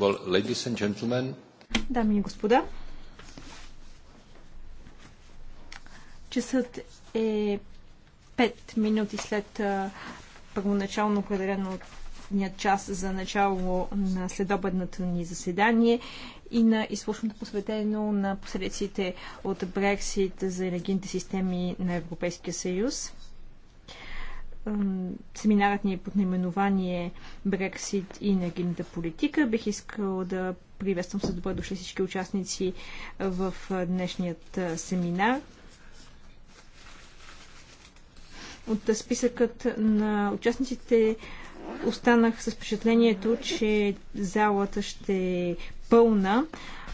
Well, ladies and gentlemen. Дами и господа, часът е 5 минути след първоначално определено дният час за начало на следобедното ни заседание и на изслушването посветено на последиците от Брексит за енергийните системи на Европейския съюз. Семинарът ни е под наименование Брексит и енергийната политика. Бих искал да приветствам с добре дошли всички участници в днешният семинар. От списъкът на участниците останах с впечатлението, че залата ще е пълна.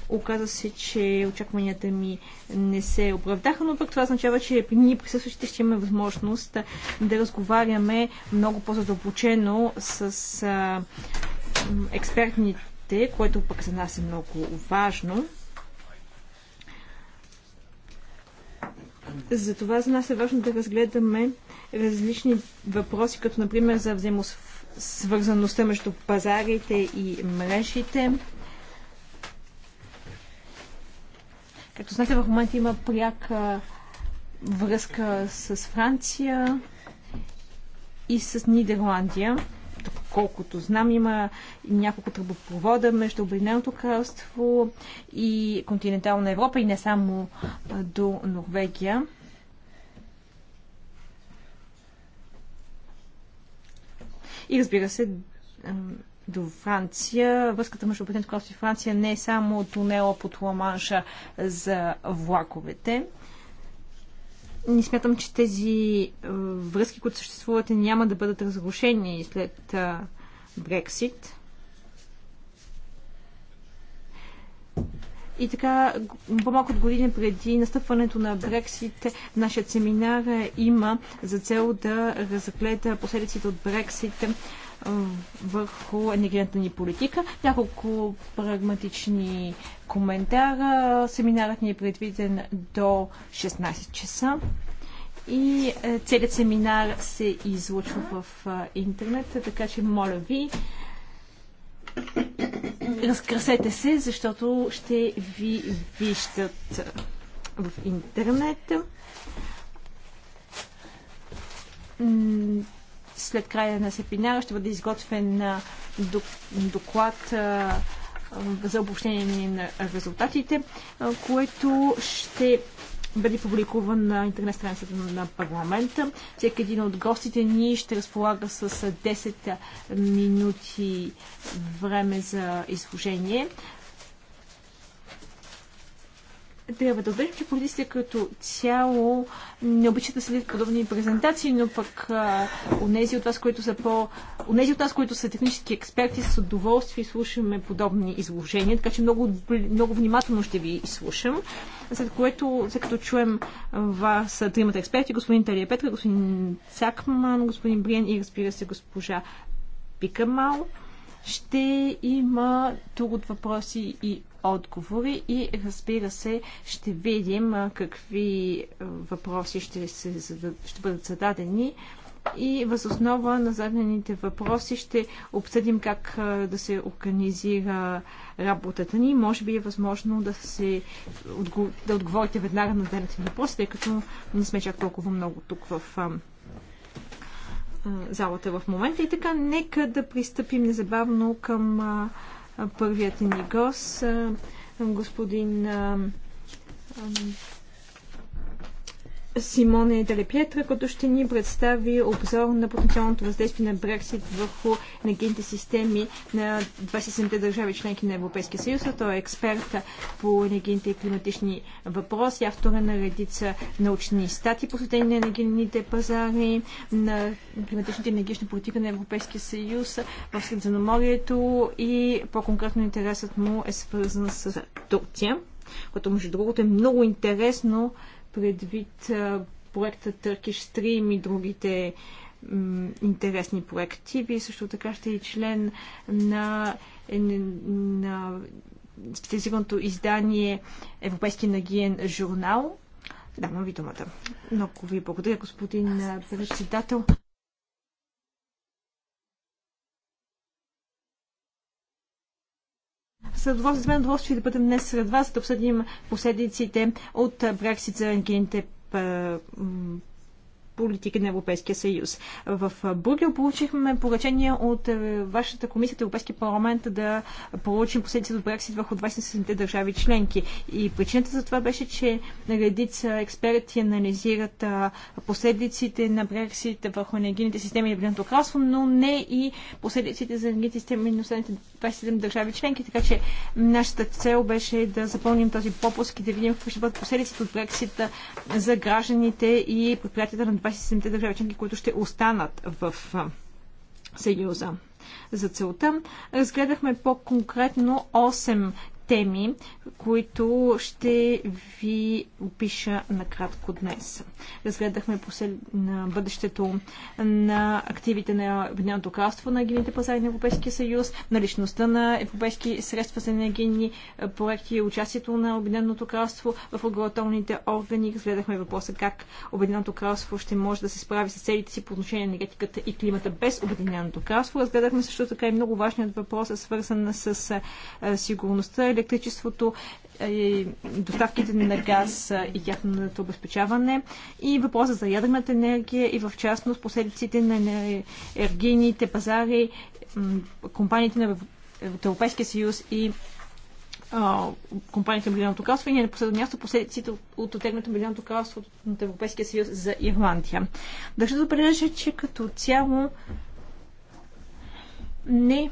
Оказа се, че очакванията ми не се оправдаха, но пък това означава, че ние присъстващите ще имаме възможност да разговаряме много по-задълбочено с а, експертните, което пък за нас е много важно. Затова за нас е важно да разгледаме различни въпроси, като например за взаимосвързаността между пазарите и мрежите, Както знаете, в момента има пряка връзка с Франция и с Нидерландия. Колкото знам, има няколко тръбопровода между Обединеното кралство и континентална Европа и не само до Норвегия. И разбира се, до Франция. Връзката между Обединеното кралство и Франция не е само тунела под Ламанша за влаковете. Не смятам, че тези връзки, които съществуват, няма да бъдат разрушени след Брексит. И така, по-малко от години преди настъпването на Брексит, нашият семинар има за цел да разгледа последиците от Брексит върху енергийната ни политика. Няколко прагматични коментара. Семинарът ни е предвиден до 16 часа и е, целият семинар се излучва в е, интернет, така че моля ви, разкрасете се, защото ще ви виждат в интернет след края на сепинара ще бъде изготвен доклад за обобщение на резултатите, което ще бъде публикуван на интернет страницата на парламента. Всеки един от гостите ни ще разполага с 10 минути време за изложение трябва да отбележим, че политиците като цяло не обичат да следят подобни презентации, но пък у нези от вас, които са по... Унези от нас, които са технически експерти, с удоволствие слушаме подобни изложения, така че много, много внимателно ще ви слушам. След което, след като чуем вас тримата експерти, господин Талия Петра, господин Цакман, господин Бриен и разбира се госпожа Пикамал, ще има тур от въпроси и отговори и разбира се ще видим какви въпроси ще, се, ще бъдат зададени и възоснова на зададените въпроси ще обсъдим как да се организира работата ни. Може би е възможно да, се, да отговорите веднага на зададените въпроси, тъй като не сме чак толкова много тук в залата в момента. И така, нека да пристъпим незабавно към първият ни гост, господин Симоне Делепиетра, който ще ни представи обзор на потенциалното въздействие на Брексит върху енергийните системи на 27-те държави, членки на Европейския съюз. той е експерт по енергийните и климатични въпроси, автора е на редица научни стати, посветени на енергийните пазари, на климатичната енергична политика на Европейския съюз в Средиземноморието и по-конкретно интересът му е свързан с Турция, което между другото е много интересно предвид проекта Turkish Stream и другите интересни проекти. Вие също така ще и член на, е, на специализираното издание Европейски нагиен журнал. Давам ви думата. Много ви благодаря, господин председател. удоволствие, с мен удоволствие да бъдем днес сред вас, да обсъдим последиците от Брексит за енергийните политика на Европейския съюз. В Бургел получихме поръчение от е, вашата комисия, Европейския парламент, да получим последиците от Брексит върху 27-те държави членки. И причината за това беше, че редица експерти анализират е, последиците на Брексит върху енергийните системи на Обединеното Красло, но не и последиците за енергийните системи на останалите 27 държави членки. Така че нашата цел беше да запълним този пропуск и да видим какви ще бъдат последиците от Брексит за гражданите и предприятията на 27-те държави членки, които ще останат в Съюза. За целта разгледахме по-конкретно 8 теми, които ще ви опиша накратко днес. Разгледахме послед... на бъдещето на активите на Обединеното кралство на енергийните пазари на Европейския съюз, наличността на европейски средства за енергийни проекти и участието на Обединеното кралство в регулаторните органи. Разгледахме въпроса как Обединеното кралство ще може да се справи с целите си по отношение на енергетиката и климата без Обединеното кралство. Разгледахме също така и много важният въпрос, свързан с сигурността електричеството, е, доставките на газ е, и тяхното обезпечаване и въпроса за ядрената енергия и в частност последиците на енергийните пазари, компаниите на Европейския съюз и компаниите на Обединеното кралство и не на последно място последиците от отегнато Милионното кралство от Европейския съюз за Ирландия. Държа да отбележа, че като цяло не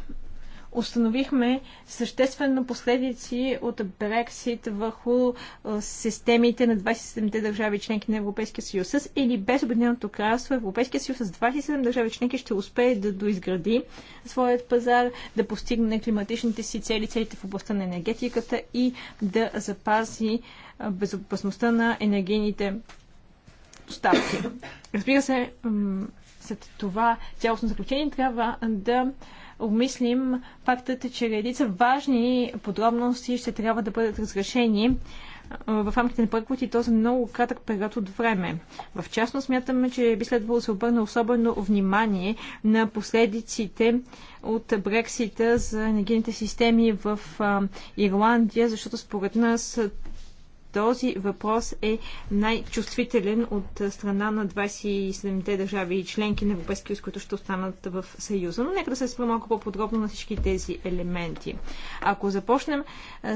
установихме съществено последици от Брексит върху системите на 27-те държави членки на Европейския съюз. С или без Обединеното кралство Европейския съюз с 27 държави членки ще успее да доизгради своят пазар, да постигне климатичните си цели, целите в областта на енергетиката и да запази безопасността на енергийните доставки. Разбира се, след това цялостно заключение трябва да обмислим фактът, че редица важни подробности ще трябва да бъдат разрешени в рамките на първото и то за много кратък период от време. В частност смятаме, че би следвало да се обърне особено внимание на последиците от Брексита за енергийните системи в Ирландия, защото според нас този въпрос е най-чувствителен от страна на 27-те държави и членки на Европейския съюз, които ще останат в Съюза. Но нека да се спра малко по-подробно на всички тези елементи. Ако започнем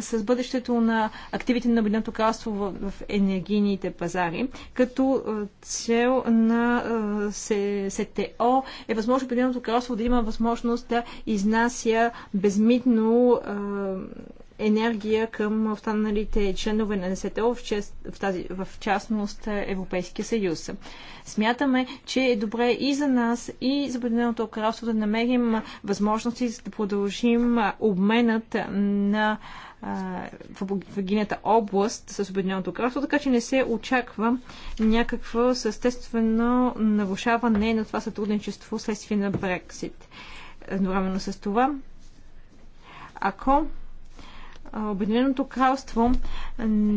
с бъдещето на активите на Обединеното кралство в, енергийните пазари, като цел на СТО е възможно Обединеното кралство да има възможност да изнася безмитно енергия към останалите членове на НСТО, в, в, тази, в частност е, Европейския съюз. Смятаме, че е добре и за нас, и за Обединеното кралство да намерим възможности за да продължим обменът на в Вагината област с Обединеното кралство, така че не се очаква някакво съществено нарушаване на това сътрудничество следствие на Брексит. Едновременно с това, ако Обединеното кралство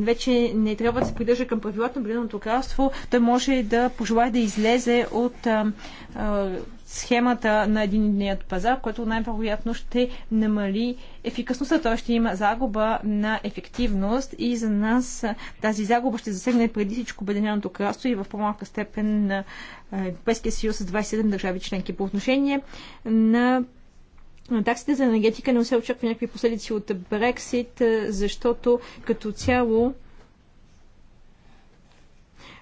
вече не трябва да се придържа към правилата на Обединеното кралство. Той може да пожелая да излезе от схемата на единният пазар, което най-вероятно ще намали ефикасността. Той ще има загуба на ефективност и за нас тази загуба ще засегне преди всичко Обединеното кралство и в по-малка степен на Европейския съюз с 27 държави членки. По отношение на на таксите за енергетика не се очаква някакви последици от Брексит, е, защото като цяло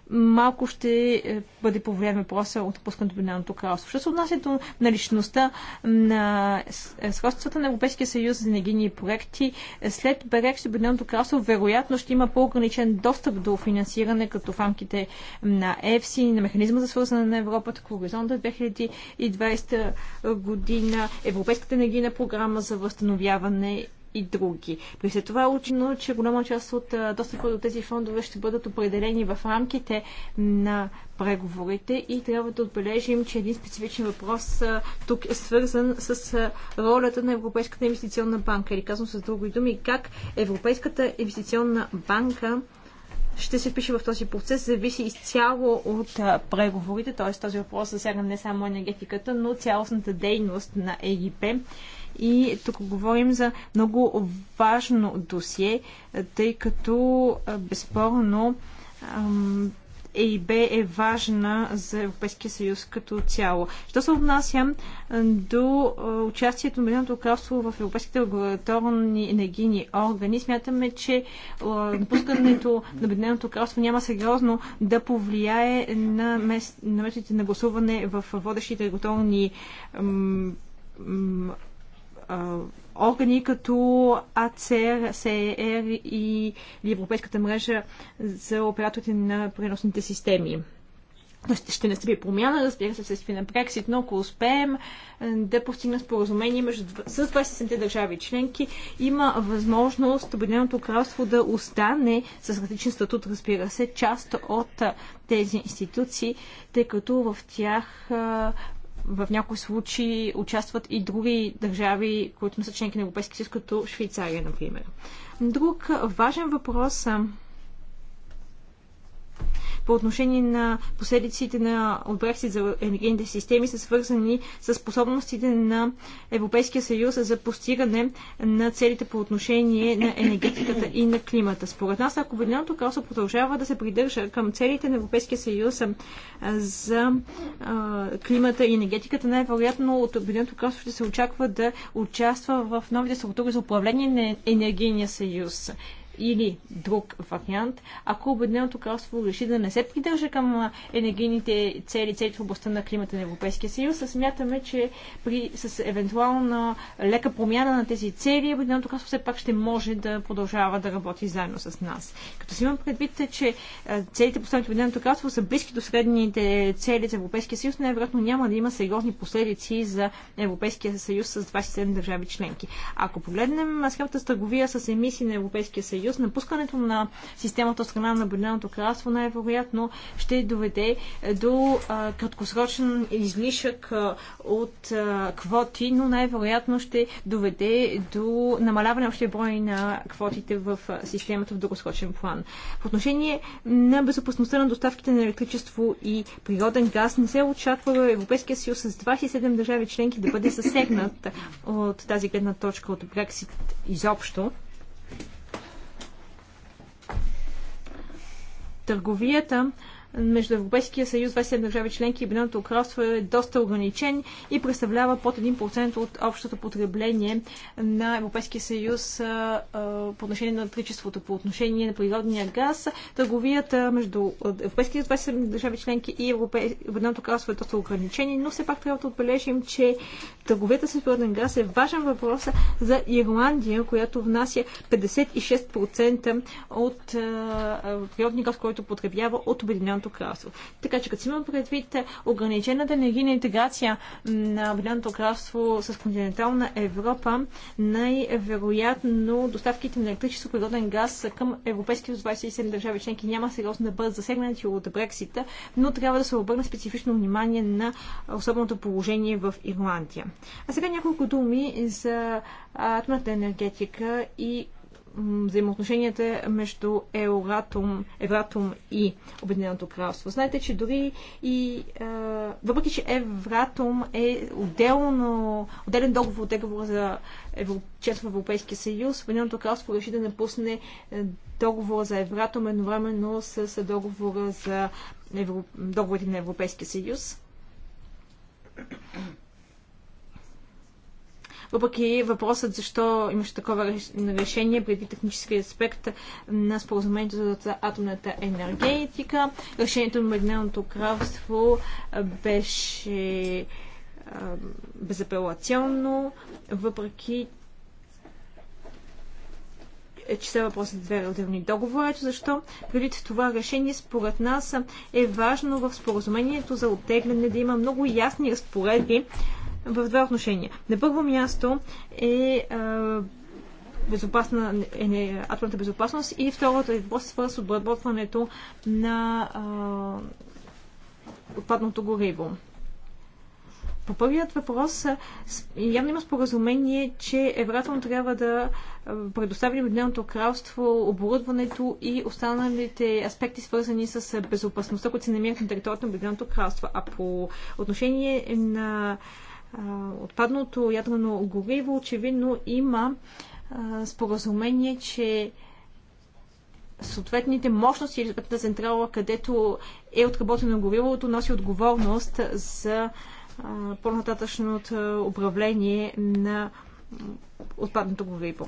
малко ще е, бъде по време въпроса от отпускането на Обединеното кралство. Що се отнася до наличността на сходствата е, на Европейския съюз за енергийни проекти, е, след Берекс Обединеното кралство вероятно ще има по-ограничен достъп до финансиране, като в рамките на ЕФСИ, на механизма за свързане на Европата, Хоризонта 2020 година, Европейската енергийна програма за възстановяване и други. При след това е учено, че голяма част от достъпа до тези фондове ще бъдат определени в рамките на преговорите и трябва да отбележим, че един специфичен въпрос тук е свързан с ролята на Европейската инвестиционна банка или казвам с други думи, как Европейската инвестиционна банка ще се впише в този процес, зависи изцяло от преговорите, т.е. този въпрос засяга не само енергетиката, но цялостната дейност на ЕИП и тук говорим за много важно досие, тъй като безспорно ЕИБ е важна за Европейския съюз като цяло. Що се отнася до участието на Обединеното кралство в европейските регулаторни енергийни органи, смятаме, че напускането на Обединеното кралство няма сериозно да повлияе на, мест, на методите на гласуване в водещите регулаторни органи като АЦР, СЕР и Европейската мрежа за операторите на преносните системи. Ще настъпи промяна, разбира се, вследствие на Брексит, но ако успеем да постигнем споразумение между, с 27-те държави членки, има възможност Обединеното кралство да остане с различен статут, разбира се, част от тези институции, тъй като в тях в някои случаи участват и други държави, които не са членки на Европейския съюз, като Швейцария, например. Друг важен въпрос по отношение на последиците на от за енергийните системи са свързани с способностите на Европейския съюз за постигане на целите по отношение на енергетиката и на климата. Според нас, ако Обединеното кралство продължава да се придържа към целите на Европейския съюз за а, климата и енергетиката, най-вероятно от Обединеното кралство ще се очаква да участва в новите структури за управление на енергийния съюз или друг вариант, ако Обединеното кралство реши да не се придържа към енергийните цели, цели в областта на климата на Европейския съюз, смятаме, че при, с евентуална лека промяна на тези цели, Обединеното кралство все пак ще може да продължава да работи заедно с нас. Като си имам предвид, че целите поставени от Обединеното кралство са близки до средните цели за Европейския съюз, най-вероятно няма да има сериозни последици за Европейския съюз с 27 държави членки. Ако погледнем схемата с търговия с емисии на Европейския съюз, съюз, напускането на системата от страна на Обединеното кралство най-вероятно ще доведе е, до а, е, краткосрочен излишък а, е, от а, квоти, но най-вероятно ще доведе до намаляване още брой на квотите в системата в дългосрочен план. В отношение на безопасността на доставките на електричество и природен газ не се очаква Европейския съюз с 27 държави членки да бъде съсегнат от тази гледна точка от Брексит изобщо. търговията между Европейския съюз, 27 държави членки и Обединеното кралство е доста ограничен и представлява под 1% от общото потребление на Европейския съюз по отношение на електричеството, по отношение на природния газ. Търговията между Европейския съюз, 27 държави членки и Обединеното кралство е доста ограничени, но все пак трябва да отбележим, че търговията с природен газ е важен въпрос за Ирландия, която внася 56% от природния газ, който потребява от Обединеното Обединеното кралство. Така че като си имам предвид е, ограничената енергийна интеграция на Обединеното кралство с континентална Европа, най-вероятно доставките на електричество, природен газ към европейските 27 държави членки няма сериозно да бъдат засегнати от Брексита, но трябва да се обърне специфично внимание на особеното положение в Ирландия. А сега няколко думи за атомната енергетика и взаимоотношенията между Евратум, Евратум и Обединеното кралство. Знаете, че дори и а, въпреки, че Евратум е отделно, отделен договор от договора за Евро, в Европейския съюз, Обединеното кралство реши да напусне е, договора за Евратум едновременно с договора за Евро, договорите на Европейския съюз. Въпреки въпросът защо имаше такова решение преди технически аспект на споразумението за атомната енергетика, решението на Мединеното кралство беше безапелационно, въпреки е, че става въпрос за две отделни договори. Ето защо предвид това решение, според нас е важно в споразумението за оттегляне да има много ясни разпоредби в две отношения. На първо място е безопасна, е, не, атомната безопасност и второто е въпрос с обработването на а, отпадното гориво. По първият въпрос, явно има споразумение, че Евратом трябва да предостави на Обединеното кралство оборудването и останалите аспекти, свързани с безопасността, които се намират на територията на Обединеното кралство. А по отношение на отпадното ядрено гориво, очевидно има споразумение, че съответните мощности или съответната централа, където е отработено горивото, носи отговорност за по-нататъчното управление на отпадното гориво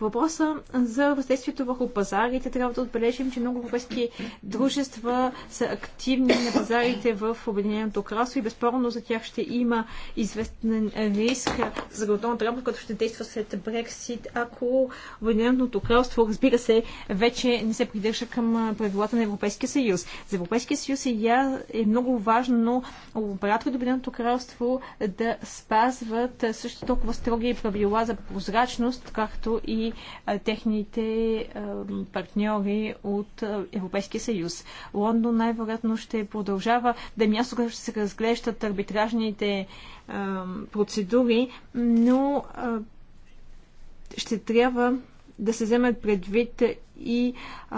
въпроса за въздействието върху пазарите трябва да отбележим, че много европейски дружества са активни на пазарите в Обединеното кралство и безспорно за тях ще има известен риск за глотонната работа, който ще действа след Брексит, ако Обединеното кралство, разбира се, вече не се придържа към правилата на Европейския съюз. За Европейския съюз и е я е много важно операторите от Обединеното кралство да спазват също толкова строги правила за прозрачност, както и техните партньори от Европейския съюз. Лондон най-вероятно ще продължава да е място, където ще се разглеждат арбитражните процедури, но ще трябва да се вземат предвид и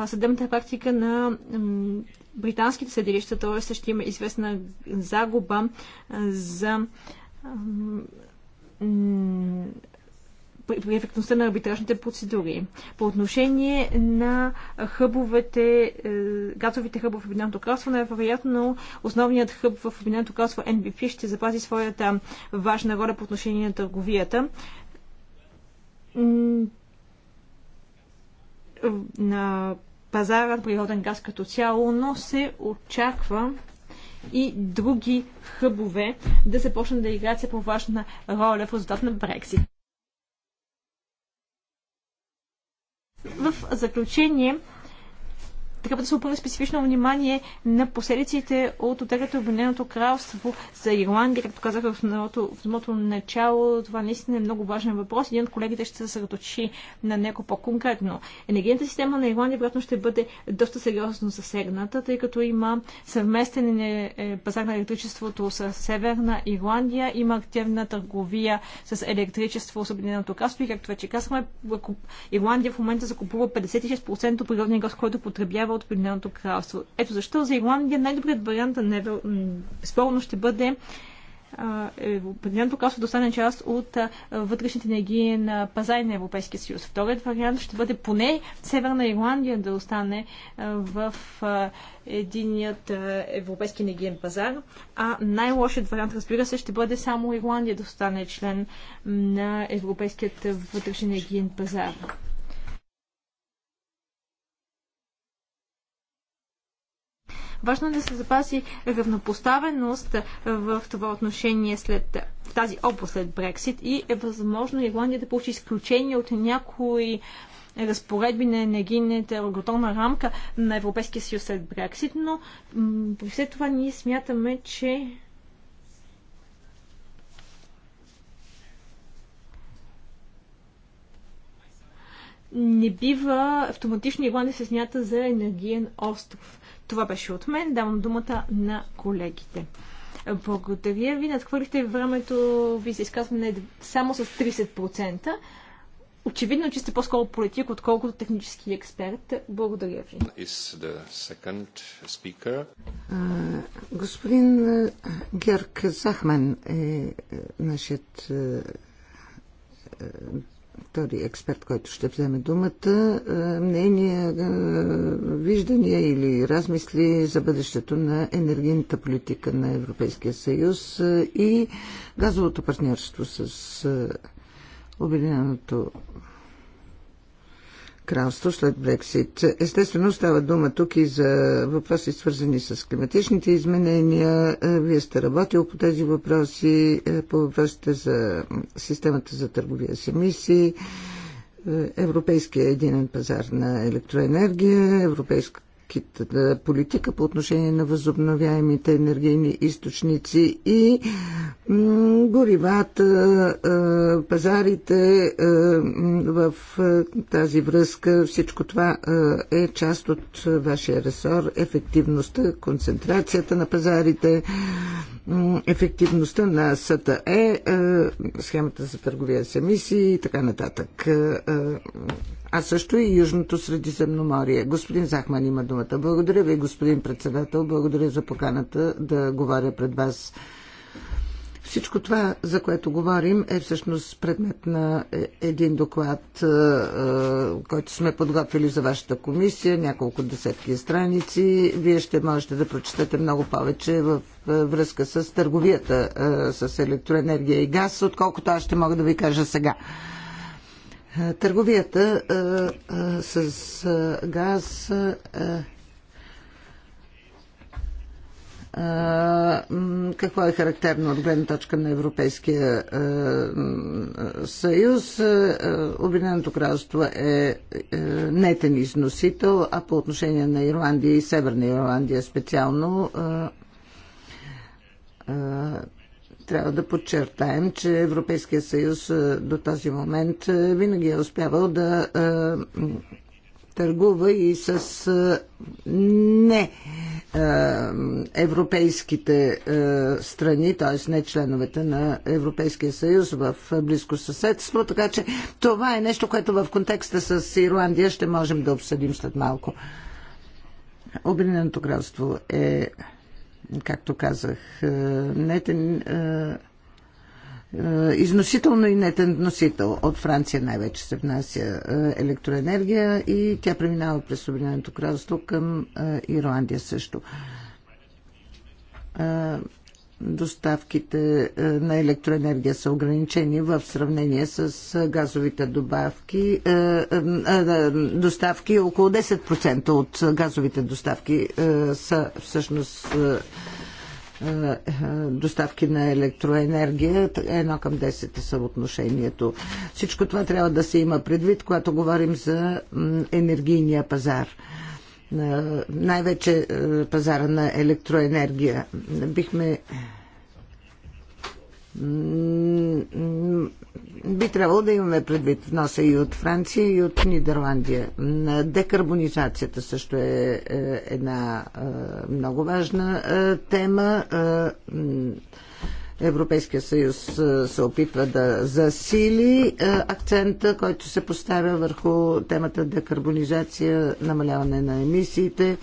съдебната практика на британските съдилища, т.е. ще има известна загуба за при ефектността на арбитражните процедури. По отношение на хъбовете, е, газовите хъбове в Обединеното кралство, най-вероятно основният хъб в Обединеното кралство NBP ще запази своята важна роля по отношение на търговията на пазара на природен газ като цяло, но се очаква и други хъбове да се почнат да играят по важна роля в резултат на Брексит. В заключение, трябва да се обърне специфично внимание на последиците от отеглянето Обединеното кралство за Ирландия, както казах в самото начало. Това наистина е много важен въпрос. Един от колегите ще се съсредоточи на него по-конкретно. Енергийната система на Ирландия вероятно ще бъде доста сериозно засегната, тъй като има съвместен е, е, пазар на електричеството с Северна Ирландия, има активна търговия с електричество с Обединеното кралство и както вече казахме, Ирландия в момента закупува 56% от природния газ, който потребява държава от Обединеното кралство. Ето защо за Ирландия най-добрият вариант не, безспорно ще бъде е, Обединеното кралство да остане част от вътрешните енергиен пазари на Европейския съюз. Вторият вариант ще бъде поне Северна Ирландия да остане в единият европейски енергиен пазар, а най-лошият вариант, разбира се, ще бъде само Ирландия да остане член на Европейският вътрешен енергиен пазар. Важно е да се запази равнопоставеност в това отношение след в тази област след Брексит и е възможно Ирландия да получи изключение от някои разпоредби на енергийната регулаторна рамка на Европейския съюз след Брексит, но при все това ние смятаме, че не бива автоматично Ирландия се смята за енергиен остров. Това беше от мен. Давам думата на колегите. Благодаря ви. Надхвърлихте времето ви се изказване само с 30%. Очевидно, че сте по-скоро политик, отколкото технически експерт. Благодаря ви. господин Герк Захмен, е, е нашият е, е, втори експерт, който ще вземе думата, е, мнения, е, виждания или размисли за бъдещето на енергийната политика на Европейския съюз е, и газовото партньорство с Обединеното кралство след Брексит. Естествено става дума тук и за въпроси свързани с климатичните изменения. Е, Вие сте работил по тези въпроси, е, по въпросите за системата за търговия с емисии, е, Европейския единен пазар на електроенергия, Европейската европейската политика по отношение на възобновяемите енергийни източници и горивата, пазарите в тази връзка. Всичко това е част от вашия ресор. Ефективността, концентрацията на пазарите, ефективността на СТЕ, схемата за търговия с емисии и така нататък а също и Южното Средиземноморие. Господин Захман има думата. Благодаря ви, господин председател. Благодаря за поканата да говоря пред вас. Всичко това, за което говорим, е всъщност предмет на е, един доклад, е, е, който сме подготвили за вашата комисия, няколко десетки страници. Вие ще можете да прочетете много повече в връзка с търговията с електроенергия и газ, отколкото аз ще мога да ви кажа сега. Търговията с газ какво е характерно от гледна точка на Европейския съюз. Обединеното кралство е, е нетен износител, а по отношение на Ирландия и Северна Ирландия специално трябва да подчертаем, че Европейския съюз е, до този момент е, винаги е успявал да е, търгува и с не европейските страни, т.е. не членовете на Европейския съюз в близко съседство. Така че това е нещо, което в контекста с Ирландия ще можем да обсъдим след малко. Обединеното кралство е както казах, е, нетен е, е, износител, но и нетен носител. От Франция най-вече се внася електроенергия и тя преминава през Обединеното кралство към Ирландия също доставките е, на електроенергия са ограничени в сравнение с е, газовите добавки, е, доставки. Около 10% от газовите доставки са всъщност доставки на електроенергия. Едно към 10 е съотношението. Всичко това трябва да се има предвид, когато говорим за енергийния пазар най-вече е, пазара на електроенергия. Бихме би трябвало да имаме предвид вноса и от Франция, и от Нидерландия. Декарбонизацията също е, е една е, много важна тема. Европейския съюз се опитва да засили акцента, който се поставя върху темата декарбонизация, намаляване на емисиите.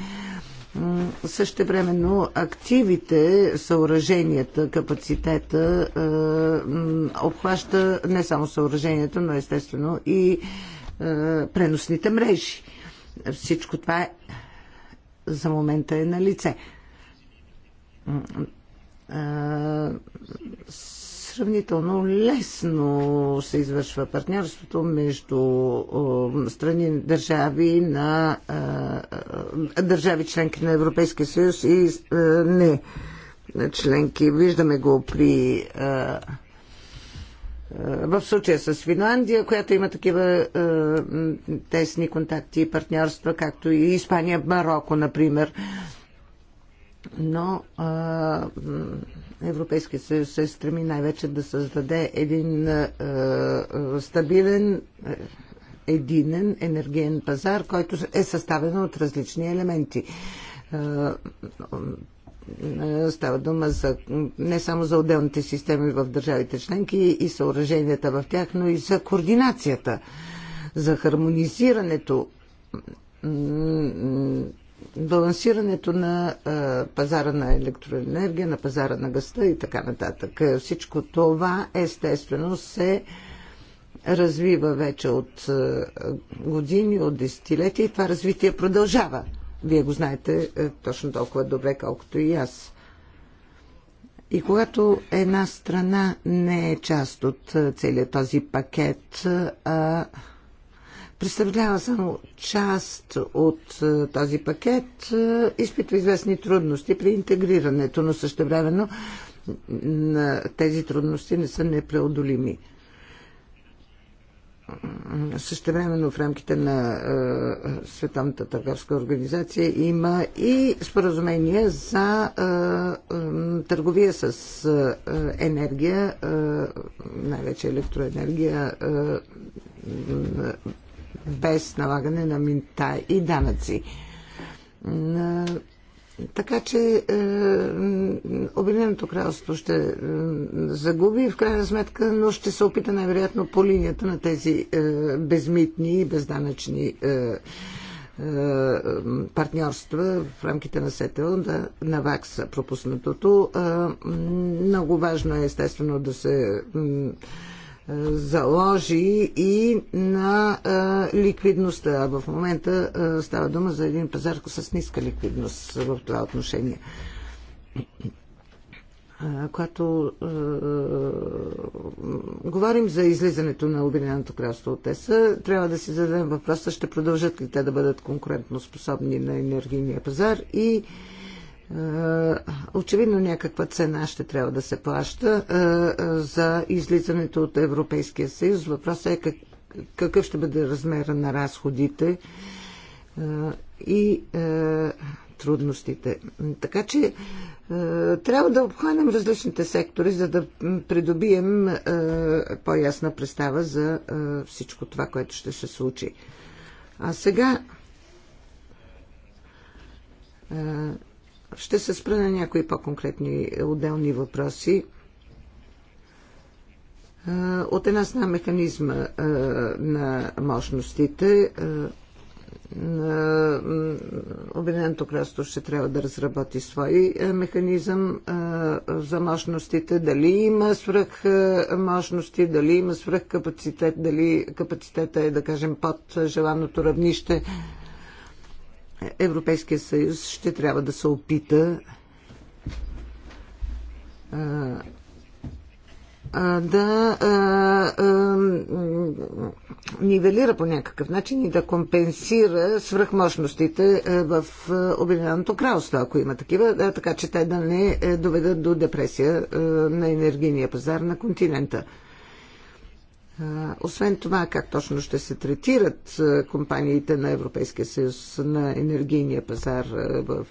Също времено активите, съоръженията, капацитета обхваща не само съоръженията, но естествено и преносните мрежи. Всичко това е, за момента е на лице сравнително лесно се извършва партньорството между страни държави на държави членки на Европейския съюз и не членки. Виждаме го при в случая с Финландия, която има такива тесни контакти и партньорства, както и Испания, Марокко, например но а, Европейския съюз се стреми най-вече да създаде един а, стабилен единен енергиен пазар, който е съставен от различни елементи. Става дума за, не само за отделните системи в държавите членки и съоръженията в тях, но и за координацията, за хармонизирането балансирането на пазара на електроенергия, на пазара на гъста и така нататък. Всичко това естествено се развива вече от години, от десетилетия и това развитие продължава. Вие го знаете точно толкова добре, колкото и аз. И когато една страна не е част от целият този пакет, а представлява само част от е, този пакет, е, изпитва известни трудности при интегрирането, но същевременно тези трудности не са непреодолими. Същевременно в рамките на е, Световната търговска организация има и споразумение за търговия с енергия, най-вече електроенергия, без налагане на минта и данъци. Така че е, Обединеното кралство ще е, загуби в крайна сметка, но ще се опита най-вероятно по линията на тези е, безмитни и безданъчни е, е, партньорства в рамките на СТО да навакса пропуснатото. Е, много важно е естествено да се. Е, заложи и на а, ликвидността. В момента а, става дума за един пазар с ниска ликвидност в това отношение. когато говорим за излизането на Обединеното кралство от ЕСА, трябва да си зададем въпроса, ще продължат ли те да бъдат конкурентно способни на енергийния пазар и е, очевидно някаква цена ще трябва да се плаща е, е, за излизането от Европейския съюз. Въпросът е какъв ще бъде размера на разходите и трудностите. Така че трябва да обхванем различните сектори, за да придобием по-ясна представа за всичко това, което ще се случи. А сега ще се спра на някои по-конкретни отделни въпроси. Е, от една страна механизма е, на мощностите. Е, Обединеното кралство ще трябва да разработи свой механизъм за мощностите. Дали има свръх мощности, дали има свръх капацитет, дали капацитета е, да кажем, под желаното равнище. Европейския съюз ще трябва да се опита да а, а, нивелира по някакъв начин и да компенсира свръхмощностите в Обединеното кралство, ако има такива, така че те да не е, доведат до депресия на енергийния пазар на континента. Освен това, как точно ще се третират компаниите на Европейския съюз на енергийния пазар в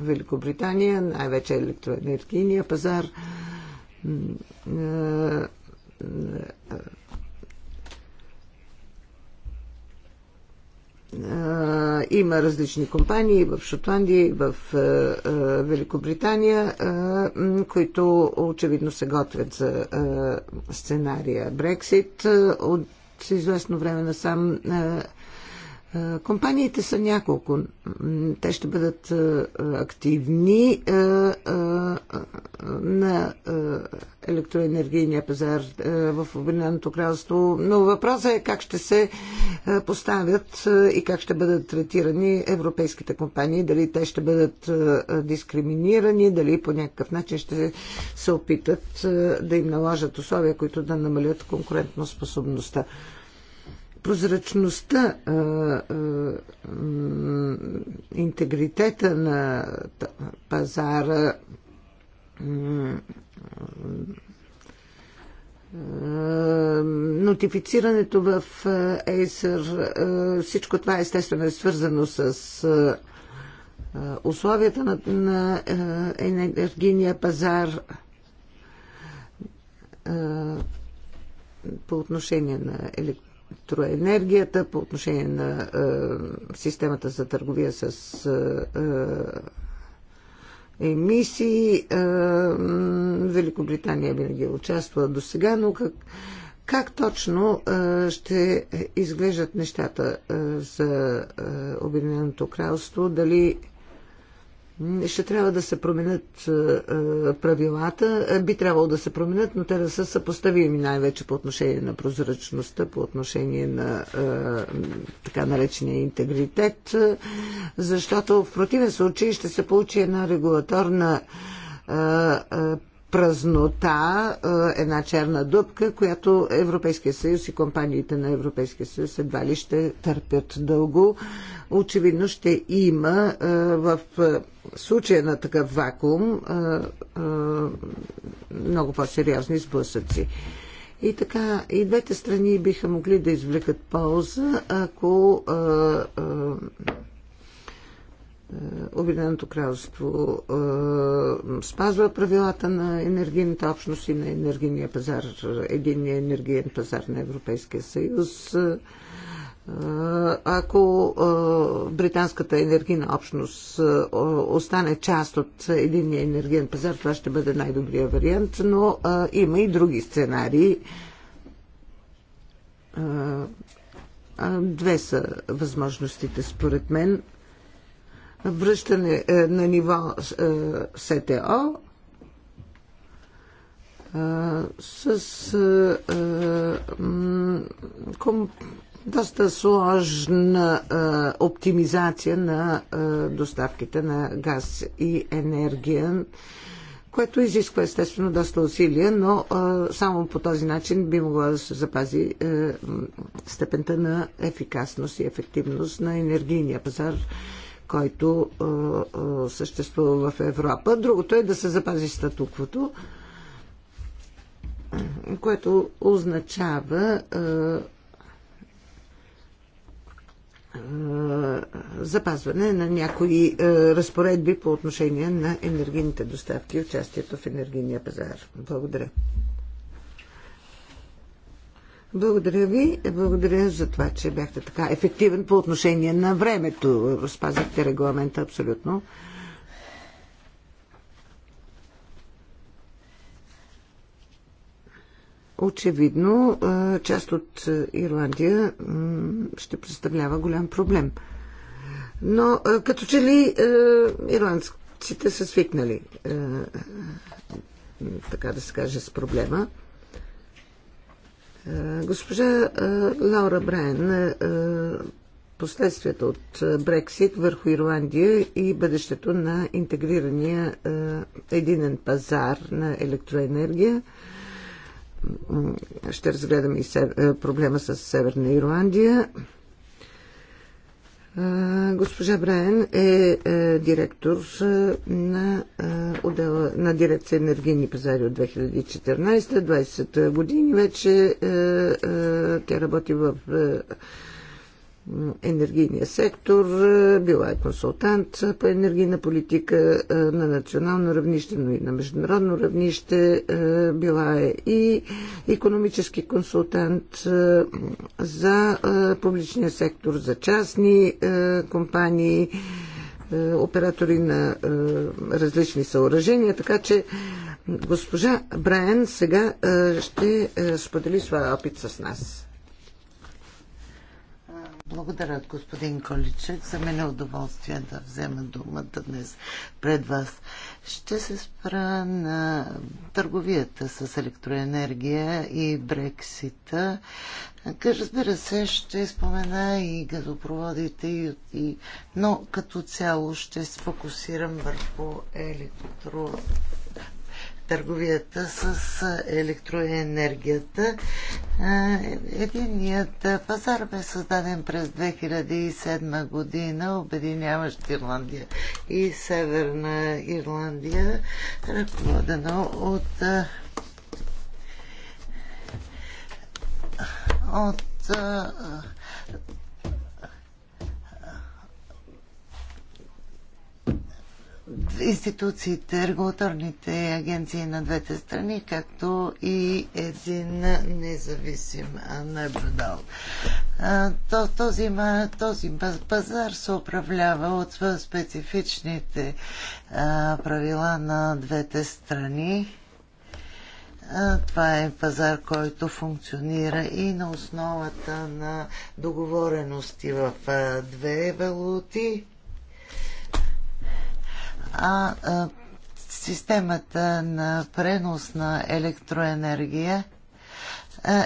Великобритания, най-вече електроенергийния пазар, има различни компании в Шотландия и в Великобритания, които очевидно се готвят за сценария Брексит. От известно време насам е, компаниите са няколко. Те ще бъдат е, активни е, на електроенергийния пазар в Обединеното кралство, но въпросът е как ще се поставят и как ще бъдат третирани европейските компании, дали те ще бъдат дискриминирани, дали по някакъв начин ще се опитат да им наложат условия, които да намалят конкурентно способността прозрачността, интегритета на пазара, нотифицирането в ЕСР, всичко това естествено е свързано с условията на, на енергийния пазар по отношение на електроенергия електроенергията, по отношение на е, системата за търговия с е, е емисии. Е, Великобритания винаги е участвала до сега, но как, как точно е, ще изглеждат нещата е, за е, Обединеното кралство? Дали ще трябва да се променят е, е, правилата. Е, би трябвало да се променят, но те да са съпоставими най-вече по отношение на прозрачността, по отношение на така наречения интегритет, защото в противен случай ще се получи една регулаторна празнота, една черна дупка, която Европейския съюз и компаниите на Европейския съюз едва ли ще търпят дълго. Очевидно ще има в случая на такъв вакуум много по-сериозни сблъсъци. И така, и двете страни биха могли да извлекат полза, ако а, а, е, Обединеното кралство е, спазва правилата на енергийната общност и на енергийния пазар, единния енергиен пазар на Европейския съюз. Е, ако е, британската енергийна общност остане част от единния енергиен пазар, това ще бъде най-добрия вариант, но има и други сценарии. Две са възможностите, според мен връщане е, на ниво СТО е, с е, доста сложна оптимизация на доставките на газ и енергия което изисква естествено доста усилия, но а, само по този начин би могла да се запази а, степента на ефикасност и ефективност на енергийния пазар който съществува в Европа. Другото е да се запази статуквото, което означава запазване на някои разпоредби по отношение на енергийните доставки и участието в енергийния пазар. Благодаря. Благодаря ви. Благодаря за това, че бяхте така ефективен по отношение на времето. Спазахте регламента абсолютно. Очевидно, част от Ирландия ще представлява голям проблем. Но като че ли ирландците са свикнали, така да се каже, с проблема. Е, госпожа е, Лаура Брайен, е, последствията от Брексит върху Ирландия и бъдещето на интегрирания единен пазар на електроенергия. Ще разгледаме и проблема с Северна Ирландия. Госпожа Браен е, е директор на отдела на дирекция енергийни пазари от 2014-20 години. Вече е, е, тя работи в енергийния сектор, е, била е консултант по енергийна политика е, на национално равнище, но и на международно равнище, е, била е и економически консултант за публичния сектор, за частни компании, оператори на различни съоръжения, така че госпожа Брайан сега ще сподели своя опит с нас. Благодаря, господин Количек. За мен е удоволствие да взема думата днес пред вас. Ще се спра на търговията с електроенергия и Брексита. Разбира се, ще спомена и газопроводите, и, и, но като цяло ще сфокусирам върху електро търговията с електроенергията. Единият пазар бе създаден през 2007 година, обединяващ Ирландия и Северна Ирландия, ръководено от от институциите, регулаторните агенции на двете страни, както и един независим наблюдал. Този, този пазар се управлява от специфичните правила на двете страни. Това е пазар, който функционира и на основата на договорености в две валути а, а системата на пренос на електроенергия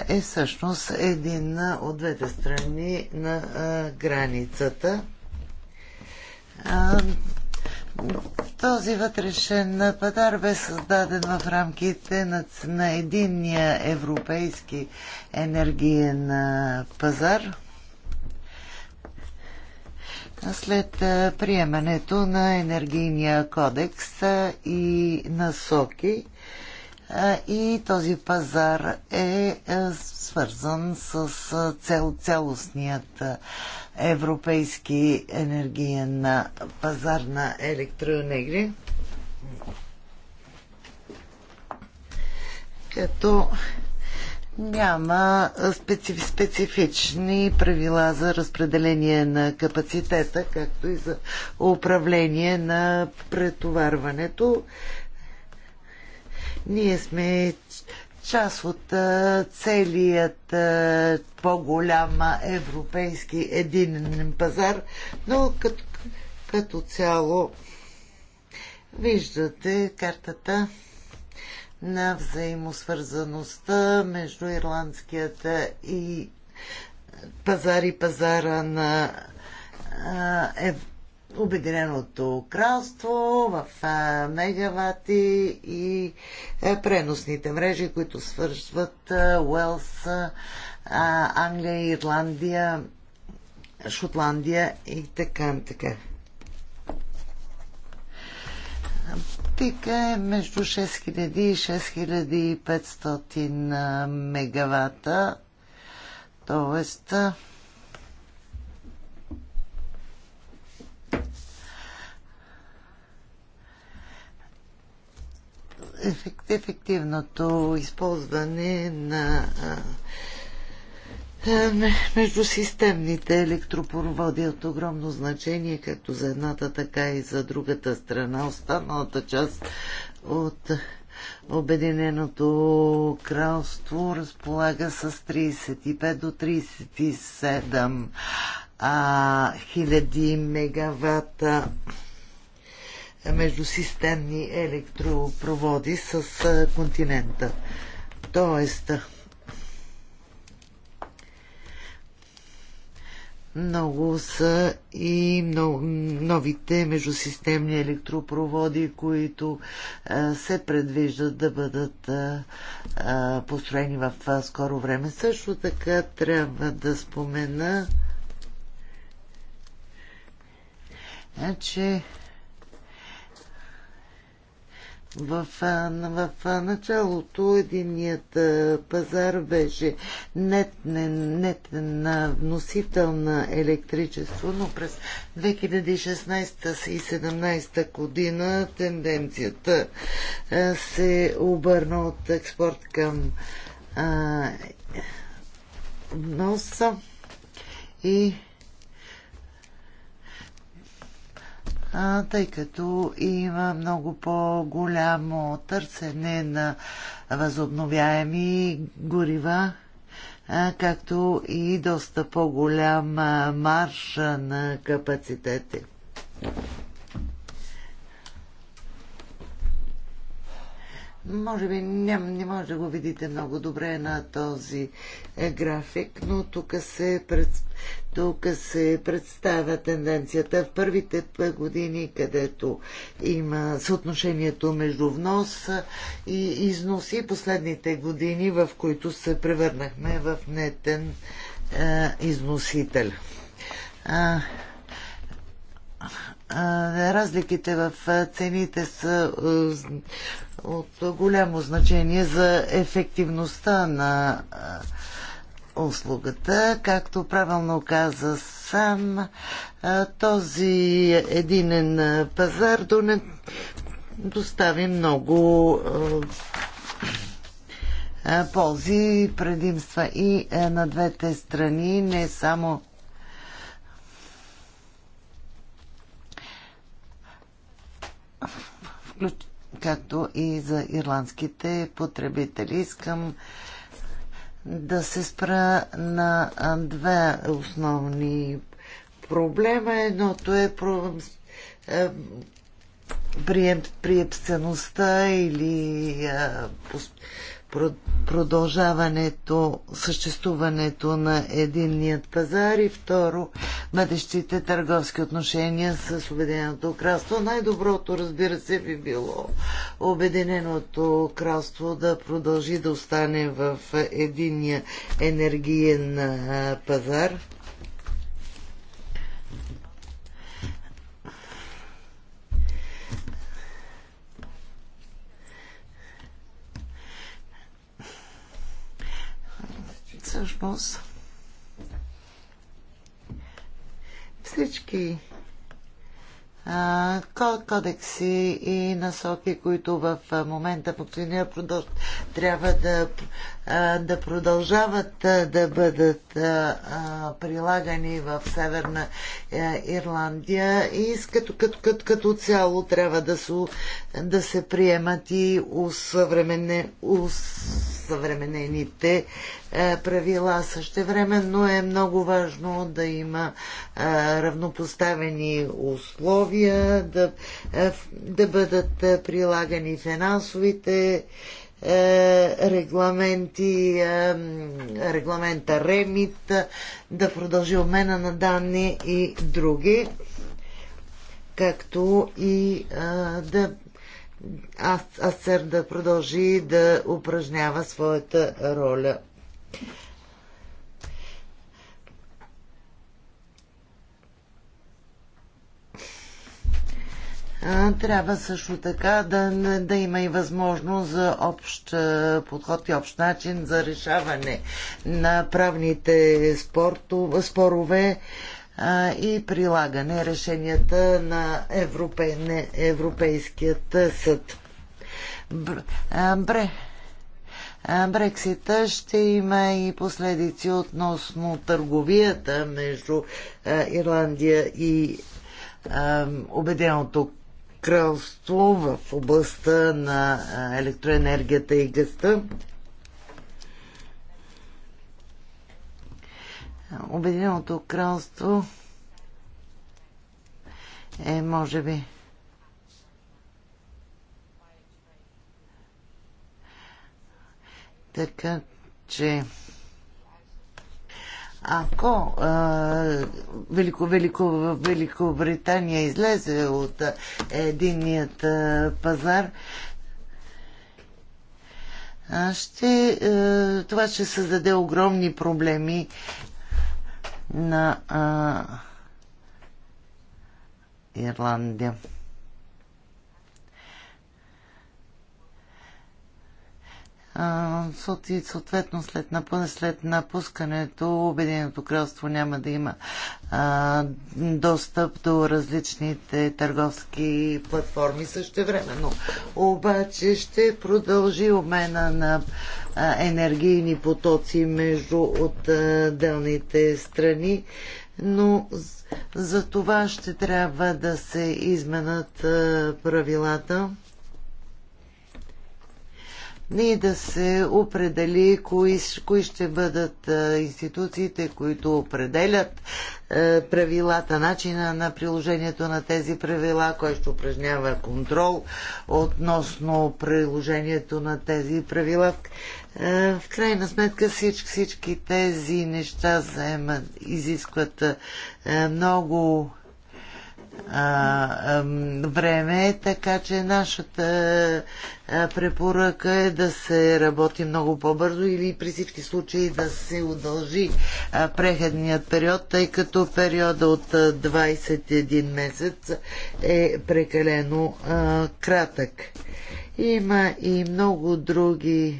е всъщност един от двете страни на границата. Този вътрешен пазар бе създаден в рамките на, на единния европейски енергиен пазар. След приемането на енергийния кодекс и насоки, и този пазар е, е свързан с цел, цялостният европейски енергиен пазар на електроенергия. Като няма специф, специфични правила за разпределение на капацитета, както и за управление на претоварването. Ние сме част от целият по-голям европейски единен пазар, но като, като цяло виждате картата на взаимосвързаността между ирландският и пазар и пазара на е, Обединеното кралство в мегавати и а, е, преносните мрежи, които свързват Уелс, Англия, Ирландия, Шотландия и така. така. практика е между 6000 и 6500 мегавата. Тоест, ефективното използване на е, Междусистемните електропроводи е от огромно значение, както за едната, така и за другата страна. Останалата част от Обединеното кралство разполага с 35 до 37 а, хиляди мегавата междусистемни електропроводи с континента. Тоест, Много са и новите междусистемни електропроводи, които се предвиждат да бъдат построени в това скоро време. Също така трябва да спомена, че в, в началото единият пазар беше нетен, нетен на вносител на електричество, но през 2016 и 2017 година тенденцията се обърна от експорт към а, носа и тъй като има много по-голямо търсене на възобновяеми горива, както и доста по-голям марш на капацитети. може би ням, не може да го видите много добре на този е, график, но тук се, пред, тук се представя тенденцията в първите години, където има съотношението между внос и износ и последните години, в които се превърнахме в нетен е, износител. А, разликите в цените са от голямо значение за ефективността на услугата. Както правилно каза сам, този единен пазар достави много ползи, предимства и на двете страни, не само както и за ирландските потребители. Искам да се спра на две основни проблема. Едното е, е приемствеността или продължаването, съществуването на единният пазар и второ, бъдещите търговски отношения с Обединеното кралство. Най-доброто, разбира се, би било Обединеното кралство да продължи да остане в единния енергиен пазар Всъщност, всички кодекси и насоки, които в момента функционират, трябва да да продължават да бъдат прилагани в Северна е, Ирландия и като, като, като, като цяло трябва да, су, да се приемат и усъвременените е, правила. но е много важно да има е, равнопоставени условия, да, да бъдат прилагани финансовите е, регламенти, е, регламента Ремит, да продължи обмена на данни и други, както и е, да АСЕР да продължи да упражнява своята роля Трябва също така да, да има и възможност за общ подход и общ начин за решаване на правните спорту, спорове а, и прилагане решенията на Европе, не, Европейският съд. Бре. Брексита ще има и последици относно търговията между Ирландия и Обеденото кралство в областта на електроенергията и гъста. Обединеното кралство е, може би, така че ако Велико, Велико, Великобритания излезе от единият пазар, ще, това ще създаде огромни проблеми на Ирландия. съответно след, след напускането Обединеното кралство няма да има а, достъп до различните търговски платформи също но Обаче ще продължи обмена на а, енергийни потоци между отделните страни, но за това ще трябва да се изменят правилата и да се определи кои, кои ще бъдат институциите, които определят правилата, начина на приложението на тези правила, кой ще упражнява контрол относно приложението на тези правила. В крайна сметка всич, всички тези неща заемат, изискват много а, а, време, така че нашата препоръка е да се работи много по-бързо или при всички случаи да се удължи преходният период, тъй като периода от 21 месец е прекалено а, кратък. Има и много други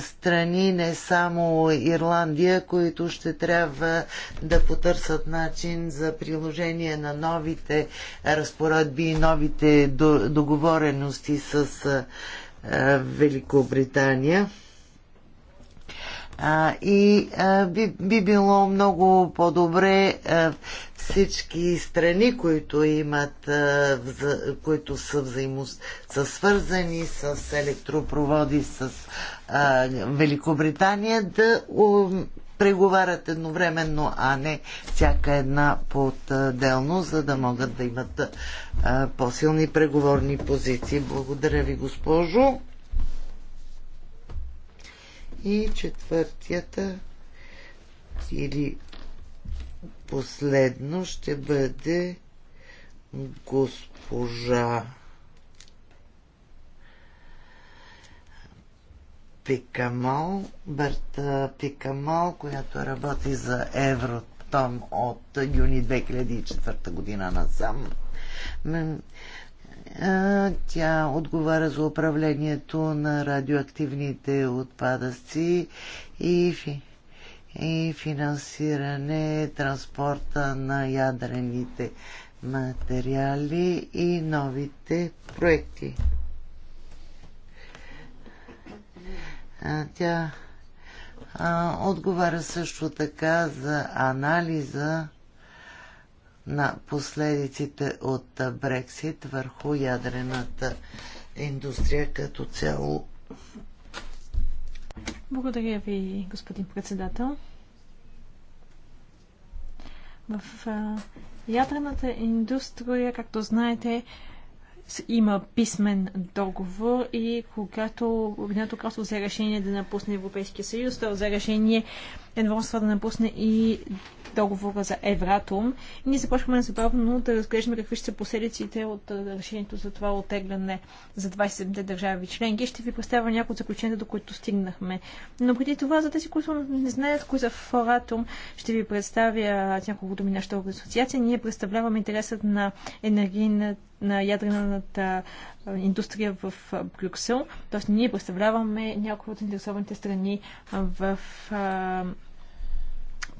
страни, не само Ирландия, които ще трябва да потърсят начин за приложение на новите разпоредби и новите договорености с Великобритания. и би, би било много по-добре всички страни, които имат, които са, взаимо, са свързани с електропроводи с а, Великобритания, да у, преговарят едновременно, а не всяка една по-отделно, за да могат да имат по-силни преговорни позиции. Благодаря ви, госпожо. И четвъртията или Последно ще бъде госпожа Пикамол, Берта Пикамол, която работи за Евротом от юни 2004 година насам. Тя отговаря за управлението на радиоактивните отпадъци и и финансиране транспорта на ядрените материали и новите проекти. Тя отговаря също така за анализа на последиците от Брексит върху ядрената индустрия като цяло. Благодаря ви, господин председател. В ядрената индустрия, както знаете, има писмен договор и когато Обединеното кралство взе решение да напусне Европейския съюз, то взе решение едновременно да напусне и договора за Евратум. И ние започваме незабавно да разглеждаме какви ще са последиците от решението за това отегляне за 27-те държави членки. Ще ви представя някои от заключенията, до които стигнахме. Но преди това, за тези, които не знаят кои за Форатум, ще ви представя няколко думи нашата асоциация. Ние представляваме интересът на енергийната на ядрената индустрия в Брюксел. Тоест ние представляваме някои от интересованите страни в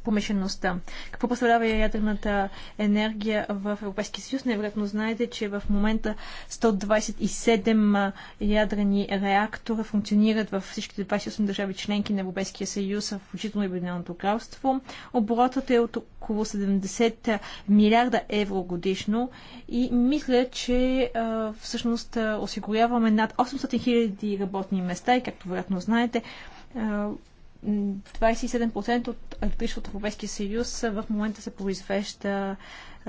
промишлеността. Какво представлява ядрената енергия в Европейския съюз? Невероятно знаете, че в момента 127 ядрени реактора функционират в всичките 28 държави членки на Европейския съюз, включително и Обединеното кралство. Оборотът е от около 70 милиарда евро годишно и мисля, че всъщност осигуряваме над 800 хиляди работни места и както вероятно знаете, 27% от електричеството в Европейския съюз в момента се произвежда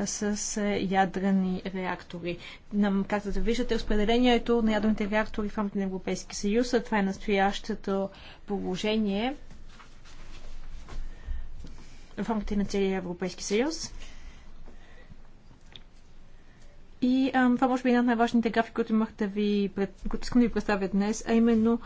с ядрени реактори. Както да виждате, разпределението на ядрените реактори в рамките на Европейския съюз, това е настоящото положение в рамките на целия Европейски съюз. И а, това може би е една от най-важните графики, които имах да ви, които искам да ви представя днес, а именно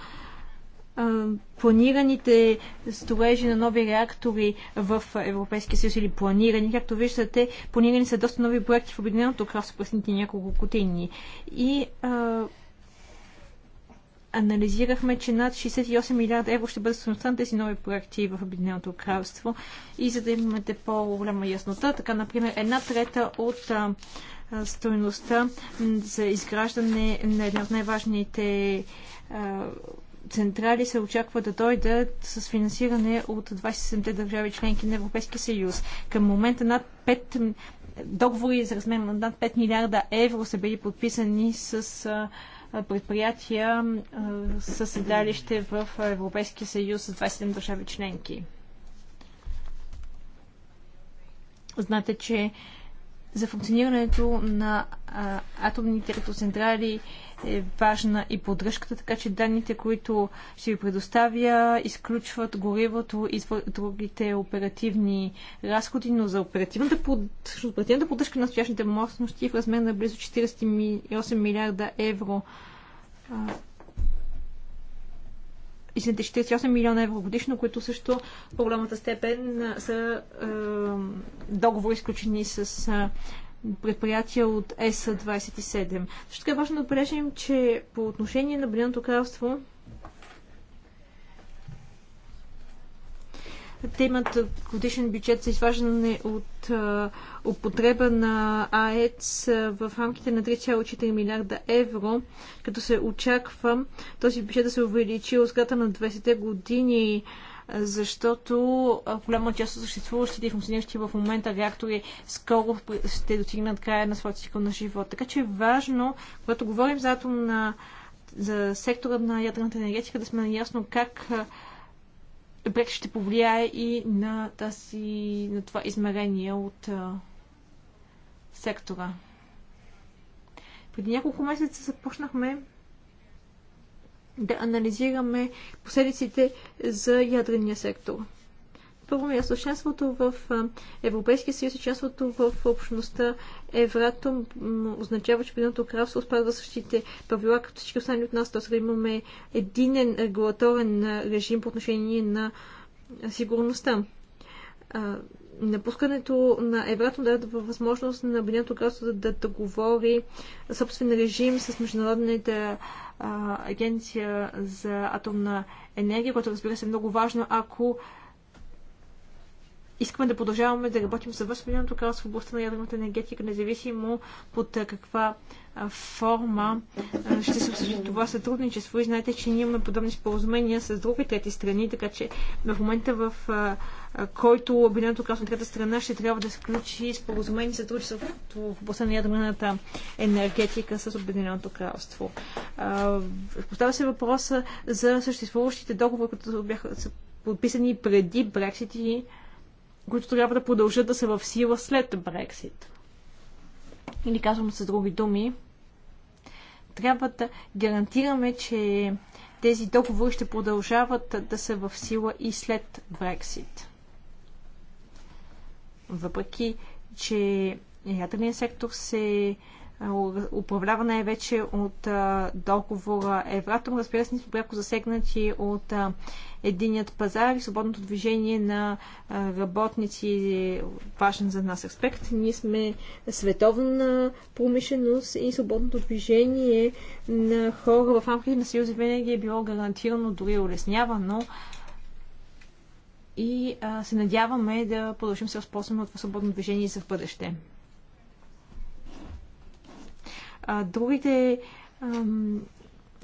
планираните строежи на нови реактори в Европейския съюз или планирани. Както виждате, планирани са доста нови проекти в Обединеното кралство последните няколко години. И а, анализирахме, че над 68 милиарда евро ще бъдат стоеността на тези нови проекти в Обединеното кралство. И за да имате по-голяма яснота, така, например, една трета от стоеността за изграждане на една от най-важните централи се очаква да дойдат с финансиране от 27-те държави членки на Европейския съюз. Към момента над 5 договори за размер на над 5 милиарда евро са били подписани с предприятия със седалище в Европейския съюз с 27 държави членки. Знаете, че за функционирането на атомните електроцентрали централи е важна и поддръжката, така че данните, които ще ви предоставя, изключват горивото и другите оперативни разходи, но за оперативната, поддръжка, оперативната поддръжка на настоящите мощности в размер на близо 48 милиарда евро. след 48 милиона евро годишно, които също по-голямата степен са е, договори изключени с е, предприятия от ЕС-27. Също така е важно да отбележим, че по отношение на Бриното кралство те имат годишен бюджет за изваждане от употреба на АЕЦ в рамките на 3,4 милиарда евро, като се очаква този бюджет да се увеличи от на 20-те години защото голяма част от съществуващите и функциониращи в момента реактори скоро ще достигнат края на своят цикъл на живот. Така че е важно, когато говорим за атомна, за сектора на ядрената енергетика, да сме наясно как Брексит ще повлияе и на, тази, на това измерение от а, сектора. Преди няколко месеца започнахме да анализираме последиците за ядрения сектор. Първо място, членството в Европейския съюз и членството в общността Евратом означава, че Обединеното кралство спазва същите правила, като всички останали от нас, т.е. имаме единен регулаторен режим по отношение на сигурността Напускането на Евратом даде възможност на Обединеното кралство да, да договори собствен режим с Международната а, агенция за атомна енергия, което разбира се е много важно, ако искаме да продължаваме да работим за с Обединеното кралство в областта на ядрената енергетика, независимо под каква форма ще се обсъжда това сътрудничество. И знаете, че ние имаме подобни споразумения с други трети страни, така че в момента в който Обединеното кралство на трета страна ще трябва да сключи споразумение сътрудничество в областта на ядрената енергетика с Обединеното кралство. Поставя се въпроса за съществуващите договори, които бяха подписани преди Брексит и които трябва да продължат да са в сила след Брексит. Или казвам с други думи, трябва да гарантираме, че тези договори ще продължават да са в сила и след Брексит. Въпреки, че ядерният сектор се управлявана е вече от договора Евратом. Разбира се, ние сме пряко засегнати от единият пазар и свободното движение на работници важен за нас аспект. Ние сме световна промишленост и свободното движение на хора в рамките на Съюза винаги е било гарантирано, дори е улеснявано и а, се надяваме да продължим се възползваме от свободно движение за в бъдеще. А другите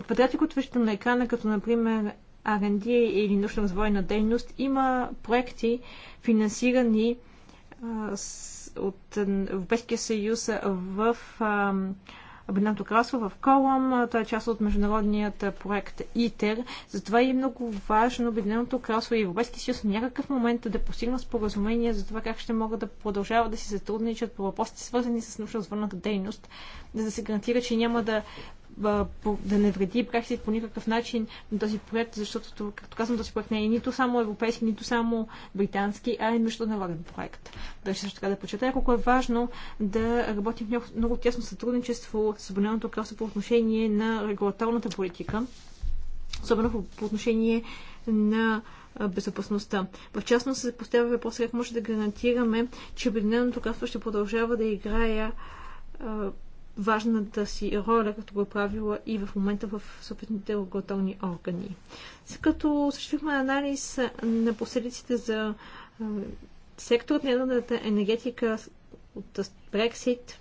квадрати, които виждате на екрана, като например R&D или научно развойна дейност, има проекти финансирани а, с, от Европейския съюз в А, Обединеното кралство в Колам. Той е част от международният проект ИТЕР. Затова е много важно Обединеното кралство и Европейския съюз в някакъв момент да постигнат споразумение за това как ще могат да продължават да си сътрудничат по въпросите, свързани с научно-развърната дейност, за да се гарантира, че няма да да не вреди Брексит по никакъв начин на този проект, защото, както казвам, този проект не е нито само европейски, нито само британски, а е международен проект. ще също така да почетая колко е важно да работим в много, много тясно сътрудничество с Обединеното кралство по отношение на регулаторната политика, особено по, отношение на безопасността. В частност се поставя въпрос как може да гарантираме, че Обединеното кралство ще продължава да играе важната си роля, като го е правила и в момента в съответните регулаторни органи. След като съществихме анализ на последиците за секторът на енергетика от Брексит,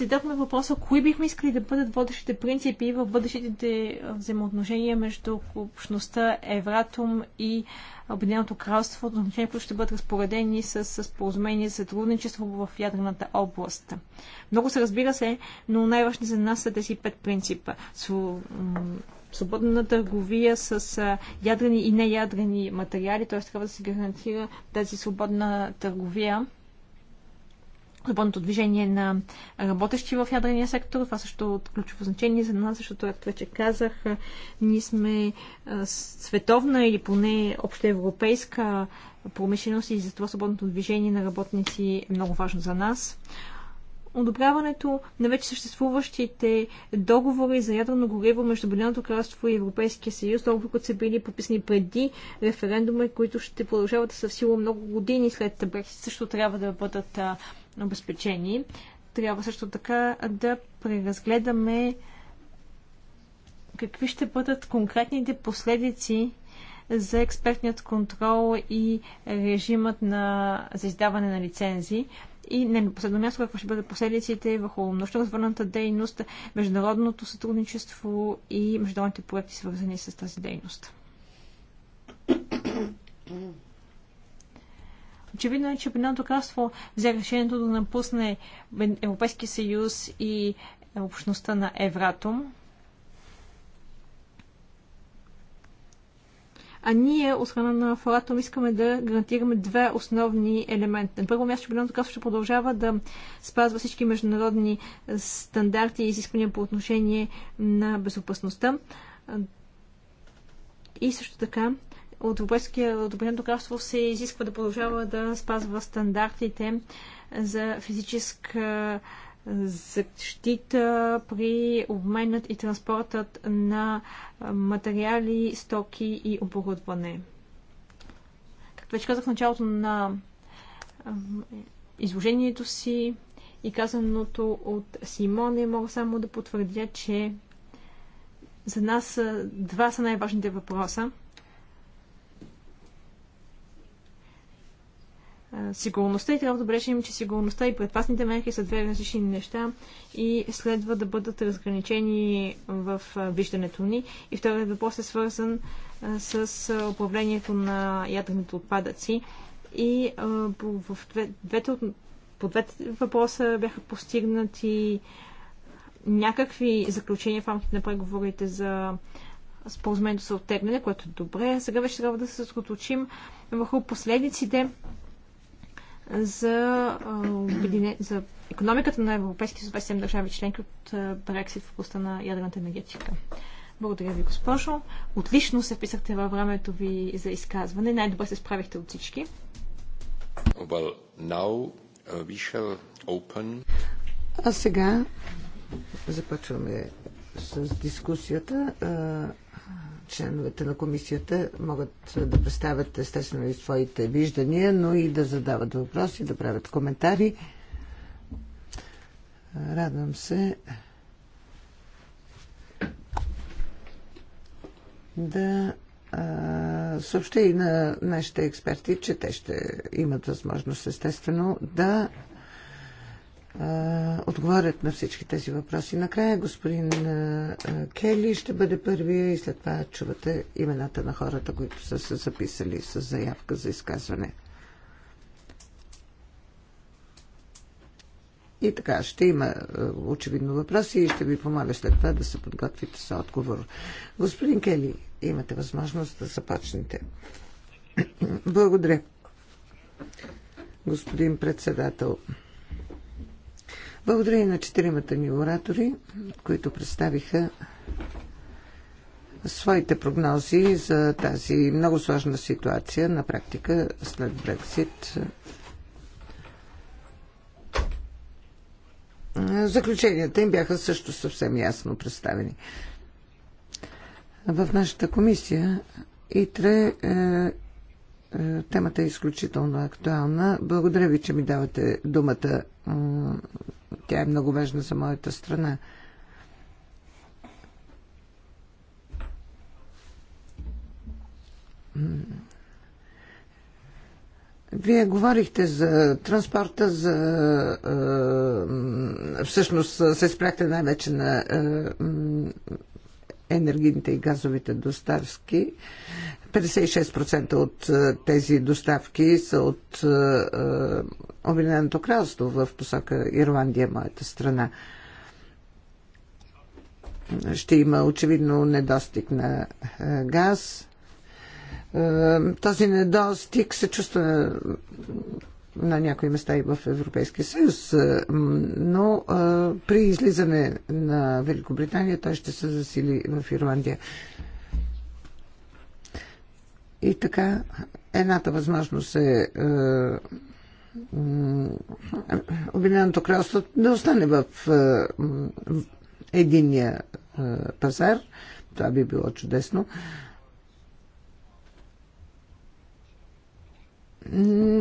си задахме въпроса, кои бихме искали да бъдат водещите принципи в бъдещите взаимоотношения между общността Евратум и Обединеното кралство, отношения, които ще бъдат разпоредени с споразумение за сътрудничество в ядрената област. Много се разбира се, но най-важни за нас са тези пет принципа. Свободна търговия с ядрени и неядрени материали, т.е. трябва да се гарантира тази свободна търговия свободното движение на работещи в ядрения сектор. Това също е от ключово значение за нас, защото, както вече казах, ние сме световна или поне общоевропейска промишленост и затова свободното движение на работници е много важно за нас. Одобряването на вече съществуващите договори за ядрено гориво между Белиното кралство и Европейския съюз, договори, които са били подписани преди референдума, които ще продължават да са в сила много години след Брексит, също трябва да бъдат обезпечени. Трябва също така да преразгледаме какви ще бъдат конкретните последици за експертният контрол и режимът на, за издаване на лицензи, И не на последно място, какво ще бъдат последиците върху научно-развърната дейност, международното сътрудничество и международните проекти, свързани с тази дейност. Очевидно е, че Обединеното кралство взе решението да напусне Европейския съюз и общността на Евратом. А ние, от страна на Форатом, искаме да гарантираме две основни елемента. На първо място, Беленото кралство ще продължава да спазва всички международни стандарти и изисквания по отношение на безопасността. И също така от Европейското кралство се изисква да продължава да спазва стандартите за физическа защита при обменът и транспортът на материали, стоки и оборудване. Както вече казах в началото на изложението си и казаното от Симоне, мога само да потвърдя, че за нас два са най-важните въпроса – сигурността и трябва да бележим, че сигурността и предпасните мерки са две различни неща и следва да бъдат разграничени в виждането ни. И вторият въпрос е свързан с управлението на ядрените отпадъци. И в двете, по двете въпроса бяха постигнати някакви заключения в рамките на преговорите за споразумението за оттегляне, което е добре. Сега вече трябва да се съсредоточим върху последиците за, обедине, за економиката на Европейския съюз 27 държави членки от Брексит в областта на ядрената енергетика. Благодаря ви, госпожо. Отлично се вписахте във времето ви за изказване. Най-добре се справихте от всички. Well, now uh, we shall open... А сега започваме с дискусията членовете на комисията могат да представят естествено и своите виждания, но и да задават въпроси, да правят коментари. Радвам се да съобща и на нашите експерти, че те ще имат възможност естествено да отговарят на всички тези въпроси. Накрая господин Кели ще бъде първия и след това чувате имената на хората, които са се записали с заявка за изказване. И така, ще има очевидно въпроси и ще ви помоля след това да се подготвите за отговор. Господин Кели, имате възможност да започнете. Благодаря. Господин председател, благодаря и на четиримата ни оратори, които представиха своите прогнози за тази много сложна ситуация на практика след Брексит. Заключенията им бяха също съвсем ясно представени. В нашата комисия ИТРЕ е, е, темата е изключително актуална. Благодаря ви, че ми давате думата. Тя е много важна за моята страна. Вие говорихте за транспорта, за. Е, всъщност се спряхте най-вече на е, енергийните и газовите доставки. 56% от е, тези доставки са от е, е, Обединеното кралство в посока Ирландия, моята страна. Ще има очевидно недостиг на газ. Този недостиг се чувства на някои места и в Европейския съюз, но при излизане на Великобритания той ще се засили в Ирландия. И така, едната възможност е, е Обединеното кралство да остане в е, единия е, пазар. Това би било чудесно.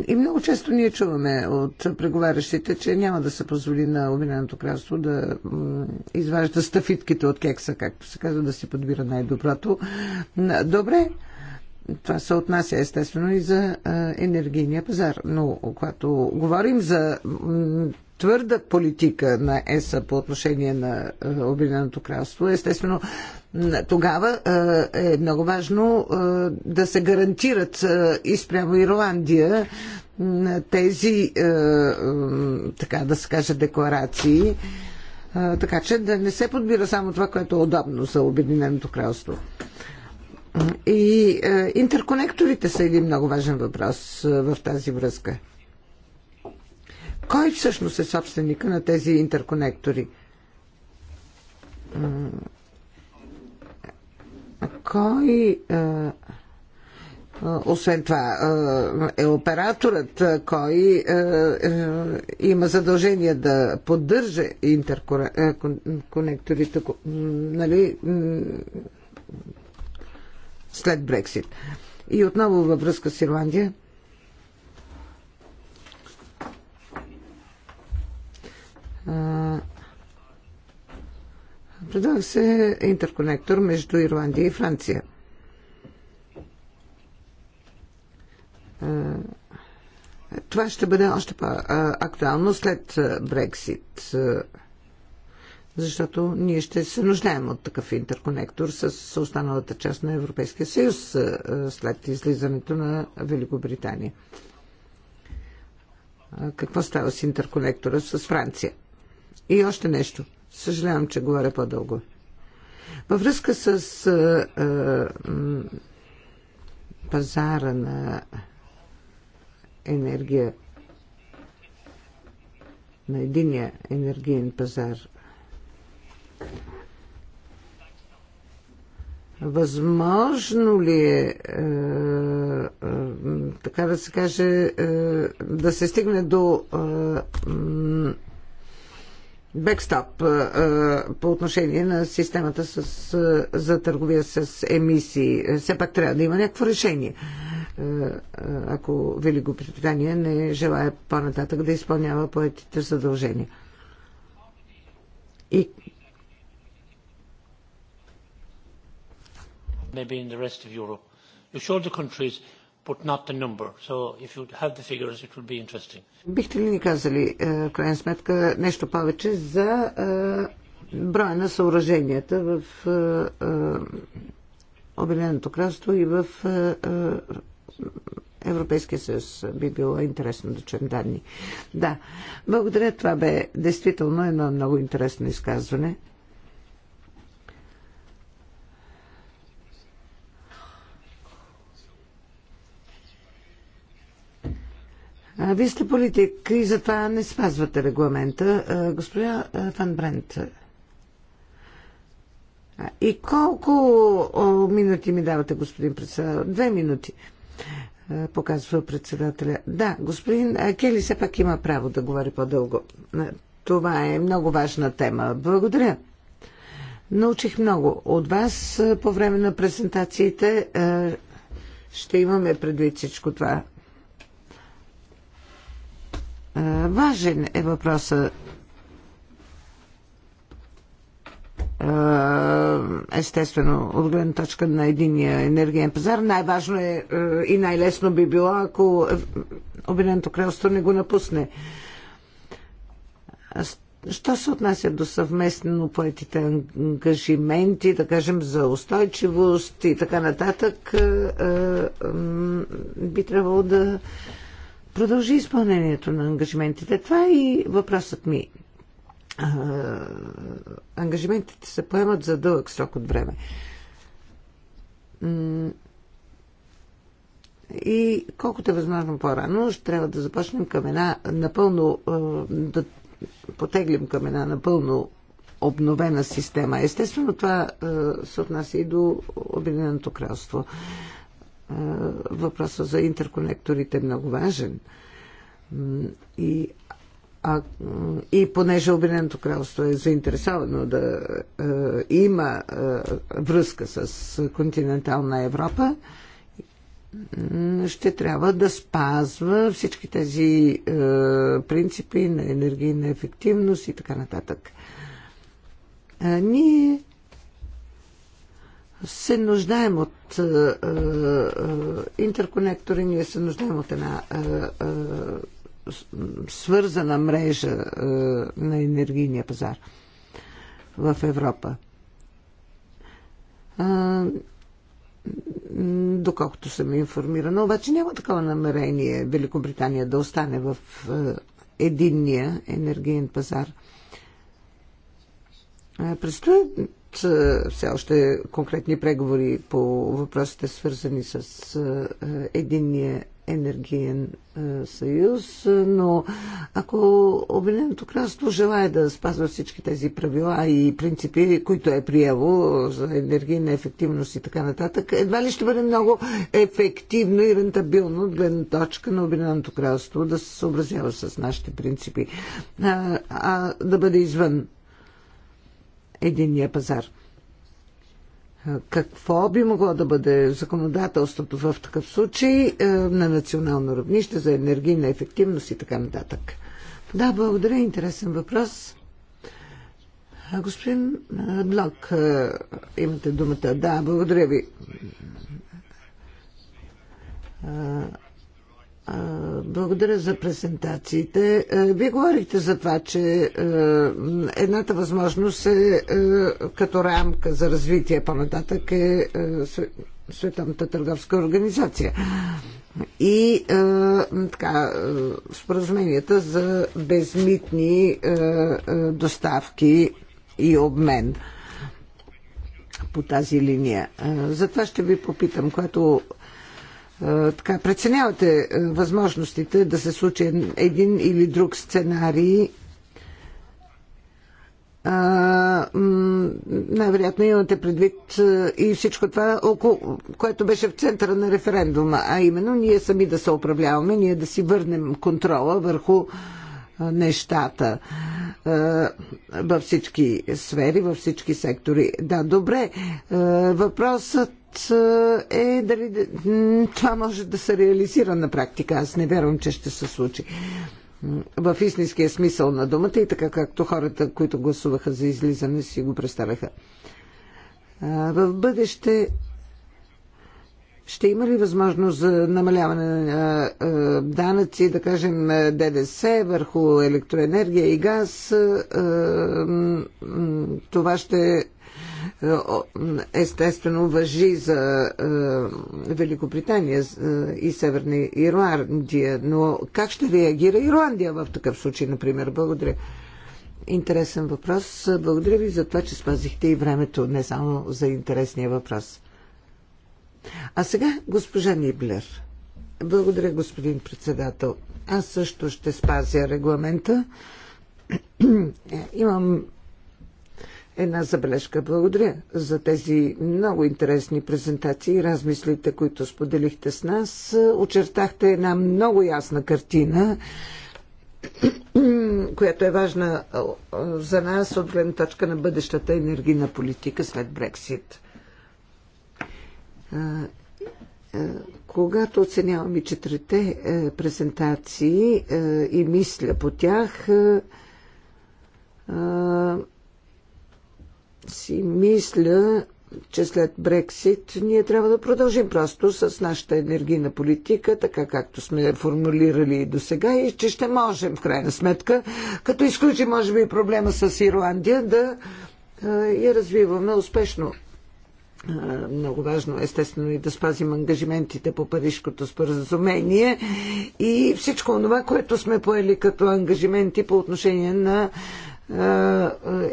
И много често ние чуваме от преговарящите, че няма да се позволи на Обединеното кралство да изважда стафитките от кекса, както се казва, да си подбира най-доброто. Добре, това се отнася естествено и за енергийния пазар. Но когато говорим за твърда политика на ЕСА по отношение на Обединеното кралство, естествено тогава е много важно да се гарантират и спрямо Ирландия тези, така да се каже, декларации, така че да не се подбира само това, което е удобно за Обединеното кралство. И е, интерконекторите са един много важен въпрос е, в тази връзка. Кой всъщност е собственика на тези интерконектори? Кой, е, освен това, е операторът, кой има задължение да поддържа интерконекторите? Нали? след Брексит. И отново във връзка с Ирландия. Предлага се интерконектор между Ирландия и Франция. Това ще бъде още по-актуално след Брексит защото ние ще се нуждаем от такъв интерконектор с останалата част на Европейския съюз след излизането на Великобритания. Какво става с интерконектора с Франция? И още нещо. Съжалявам, че говоря по-дълго. Във връзка с а, а, пазара на енергия, на единия енергиен пазар, Възможно ли е, е, е, така да се каже, е, да се стигне до е, бекстап е, е, по отношение на системата с, за търговия с емисии? Все пак трябва да има някакво решение, ако Великобритания не желая по-нататък да изпълнява поетите задължения. И maybe in the rest of Europe. You showed the countries, but not the number. So if you have the figures, it would be interesting. Бихте ли ни казали, е, в крайна сметка, нещо повече за е, броя на съоръженията в е, Обединеното кралство и в Европейския съюз би било интересно да чуем данни. Да, благодаря. Това бе действително едно много интересно изказване. Вие сте политик и затова не спазвате регламента. Госпожа Фан Брент, и колко минути ми давате, господин председател? Две минути, показва председателя. Да, господин Кели все пак има право да говори по-дълго. Това е много важна тема. Благодаря. Научих много от вас по време на презентациите. Ще имаме предвид всичко това. Важен е въпроса естествено от гледна точка на единия енергиен пазар. Най-важно е и най-лесно би било, ако Обединеното кралство не го напусне. Що се отнася до съвместно поетите ангажименти, да кажем за устойчивост и така нататък, би трябвало да продължи изпълнението на ангажиментите. Това е и въпросът ми. Ангажиментите се поемат за дълъг срок от време. И колкото е възможно по-рано, ще трябва да започнем към една напълно, да потеглим към една напълно обновена система. Естествено, това се отнася и до Обединеното кралство въпроса за интерконекторите е много важен. И, а, и понеже Обединеното кралство е заинтересовано да а, е, има а, е, връзка с континентална Европа, ще трябва да спазва всички тези а, е, принципи на енергийна ефективност и така нататък. А, ние се нуждаем от е, е, интерконектори, ние се нуждаем от една е, е, свързана мрежа е, на енергийния пазар в Европа. Е, доколкото съм информирана, обаче няма такова намерение Великобритания да остане в е, единния енергиен пазар. Предстои е, все още конкретни преговори по въпросите свързани с е, е, единния енергиен съюз, но ако Обединеното кралство желая да спазва всички тези правила и принципи, които е приело за енергийна ефективност и така нататък, едва ли ще бъде много ефективно и рентабилно от гледна точка на Обединеното кралство да се съобразява с нашите принципи, а, а да бъде извън единния пазар. Какво би могло да бъде законодателството в такъв случай на национално равнище за енергийна ефективност и така нататък? Да, благодаря. Интересен въпрос. Господин Блок, имате думата. Да, благодаря ви. Благодаря за презентациите. Вие говорихте за това, че едната възможност е като рамка за развитие по-нататък е Световната търговска организация и така, споразуменията за безмитни доставки и обмен по тази линия. Затова ще ви попитам, което. Е, така, преценявате е, възможностите да се случи един или друг сценарий е, най-вероятно имате предвид и всичко това, което беше в центъра на референдума, а именно ние сами да се управляваме, ние да си върнем контрола върху нещата във всички сфери, във всички сектори. Да, добре. Въпросът е дали това може да се реализира на практика. Аз не вярвам, че ще се случи в истинския смисъл на думата и така както хората, които гласуваха за излизане, си го представяха. В бъдеще ще има ли възможност за намаляване на данъци, да кажем ДДС върху електроенергия и газ? Това ще естествено въжи за е, Великобритания е, и Северна Ирландия. Но как ще реагира Ирландия в такъв случай, например? Благодаря. Интересен въпрос. Благодаря ви за това, че спазихте и времето, не само за интересния въпрос. А сега госпожа Ниблер. Благодаря, господин председател. Аз също ще спазя регламента. Имам една забележка. Благодаря за тези много интересни презентации и размислите, които споделихте с нас. Очертахте една много ясна картина, която е важна за нас от гледна точка на бъдещата енергийна политика след Брексит. Когато оценявам и четирите презентации и мисля по тях, си мисля, че след Брексит ние трябва да продължим просто с нашата енергийна политика, така както сме я формулирали и до сега, и че ще можем, в крайна сметка, като изключим, може би, проблема с Ирландия, да я развиваме успешно. Много важно, естествено, и да спазим ангажиментите по Парижкото споразумение и всичко това, което сме поели като ангажименти по отношение на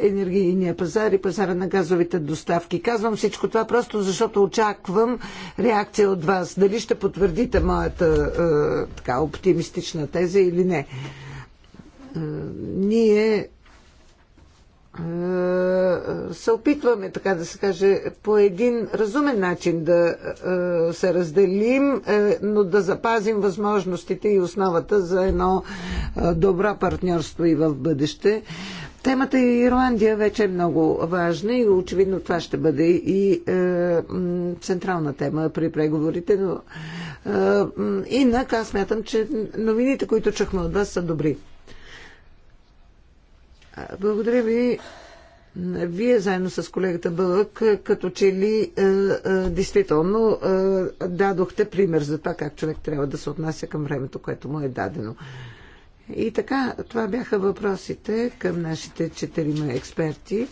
енергийния пазар и пазара на газовите доставки. Казвам всичко това просто защото очаквам реакция от вас. Дали ще потвърдите моята така оптимистична теза или не. Ние се опитваме, така да се каже, по един разумен начин да се разделим, но да запазим възможностите и основата за едно добро партньорство и в бъдеще. Темата и Ирландия вече е много важна и очевидно това ще бъде и е, централна тема при преговорите, но е, инак аз смятам, че новините, които чухме от вас, са добри. Благодаря ви. Вие заедно с колегата Бълък, като че ли е, е, действително е, дадохте пример за това как човек трябва да се отнася към времето, което му е дадено. И така, това бяха въпросите към нашите четирима експерти.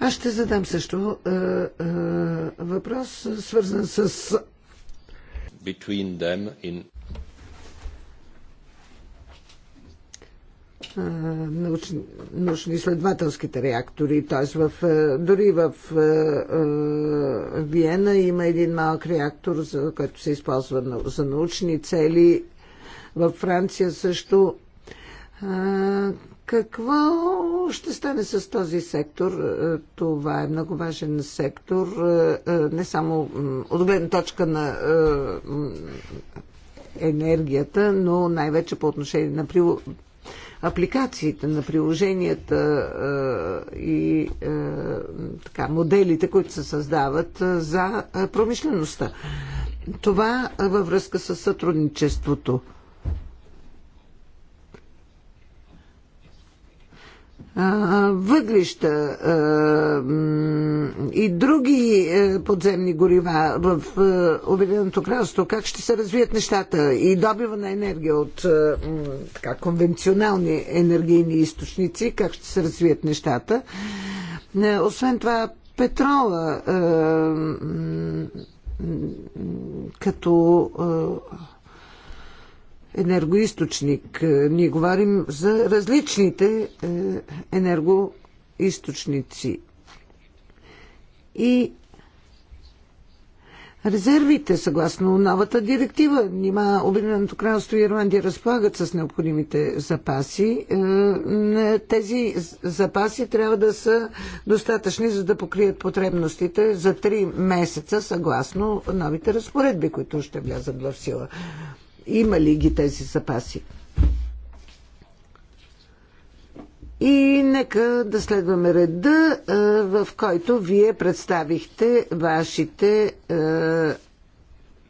Аз ще задам също е, е, въпрос, свързан с. Between them in... научно-изследователските научно реактори. Т.е. В, дори в Виена има един малък реактор, за, който се използва за научни цели. В Франция също. Какво ще стане с този сектор? Това е много важен сектор, не само от гледна точка на енергията, но най-вече по отношение на апликациите, на приложенията е, и е, така, моделите, които се създават е, за промишлеността. Това във връзка с сътрудничеството. въглища и други е, подземни горива в е, Обединеното кралство, как ще се развият нещата и добива на енергия от е, така, конвенционални енергийни източници, как ще се развият нещата. Освен това, петрола като енергоисточник. Е, ние говорим за различните е, енергоисточници. И резервите, съгласно новата директива, нима Обединеното кралство и Ирландия разполагат с необходимите запаси. Е, тези запаси трябва да са достатъчни, за да покрият потребностите за 3 месеца, съгласно новите разпоредби, които ще влязат в сила. Има ли ги тези запаси? И нека да следваме реда, в който вие представихте вашите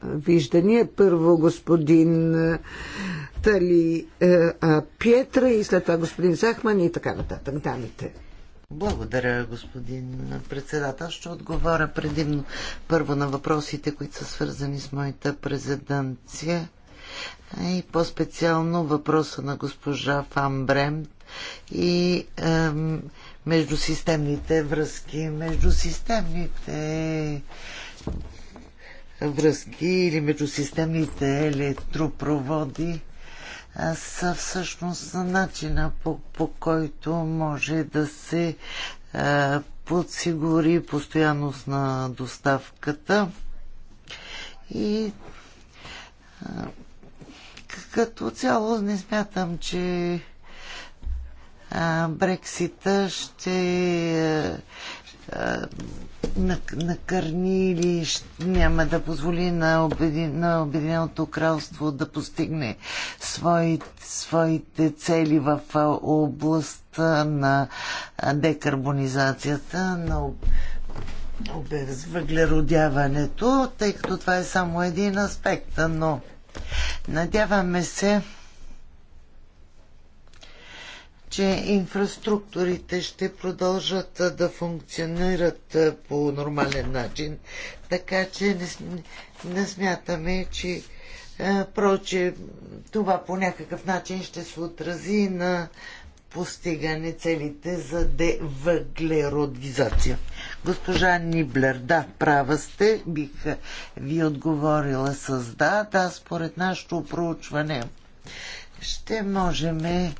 виждания. Първо господин Тали Пьетра и след това господин Захман и така нататък. Дамите. Благодаря, господин председател. Ще отговоря предимно първо на въпросите, които са свързани с моята президенция. И по-специално въпроса на госпожа Фан Брем и ем, междусистемните връзки. Междусистемните връзки или междусистемните електропроводи са всъщност начина по, по който може да се е, подсигури постоянност на доставката и е, като цяло не смятам, че Брексита ще накърни или няма да позволи на, Обедин, на Обединеното кралство да постигне своите, своите цели в областта на декарбонизацията, на въглеродяването, тъй като това е само един аспект, но Надяваме се, че инфраструктурите ще продължат да функционират по нормален начин, така че не, не смятаме, че проче това по някакъв начин ще се отрази на постигане целите за девъглеродизация. Госпожа Ниблер, да, права сте, бих ви отговорила с да. Да, според нашето проучване ще можем е,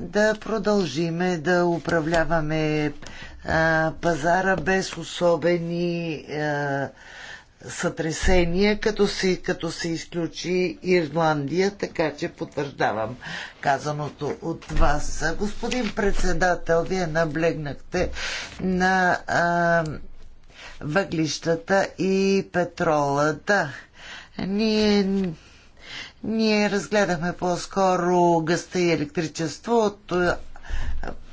да продължиме да управляваме а, пазара без особени а, сътресения, като се, като се изключи Ирландия, така че потвърждавам казаното от вас. Господин председател, вие наблегнахте на а, въглищата и петрола. Да, ние ние разгледахме по-скоро гъста и от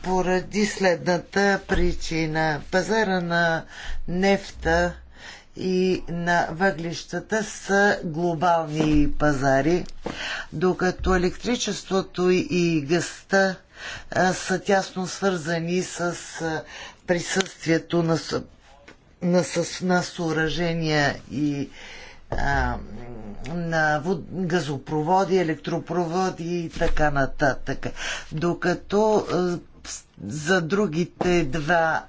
поради следната причина. Пазара на нефта и на въглищата са глобални пазари, докато електричеството и гъста са тясно свързани с присъствието на, на, на съоръжения и а, на вод, газопроводи, електропроводи и така нататък. Докато за другите два,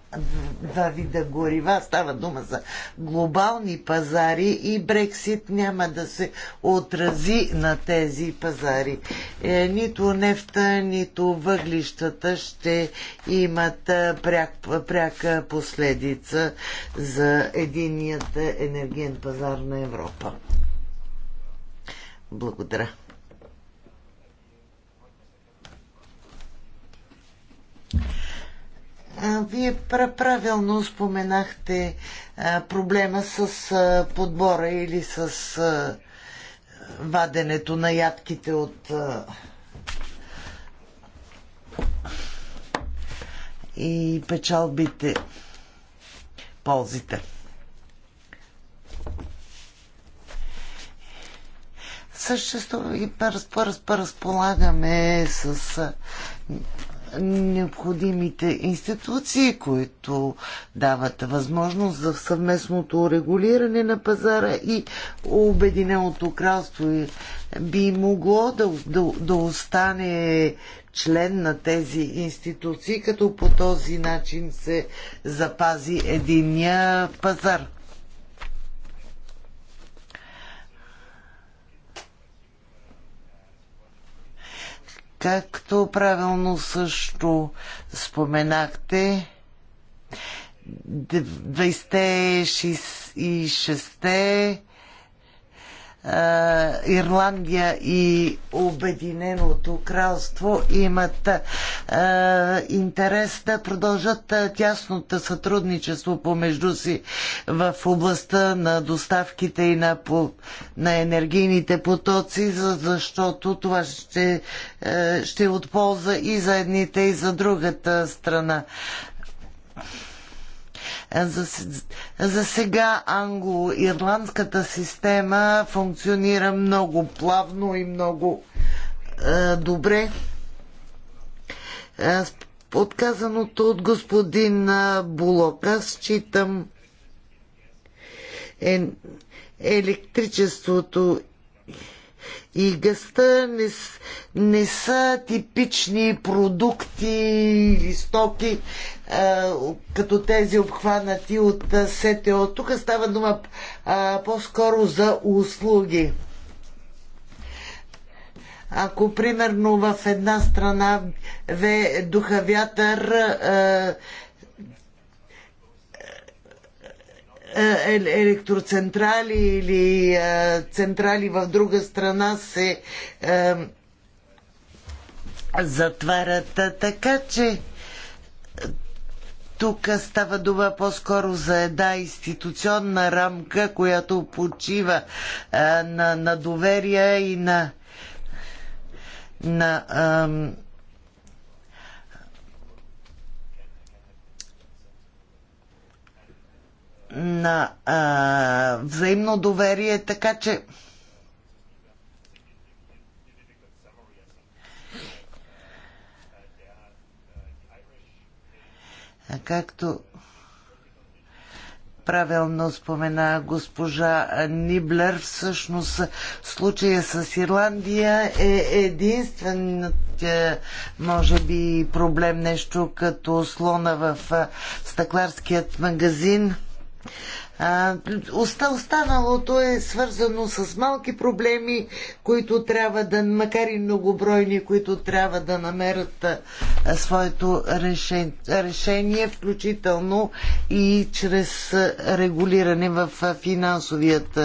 два вида горива. Става дума за глобални пазари и Брексит няма да се отрази на тези пазари. Е, нито нефта, нито въглищата ще имат пряк, пряка последица за единият енергиен пазар на Европа. Благодаря. Вие правилно споменахте проблема с подбора или с ваденето на ядките от и печалбите, ползите. Съществува и разполагаме с необходимите институции, които дават възможност за съвместното регулиране на пазара и Обединеното кралство би могло да, да, да остане член на тези институции, като по този начин се запази единия пазар. Както правилно също споменахте, 26-те е, Ирландия и Обединеното кралство имат е, интерес да продължат е, тясното сътрудничество помежду си в областта на доставките и на, на енергийните потоци, защото това ще, ще отполза и за едните, и за другата страна. За, за сега англо-ирландската система функционира много плавно и много е, добре. Е, Отказаното от господин е, аз считам е, е електричеството и гъста не, не са типични продукти или стоки, а, като тези обхванати от СТО. Тук става дума по-скоро за услуги. Ако примерно в една страна ве духа вятър, а, Е, е, електроцентрали или е, централи в друга страна се затварят. Така че тук става дума по-скоро за една институционна рамка, която почива на, на доверие и на, на на а, взаимно доверие, така че както правилно спомена госпожа Ниблер, всъщност случая с Ирландия е единственият, е, може би, проблем нещо като слона в стъкларският магазин. Останалото е свързано с малки проблеми, които трябва да, макар и многобройни, които трябва да намерят своето решение, включително и чрез регулиране в финансовият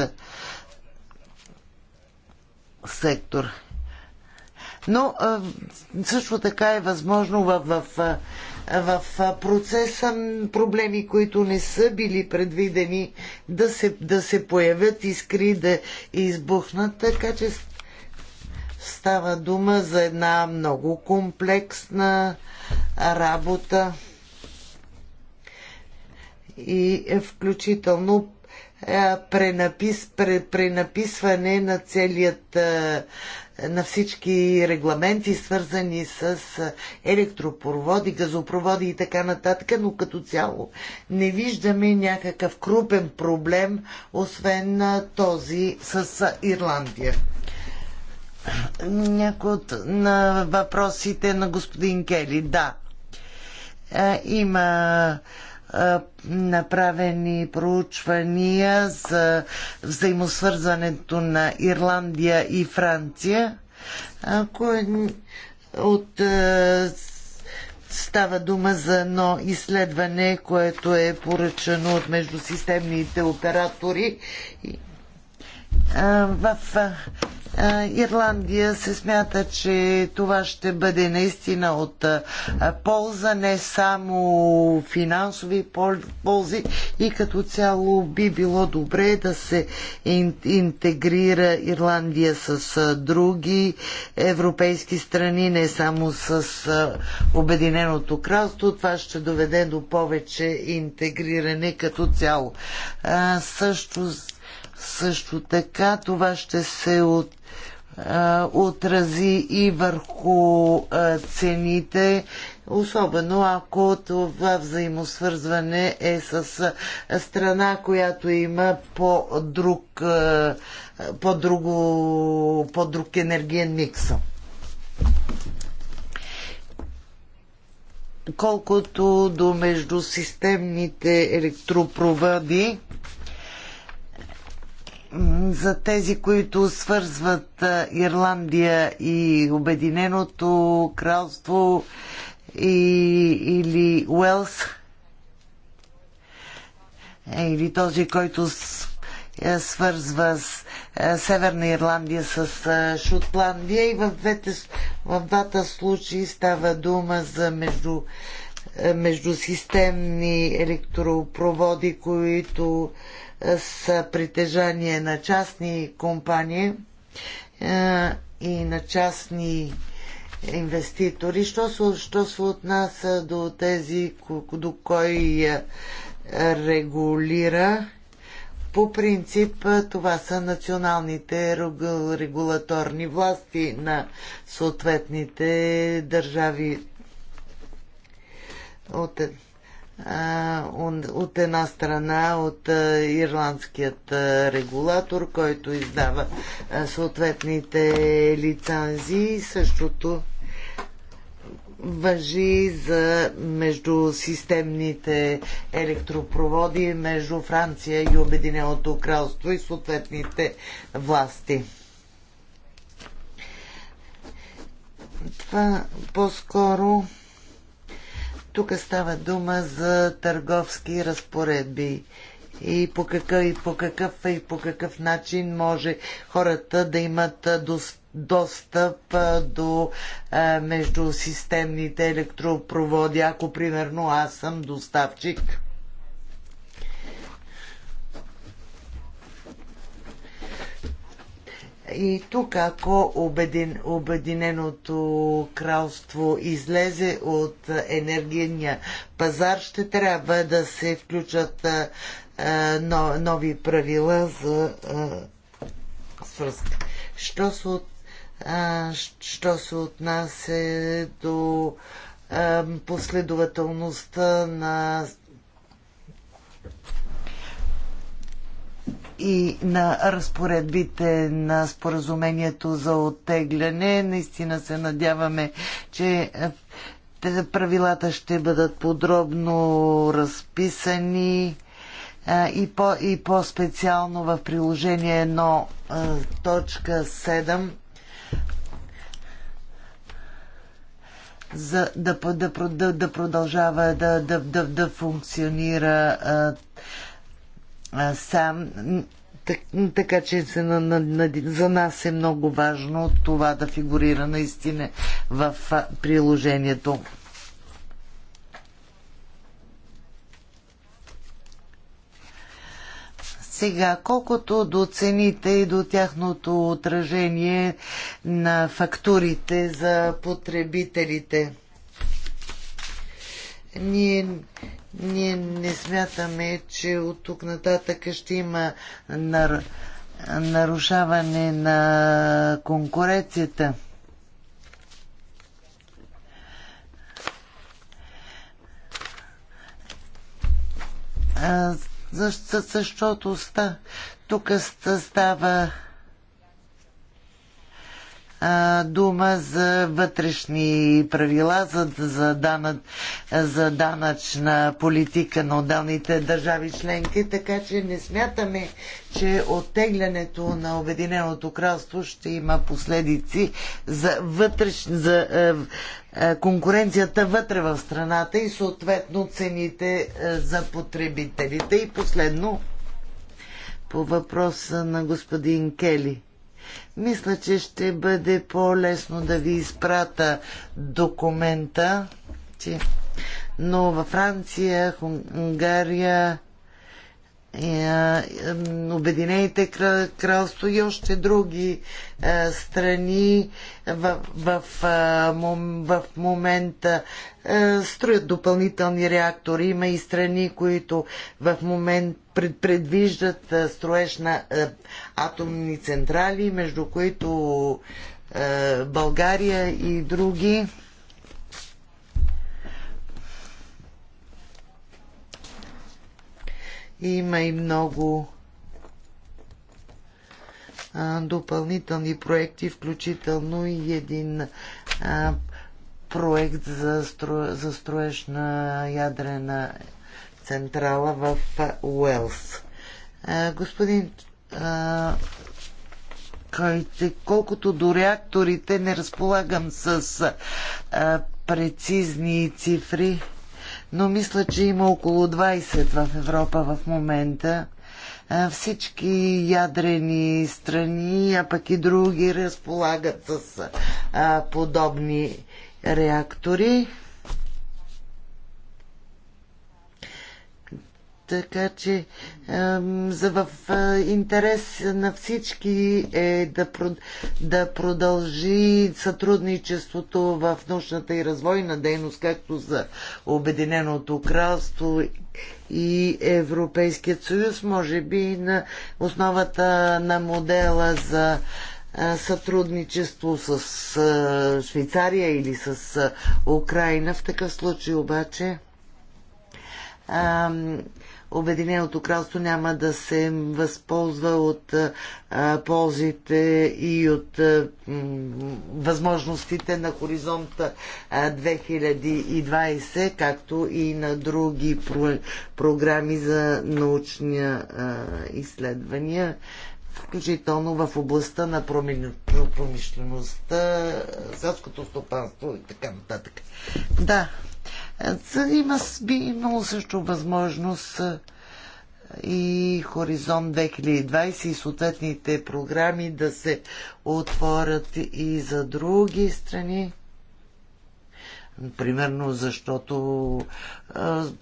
сектор. Но също така е възможно в, в в процеса проблеми, които не са били предвидени да се, да се появят искри, да избухнат, така че става дума за една много комплексна работа и включително пренапис, пренаписване на целият на всички регламенти, свързани с електропроводи, газопроводи и така нататък, но като цяло не виждаме някакъв крупен проблем, освен на този с Ирландия. Някои от на въпросите на господин Кели. Да, има направени проучвания за взаимосвързването на Ирландия и Франция, от Става дума за едно изследване, което е поръчано от междусистемните оператори в Ирландия се смята, че това ще бъде наистина от полза, не само финансови ползи и като цяло би било добре да се интегрира Ирландия с други европейски страни, не само с Обединеното кралство. Това ще доведе до повече интегриране като цяло. Също също така това ще се от, а, отрази и върху а, цените, особено ако това взаимосвързване е с страна, която има по-друг, по-друго, по-друг енергиен микс. Колкото до междусистемните електропроводи, за тези, които свързват Ирландия и Обединеното кралство и, или Уелс, е, или този, който е, свързва с е, Северна Ирландия с Шотландия и в, двете, в двата случаи става дума за между, междусистемни електропроводи, които с притежание на частни компании е, и на частни инвеститори. Що се, що се отнася до тези, до кой е, регулира? По принцип е, това са националните регулаторни власти на съответните държави от от една страна от ирландският регулатор, който издава съответните лицензии. Същото въжи за междусистемните електропроводи между Франция и Обединеното кралство и съответните власти. Това по-скоро тук става дума за търговски разпоредби и по какъв, и по какъв, и по какъв начин може хората да имат достъп до междусистемните електропроводи, ако примерно аз съм доставчик И тук, ако обедин, Обединеното кралство излезе от енергийния пазар, ще трябва да се включат а, но, нови правила за а, свръзка. Що се, от, а, що се отнася до а, последователността на и на разпоредбите на споразумението за оттегляне. Наистина се надяваме, че е, правилата ще бъдат подробно разписани е, и, по, и по-специално в приложение 1.7. Е, за да, да, да, да продължава да, да, да, да функционира а, сам. Така че за, на, на, за нас е много важно това да фигурира наистина в приложението. Сега, колкото до цените и до тяхното отражение на фактурите за потребителите, ние ние не смятаме, че от тук нататък ще има нар... нарушаване на конкуренцията. Защо, защото ста, тук става а, дума за вътрешни правила за, за, дана, за данъчна политика на отделните държави членки, така че не смятаме, че оттеглянето на Обединеното кралство ще има последици за, вътреш, за а, е, а, е, конкуренцията вътре в страната и съответно цените а, е, за потребителите. И последно по въпроса на господин Кели мисля, че ще бъде по-лесно да ви изпрата документа, че... но във Франция, Унгария, е, Обединените кралство и още други е, страни в, в, в момента е, строят допълнителни реактори. Има и страни, които в момент предвиждат строеж на атомни централи, между които България и други. Има и много допълнителни проекти, включително и един проект за, стро, за строеж на ядрена централа в Уелс. господин Кайте, колкото до реакторите, не разполагам с а, прецизни цифри но мисля, че има около 20 в Европа в момента. Всички ядрени страни, а пък и други разполагат с подобни реактори. Така че за в интерес на всички е да, да продължи сътрудничеството в научната и развойна дейност, както за Обединеното кралство и Европейският съюз, може би на основата на модела за сътрудничество с Швейцария или с Украина. В такъв случай обаче Обединеното кралство няма да се възползва от а, ползите и от а, възможностите на хоризонта 2020, както и на други про програми за научни изследвания включително в областта на промишлеността, селското стопанство и така нататък. Да, е, има, би имало също възможност е, и Хоризонт 2020 и съответните програми да се отворят и за други страни. Примерно защото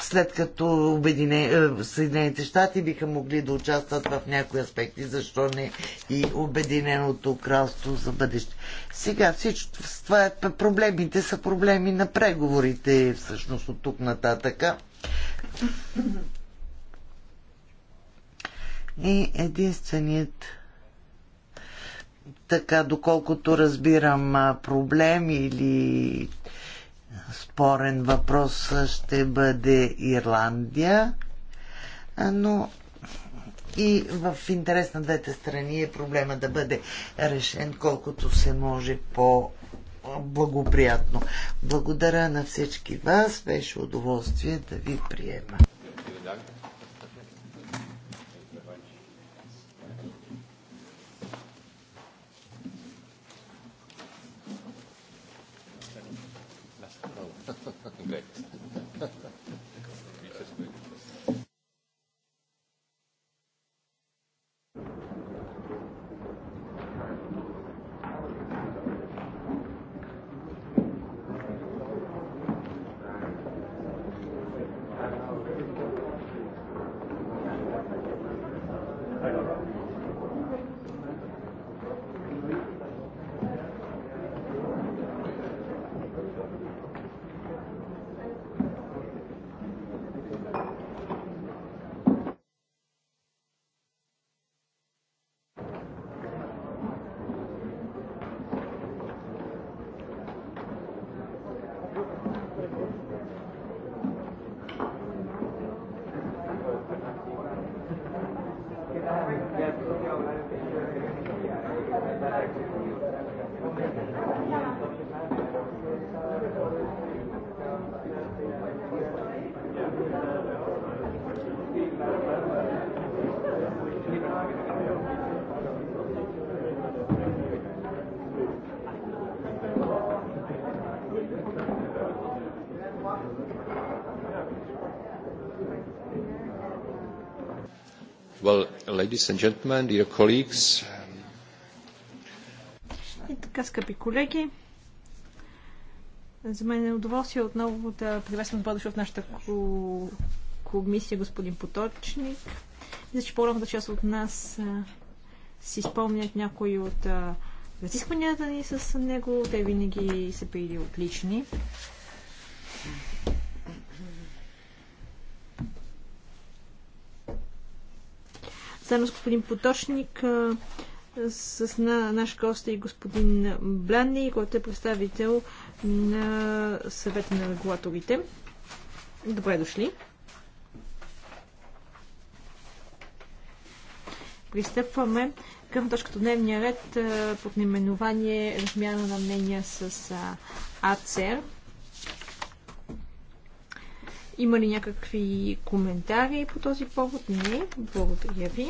след като Обедине... Съединените щати биха могли да участват в някои аспекти, защо не и Обединеното кралство за бъдеще. Сега всичко това е, проблемите са проблеми на преговорите всъщност от тук нататъка. И единственият така, доколкото разбирам, проблем или спорен въпрос ще бъде Ирландия, но и в интерес на двете страни е проблема да бъде решен колкото се може по благоприятно. Благодаря на всички вас. Беше удоволствие да ви приема. Well, ladies and gentlemen, dear colleagues. И така, скъпи колеги, за мен е удоволствие отново да приветствам добре в нашата комисия господин Поточник. Мисля, че по-голямата част от нас а, си спомнят някои от а, разискванията ни с него. Те винаги са били отлични. заедно с господин Поточник, с на, наш гост е и господин Бланни, който е представител на съвета на регулаторите. Добре дошли! Пристъпваме към точката дневния ред под наименование размяна на мнения с АЦЕР. Има ли някакви коментари по този повод? Не. Благодаря ви.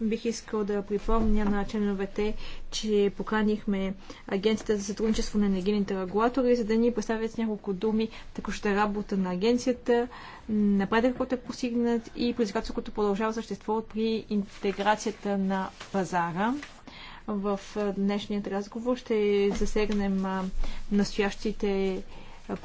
Бих искал да припомня на членовете, че поканихме Агенцията за сътрудничество на енергийните регулатори, за да ни представят няколко думи текущата работа на агенцията, напредък, който е постигнат и предизвикателство, което продължава същество при интеграцията на пазара. В днешният разговор ще засегнем настоящите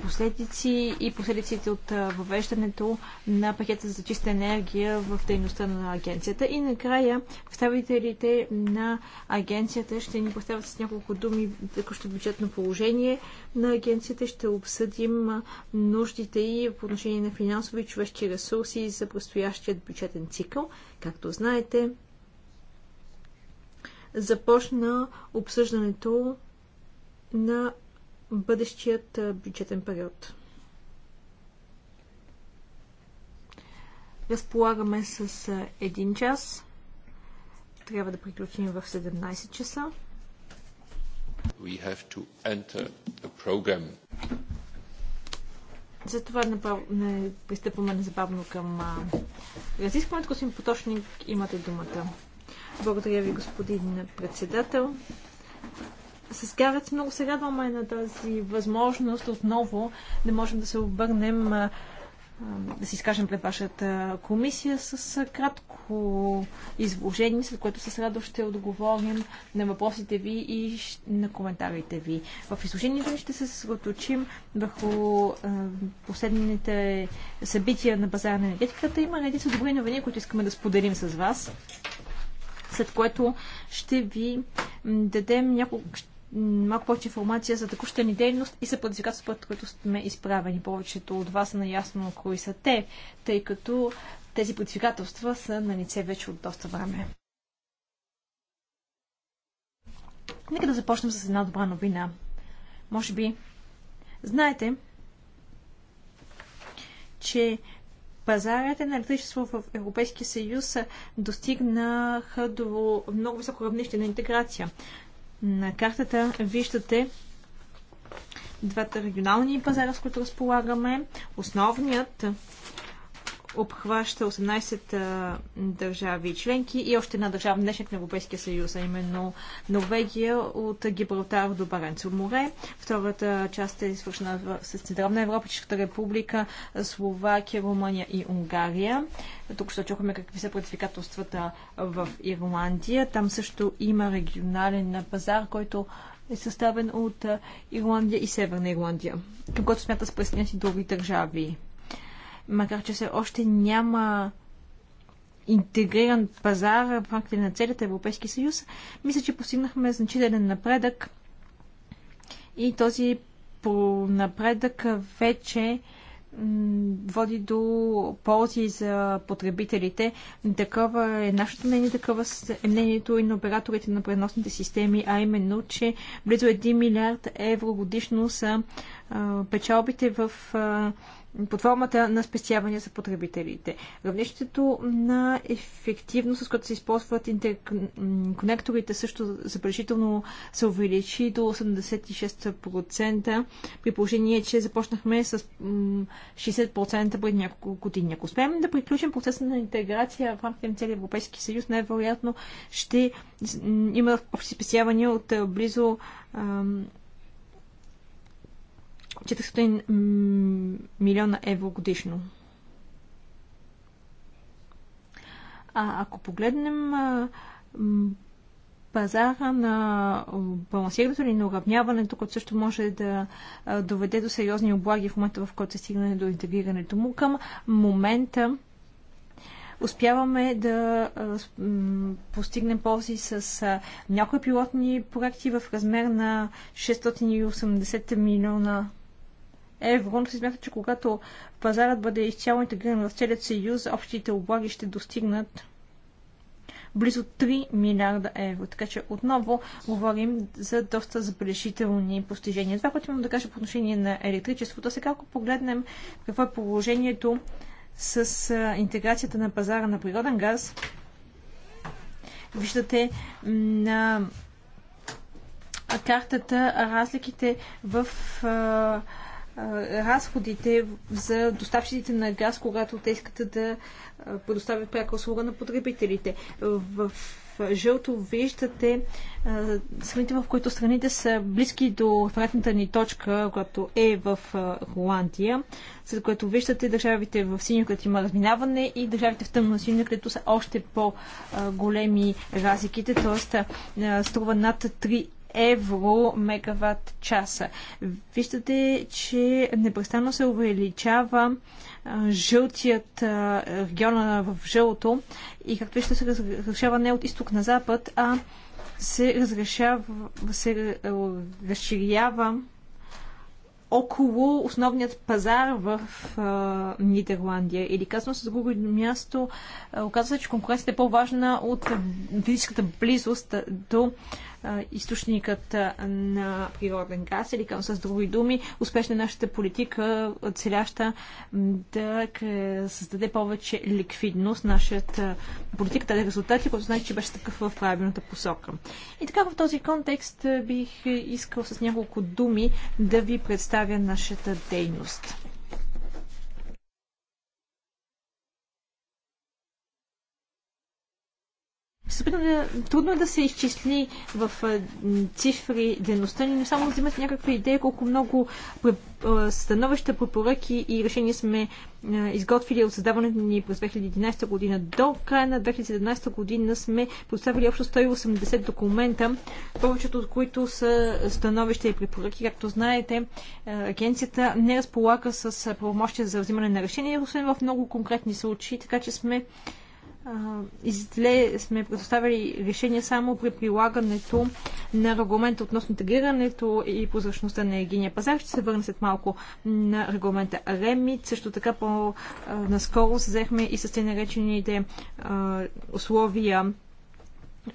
последици и последиците от въвеждането на пакета за чиста енергия в дейността на агенцията. И накрая представителите на агенцията ще ни поставят с няколко думи текущо бюджетно положение на агенцията. Ще обсъдим нуждите и по отношение на финансови и човешки ресурси за предстоящият бюджетен цикъл. Както знаете, започна обсъждането на бъдещият бюджетен период. Разполагаме с един час. Трябва да приключим в 17 часа. We have to enter the program. Затова не пристъпваме незабавно към разискването. Господин Поточник, имате думата. Благодаря ви, господин председател с скарат. много се радваме на тази възможност отново да можем да се обърнем, да си изкажем пред вашата комисия с кратко изложение, след което с радост ще отговорим на въпросите ви и на коментарите ви. В изложението ни ще се съсредоточим върху последните събития на базара на енергетиката. Има редица добри новини, които искаме да споделим с вас след което ще ви дадем няколко, малко повече информация за текущата ни дейност и за предизвикателствата, пред което сме изправени. Повечето от вас са наясно кои са те, тъй като тези предизвикателства са на лице вече от доста време. Нека да започнем с една добра новина. Може би знаете, че пазарите на електричество в Европейския съюз достигнаха до много високо равнище на интеграция. На картата виждате двата регионални пазара, с които разполагаме. Основният обхваща 18 държави членки и още една държава днешната на Европейския съюз, а именно Норвегия от Гибралтар до Баренцо море. Втората част е свършена с Централна Европа, Чешката република, Словакия, Румъния и Унгария. Тук ще чухме какви са предизвикателствата в Ирландия. Там също има регионален пазар, който е съставен от Ирландия и Северна Ирландия, към който смята с пресняти други държави макар че все още няма интегриран пазар в рамките на целият Европейски съюз, мисля, че постигнахме значителен напредък и този напредък вече води до ползи за потребителите. Такова е нашето мнение, такова е мнението и на операторите на преносните системи, а именно, че близо 1 милиард евро годишно са а, печалбите в а, под формата на спестявания за потребителите. Равнището на ефективност, с което се използват интерконекторите, също забележително се увеличи до 86%, при положение, че започнахме с 60% преди няколко години. Ако успеем да приключим процеса на интеграция в рамките на целия Европейски съюз, най-вероятно ще има общи спестявания от близо 400 милиона евро годишно. А ако погледнем пазара на балансирането или на уравняването, което също може да доведе до сериозни облаги в момента, в който се стигне до интегрирането му, към момента успяваме да постигнем ползи с някои пилотни проекти в размер на 680 милиона евро, но се смята, че когато пазарът бъде изцяло интегриран в целият съюз, общите облаги ще достигнат близо 3 милиарда евро. Така че отново говорим за доста забележителни постижения. Това, което имам да кажа по отношение на електричеството, сега ако погледнем какво е положението с интеграцията на пазара на природен газ, виждате на картата разликите в разходите за доставчиците на газ, когато те искат да предоставят пряка услуга на потребителите. В жълто виждате страните, в които страните са близки до вратната ни точка, която е в Холандия, след което виждате държавите в синьо, където има разминаване и държавите в тъмно синьо, където са още по-големи разликите, т.е. струва над евро мегаватт часа. Виждате, че непрестанно се увеличава жълтият региона в жълто и както виждате се разрешава не от изток на запад, а се разрешава, се разширява около основният пазар в а, Нидерландия. Или казвам с друго място, оказва се, че конкуренцията е по-важна от физическата близост до източникът на природен газ или към с други думи. Успешна е нашата политика, целяща да създаде повече ликвидност. Нашата политика тази е резултати, което значи, че беше такъв в правилната посока. И така в този контекст бих искал с няколко думи да ви представя нашата дейност. Трудно е да се изчисли в цифри дейността ни, но само да имате някаква идея колко много становища, препоръки и решения сме изготвили от създаването ни през 2011 година до края на 2017 година сме поставили общо 180 документа, повечето от които са становища и препоръки. Както знаете, агенцията не разполага с правомощия за взимане на решения, освен в много конкретни случаи, така че сме изле сме предоставили решение само при прилагането на регламента относно интегрирането и прозрачността на единия пазар. Ще се върна след малко на регламента РЕМИТ. Също така по-наскоро се взехме и с те наречените условия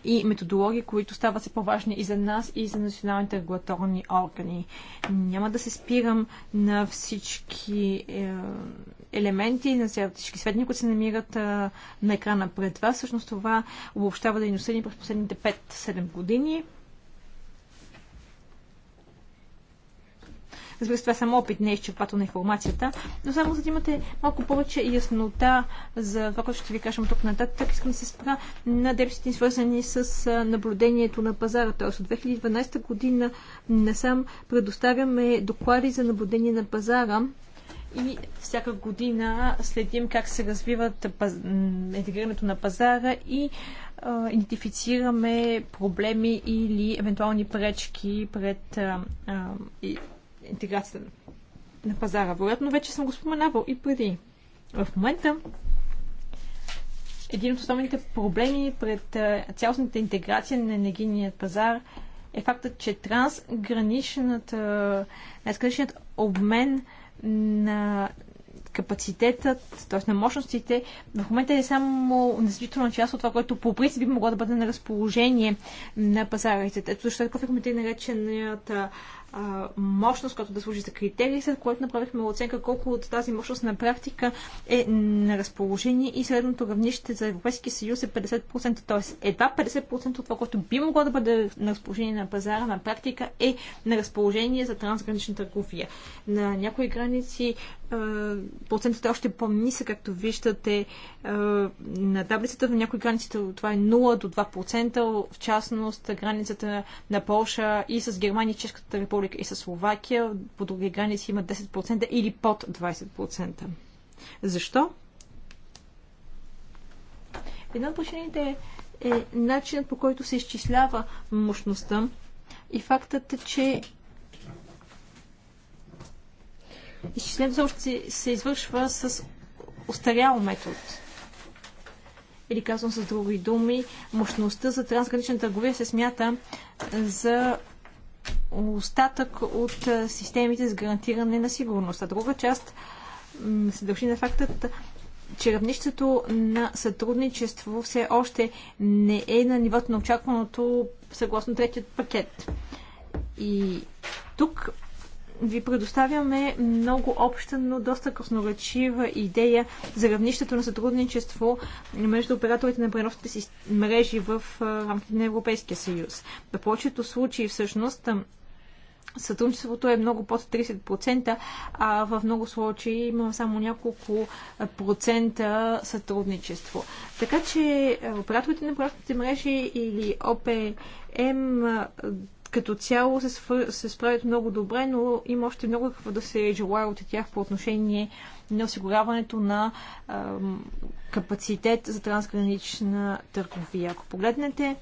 и методологии, които стават се по-важни и за нас, и за националните регулаторни органи. Няма да се спирам на всички е, елементи на всички светни, които се намират а, на екрана пред вас. Всъщност това обобщава дейността ни през последните 5-7 години. Разбира се, това е само опит, не е на информацията, но само за да имате малко повече яснота за това, което ще ви кажем тук нататък, искам да се спра на дебсите, свързани с наблюдението на пазара. Тоест от 2012 година насам предоставяме доклади за наблюдение на пазара и всяка година следим как се развиват интегрирането на пазара и а, идентифицираме проблеми или евентуални пречки пред а, а, интеграцията на пазара. Вероятно вече съм го споменавал и преди. В момента един от основните проблеми пред цялостната интеграция на енергийният пазар е фактът, че трансграничният обмен на капацитетът, т.е. на мощностите, в момента е само незначителна част от това, което по принцип би могло да бъде на разположение на пазарите. Ето защото е такъв е комитет мощност, която да служи за критерии, след което направихме оценка колко от тази мощност на практика е на разположение и средното равнище за Европейски съюз е 50%, т.е. едва 50% от това, което би могло да бъде на разположение на пазара, на практика е на разположение за трансгранична търговия. На някои граници процентът е още по-нисък, както виждате е, на таблицата. На някои границите това е 0 до 2%, в частност границата на Полша и с Германия, Чешката република и с Словакия. По други граници има 10% или под 20%. Защо? Една от причините е начинът по който се изчислява мощността и фактът, че изчислението още се, се извършва с устарял метод. Или казвам с други думи, мощността за трансгранична търговия се смята за остатък от системите с гарантиране на сигурност. А друга част се дължи на фактът, че равнището на сътрудничество все още не е на нивото на очакваното съгласно третият пакет. И тук ви предоставяме много обща, но доста красноречива идея за равнището на сътрудничество между операторите на преносните си мрежи в рамките на Европейския съюз. В повечето случаи всъщност сътрудничеството е много под 30%, а в много случаи има само няколко процента сътрудничество. Така че операторите на проектните мрежи или ОПМ като цяло се, свър... се справят много добре, но има още много какво да се желая от тях по отношение на осигуряването на ам, капацитет за трансгранична търговия. Ако погледнете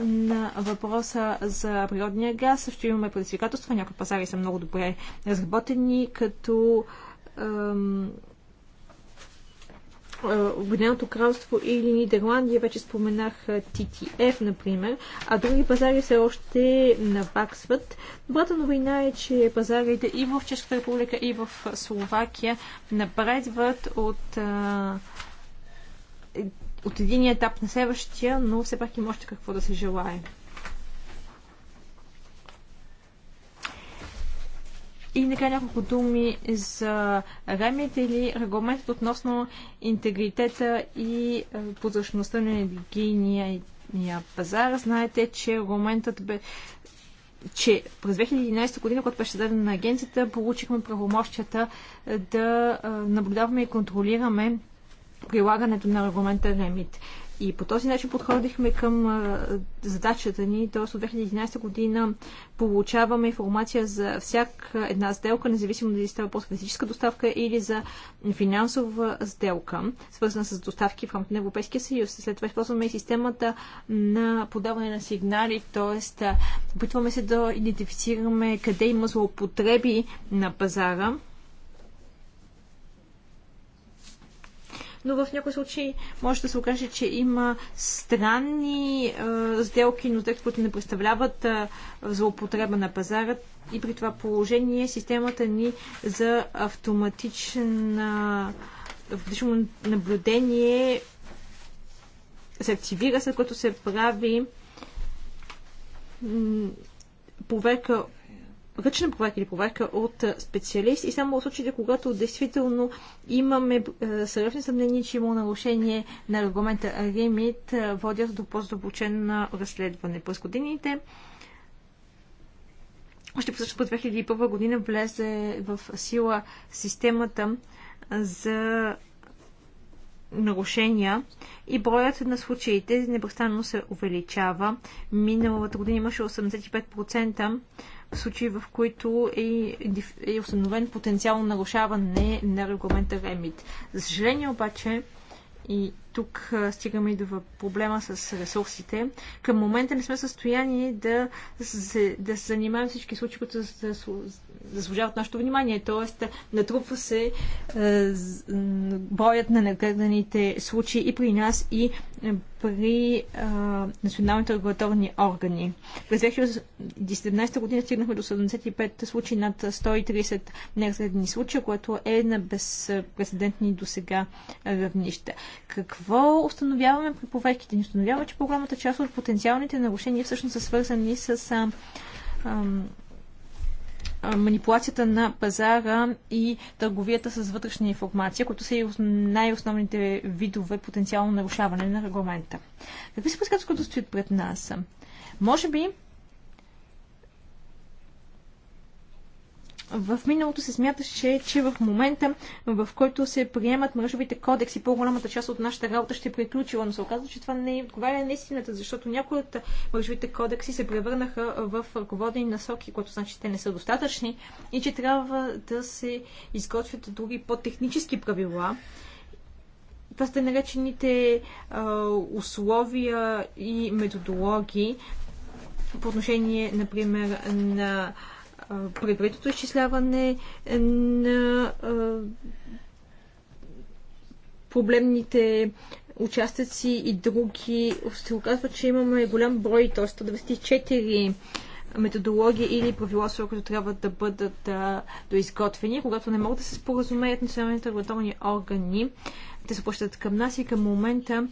на въпроса за природния газ, също имаме предизвикателства. Някои пазари са много добре разработени, като ам, е, Обединеното кралство или Нидерландия, вече споменах TTF, е, например, а други пазари все още наваксват. Добрата новина е, че пазарите и в Чешката република, и в Словакия напредват от е, от един етап на следващия, но все пак има още какво да се желая. И нека няколко думи за рамите или регламентът относно интегритета и е, подръчността на енергийния пазар. Знаете, че регламентът бе че през 2011 година, когато беше създадена на агенцията, получихме правомощията е, да е, наблюдаваме и контролираме прилагането на регламента РЕМИТ. И по този начин подходихме към задачата ни, т.е. от 2011 година получаваме информация за всяка една сделка, независимо дали става по физическа доставка или за финансова сделка, свързана с доставки в рамките на Европейския съюз. След това използваме и системата на подаване на сигнали, т.е. опитваме се да идентифицираме къде има злоупотреби на пазара но в някои случаи може да се окаже, че има странни а, сделки, но те, които не представляват а, злоупотреба на пазара. И при това положение системата ни за автоматична автоматично наблюдение се активира, след като се прави проверка ръчна проверка или проверка от специалист и само в случаите, когато действително имаме сериозни съмнения, че е има нарушение на регламента Ремит, водят до по-задълбочено разследване. През годините още всъщност по 2001 година влезе в сила системата за нарушения и броят на случаите непрестанно се увеличава. Миналата година имаше 85% случаи, в които е, е установен потенциално нарушаване на регламента РЕМИТ. За съжаление обаче, и тук стигаме и до проблема с ресурсите. Към момента не сме в състояние да се, да се занимаем всички случаи, които заслужават нашето внимание. Тоест, натрупва се е, броят на нагледаните случаи и при нас, и при а, е, националните регулаторни органи. През 2017 година стигнахме до 75 случаи над 130 неразгледани случая, което е на безпредседентни до сега равнища. Какво установяваме при проверките? Ни установява, че по-голямата част от потенциалните нарушения всъщност са свързани с а, а, манипулацията на пазара и търговията с вътрешна информация, които са и най-основните видове потенциално нарушаване на регламента. Какви са предсказки, които стоят пред нас? Може би в миналото се смяташе, че в момента, в който се приемат мръжовите кодекси, по-голямата част от нашата работа ще е приключила, но се оказва, че това не отговаря е на истината, е защото някои от мръжовите кодекси се превърнаха в ръководни насоки, което значи, че те не са достатъчни и че трябва да се изготвят други по-технически правила. Това сте наречените а, условия и методологии по отношение, например, на предварителното изчисляване на проблемните участъци и други, се оказва, че имаме голям брой, т.е. 24 методологии или правила, които трябва да бъдат доизготвени. Когато не могат да се споразумеят националните регулаторни органи, те се плащат към нас и към момента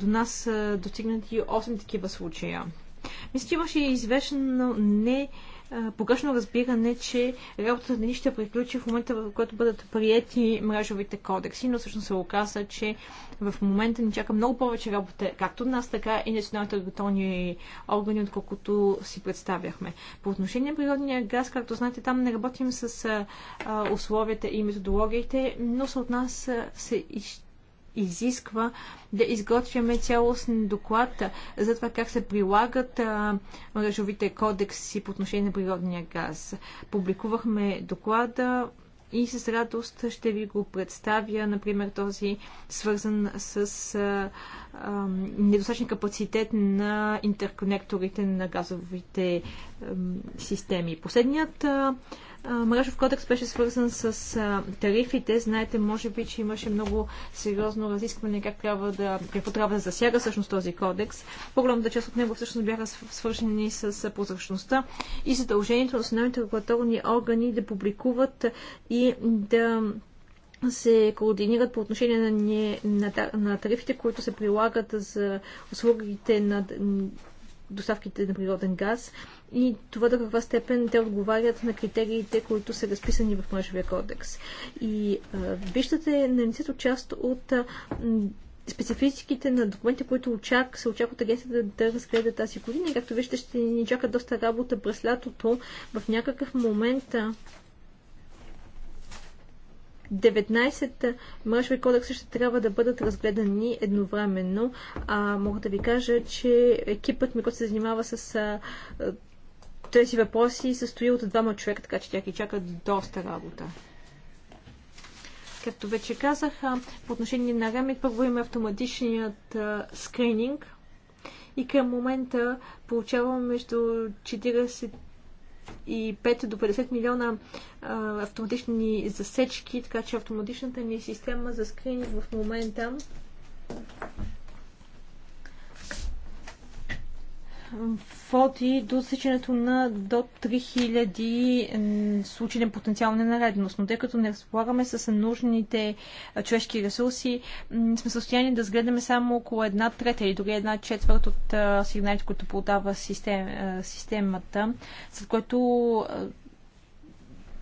до нас са достигнати 8 такива случая. Мисля, че имаше известно не погрешно разбиране, че работата ни ще приключи в момента, в който бъдат прияти мрежовите кодекси, но всъщност се оказа, че в момента ни чака много повече работа, както от нас, така и националните регулаторни органи, отколкото си представяхме. По отношение на природния газ, както знаете, там не работим с условията и методологиите, но се от нас се, из изисква да изготвяме цялостен доклад за това как се прилагат мрежовите кодекси по отношение на природния газ. Публикувахме доклада и с радост ще ви го представя, например, този свързан с недостатъчен капацитет на интерконекторите на газовите системи. Последният мрежов кодекс беше свързан с тарифите. Знаете, може би, че имаше много сериозно разискване как трябва да, какво трябва да засяга всъщност този кодекс. По-голямата част от него всъщност бяха свършени с прозрачността и задължението на националните регулаторни органи да публикуват и да се координират по отношение на, не, на, на тарифите, които се прилагат за услугите на доставките на природен газ и това до каква степен те отговарят на критериите, които са разписани в мъжевия кодекс. И а, виждате на лицето част от а, спецификите на документите, които очак, се очакват от агенцията да, да разгледа тази година. И както виждате, ще ни чака доста работа през лятото. В някакъв момент а, 19 мъжви кодекса ще трябва да бъдат разгледани едновременно. А, мога да ви кажа, че екипът ми, който се занимава с а, тези въпроси, състои от двама човека, така че тя ги чака доста работа. Както вече казах, по отношение на Рамик, първо има автоматичният а, скрининг и към момента получавам между 40 5 до 50 милиона а, автоматични засечки, така че автоматичната ни система за скрининг в момента води до сеченето на до 3000 случаи на потенциална наредност. Но тъй като не разполагаме с нужните човешки ресурси, сме в състояние да сгледаме само около една трета или дори една четвърт от сигналите, които подава систем, системата, след което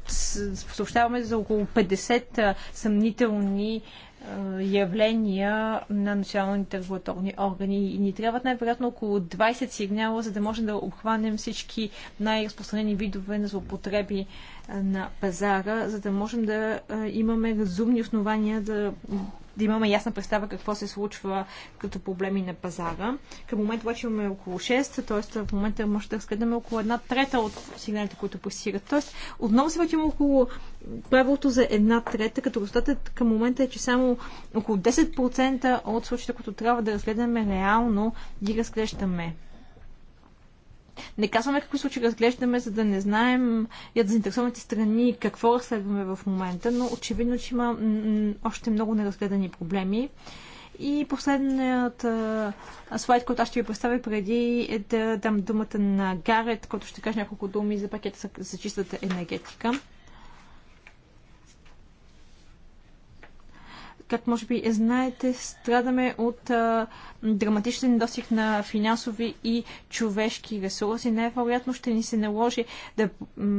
съобщаваме за около 50 съмнителни е, явления на националните регулаторни органи. И ни трябват най-вероятно около 20 сигнала, за да можем да обхванем всички най-разпространени видове на злоупотреби е, на пазара, за да можем да е, имаме разумни основания да да имаме ясна представа какво се случва като проблеми на пазара. Към момента обаче имаме около 6, т.е. в момента може да разгледаме около една трета от сигналите, които пресират. Т.е. отново се въртим около правилото за една трета, като резултатът към момента е, че само около 10% от случаите, които трябва да разгледаме реално, ги разглеждаме. Не казваме какви случаи разглеждаме, за да не знаем и да заинтересуваме страни какво разследваме в момента, но очевидно, че има още много неразгледани проблеми. И последният а, слайд, който аз ще ви представя преди е да дам думата на Гарет, който ще каже няколко думи за пакета за чистата енергетика. Как може би е, знаете, страдаме от а, драматичен недостиг на финансови и човешки ресурси. Най-вероятно ще ни се наложи да,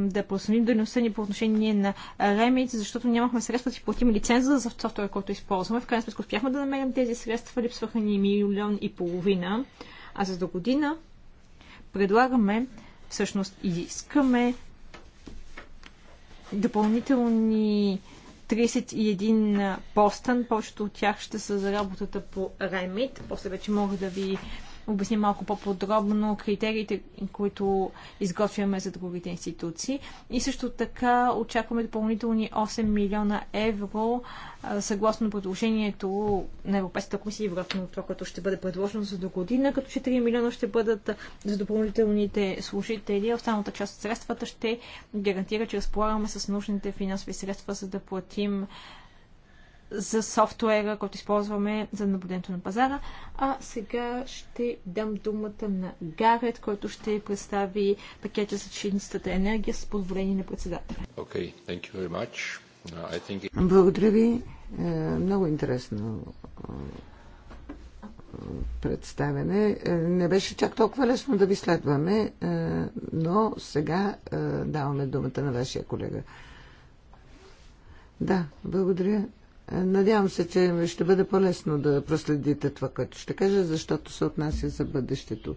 да проследим дойността ни по отношение на ремит, защото нямахме средства да си платим лиценза за софтуера, който използваме. В крайна сметка успяхме да намерим тези средства, липсваха ни милион и половина. А за до година предлагаме, всъщност изискаме допълнителни 31 постан Повечето от тях ще са за работата по Ремит. После вече мога да ви обясни малко по-подробно критериите, които изготвяме за другите институции. И също така очакваме допълнителни 8 милиона евро съгласно предложението на Европейската комисия и вратно това, което ще бъде предложено за до година, като 4 милиона ще бъдат за допълнителните служители. Останалата част от средствата ще гарантира, че разполагаме с нужните финансови средства, за да платим за софтуера, който използваме за наблюдението на пазара. А сега ще дам думата на Гарет, който ще представи пакета за чистата енергия с позволение на председателя. Okay, thank you very much. Uh, I think... Благодаря ви. Е, много интересно е, представяне. Е, не беше чак толкова лесно да ви следваме, но сега даваме думата на вашия колега. Да, благодаря. Надявам се, че ще бъде по-лесно да проследите това, което ще кажа, защото се отнася за бъдещето.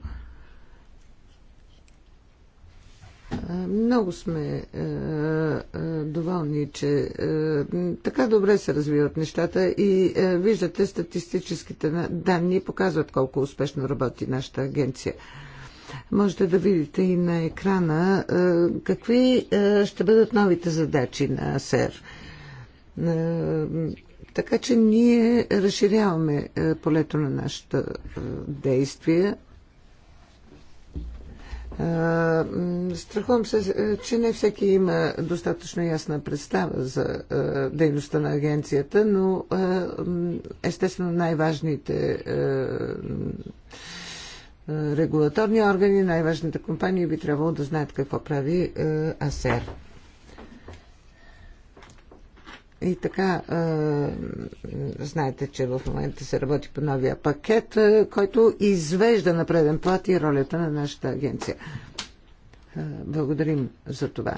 Много сме е, е, доволни, че е, така добре се развиват нещата и виждате статистическите данни показват колко успешно работи нашата агенция. Можете да видите и на екрана какви ще бъдат новите задачи на СЕР. Е, така че ние разширяваме е, полето на нашите действия. Е, страхувам се, че не всеки има достатъчно ясна представа за дейността на агенцията, но естествено най-важните регулаторни органи, най-важните компании би трябвало да знаят какво прави АСЕР. И така, знаете, че в момента се работи по новия пакет, който извежда на преден плат и ролята на нашата агенция. благодарим за това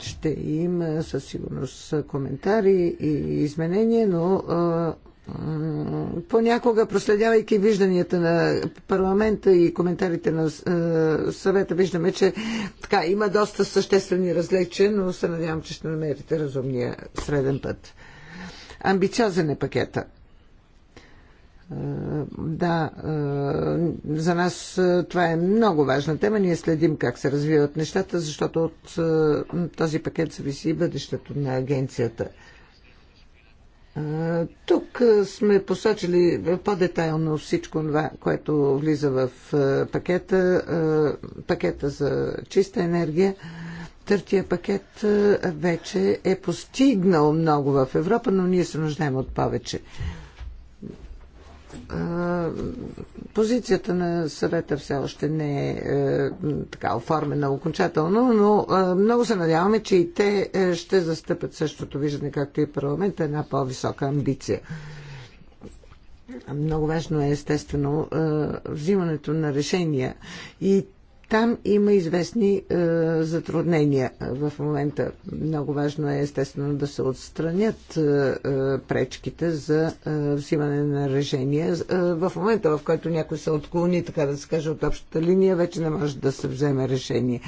ще има със сигурност коментари и изменения, но понякога проследявайки вижданията на парламента и коментарите на е, съвета, виждаме, че така, има доста съществени различия, но се надявам, че ще намерите разумния среден път. Амбициозен е пакета. Е, да, е, за нас това е много важна тема. Ние следим как се развиват нещата, защото от този пакет зависи и бъдещето на агенцията. Тук сме посочили по-детайлно всичко това, което влиза в пакета, пакета за чиста енергия. Третия пакет вече е постигнал много в Европа, но ние се нуждаем от повече позицията на съвета все още не е, е така оформена окончателно, но много се надяваме, че и те е, ще застъпят същото виждане, както и парламент, една по-висока амбиция. Много важно е, естествено, е, взимането на решения. И там има известни е, затруднения в момента. Много важно е естествено да се отстранят е, е, пречките за е, взимане на решения. Е, в момента, в който някой се отклони, така да се каже, от общата линия, вече не може да се вземе решение.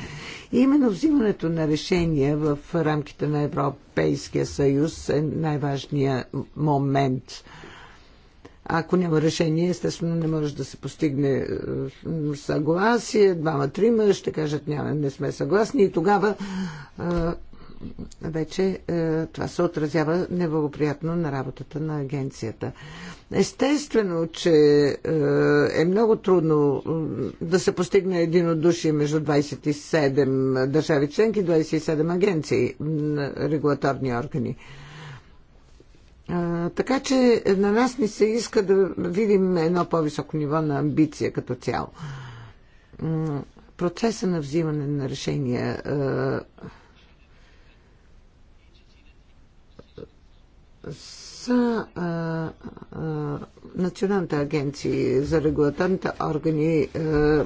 И именно взимането на решения в рамките на Европейския съюз е най-важният момент. Е, ако няма решение, естествено не може да се постигне е, съгласие. Двама-трима ще кажат, няма, не сме съгласни. И тогава е, вече е, това се отразява неблагоприятно на работата на агенцията. Естествено, че е, е много трудно да се постигне единодушие между 27 държави членки, 27 агенции, регулаторни органи така че на нас ни се иска да видим едно по-високо ниво на амбиция като цяло. Процеса на взимане на решения за а, а, националните агенции, за регулаторните органи а,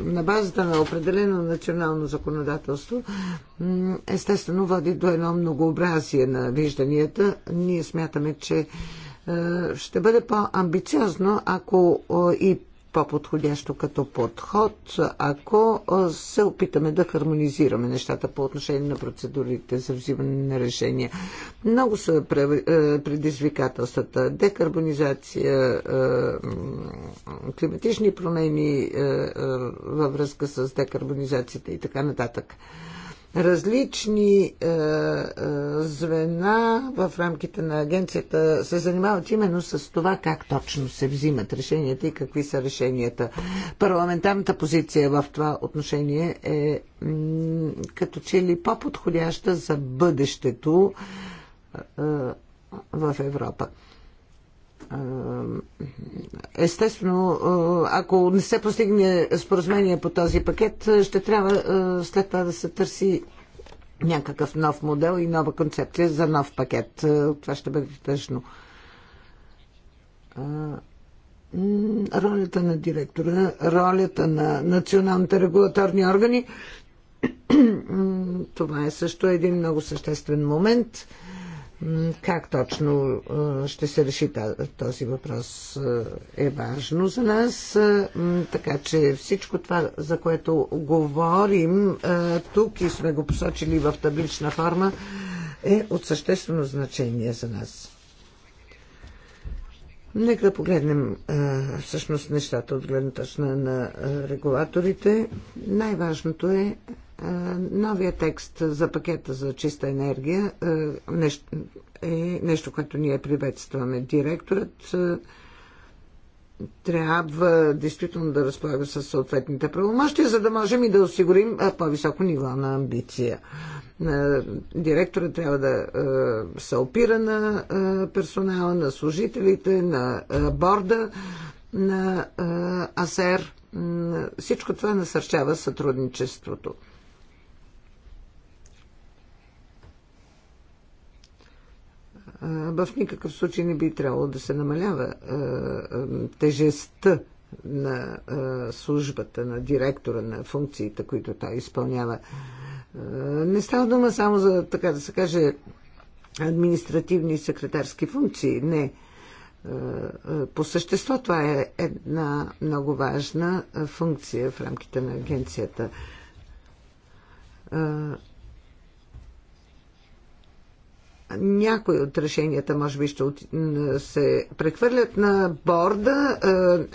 на базата на определено национално законодателство, естествено води до едно многообразие на вижданията. Ние смятаме, че ще бъде по-амбициозно, ако и по-подходящо като подход, ако се опитаме да хармонизираме нещата по отношение на процедурите за взимане на решения. Много са предизвикателствата. Декарбонизация, климатични промени във връзка с декарбонизацията и така нататък различни е, е, звена в рамките на агенцията се занимават именно с това как точно се взимат решенията и какви са решенията. Парламентарната позиция в това отношение е като че ли по-подходяща за бъдещето е, е в Европа. Естествено, ако не се постигне споразумение по този пакет, ще трябва след това да се търси някакъв нов модел и нова концепция за нов пакет. Това ще бъде тъжно. Ролята на директора, ролята на националните регулаторни органи, това е също един много съществен момент – как точно ще се реши този въпрос е важно за нас, така че всичко това, за което говорим тук и сме го посочили в таблична форма, е от съществено значение за нас. Нека да погледнем всъщност нещата от гледна точка на регулаторите. Най-важното е е, новия текст за пакета за чиста енергия е, е нещо, което ние приветстваме. Директорът е, трябва действително да разполага с съответните правомощия, за да можем и да осигурим по-високо ниво на амбиция. Директорът трябва да се опира на персонала, на служителите, на борда на АСЕР. Всичко това насърчава сътрудничеството. в никакъв случай не би трябвало да се намалява тежестта на службата, на директора, на функциите, които той изпълнява. Не става дума само за, така да се каже, административни и секретарски функции. Не. По същество това е една много важна функция в рамките на агенцията някои от решенията може би ще се прехвърлят на борда,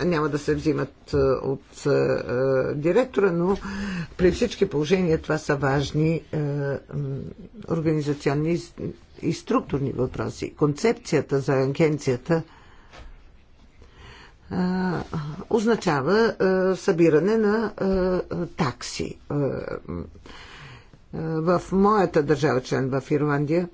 е, няма да се взимат е, от е, директора, но при всички положения това са важни организационни и структурни въпроси. Концепцията за агенцията означава събиране на такси. В моята държава член в Ирландия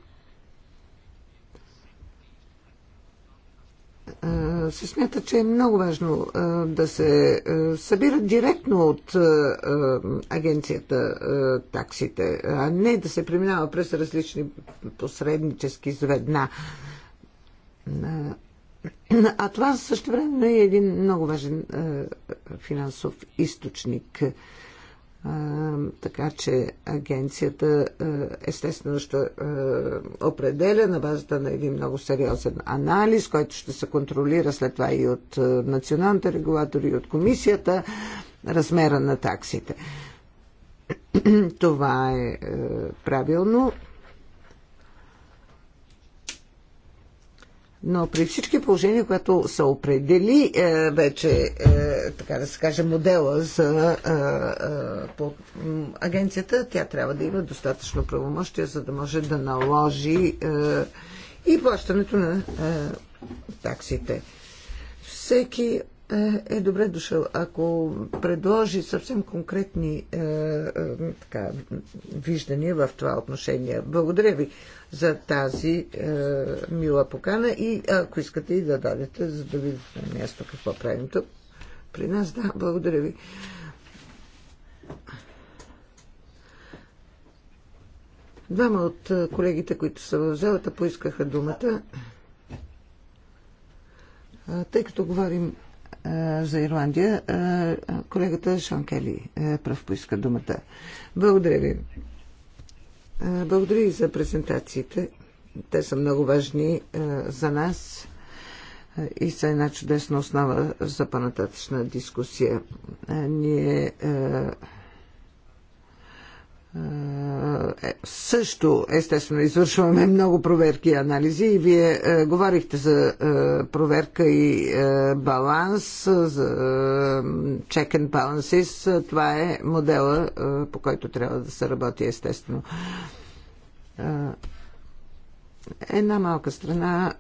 се смята, че е много важно да се събират директно от агенцията таксите, а не да се преминава през различни посреднически звена. А това също време е един много важен финансов източник така че агенцията естествено ще определя на базата на един много сериозен анализ, който ще се контролира след това и от националните регулатори, и от комисията, размера на таксите. Това е правилно. Но при всички положения, когато се определи е, вече, е, така да се каже, модела за е, е, по, агенцията, тя трябва да има достатъчно правомощия, за да може да наложи е, и плащането на е, таксите. Всеки е, е добре дошъл, ако предложи съвсем конкретни е, е, така, виждания в това отношение. Благодаря ви за тази е, мила покана и ако искате и да дадете, за да видите на място какво правим тук. При нас, да, благодаря ви. Двама от е, колегите, които са в залата, поискаха думата. Тъй като говорим за Ирландия. Колегата Шон Кели пръв поиска думата. Благодаря ви. Благодаря и за презентациите. Те са много важни за нас и са една чудесна основа за панататъчна дискусия. Ние е, също, естествено, извършваме много проверки и анализи и вие е, говорихте за е, проверка и е, баланс, за е, check and balances. Това е модела, е, по който трябва да се работи, естествено. Е, една малка страна,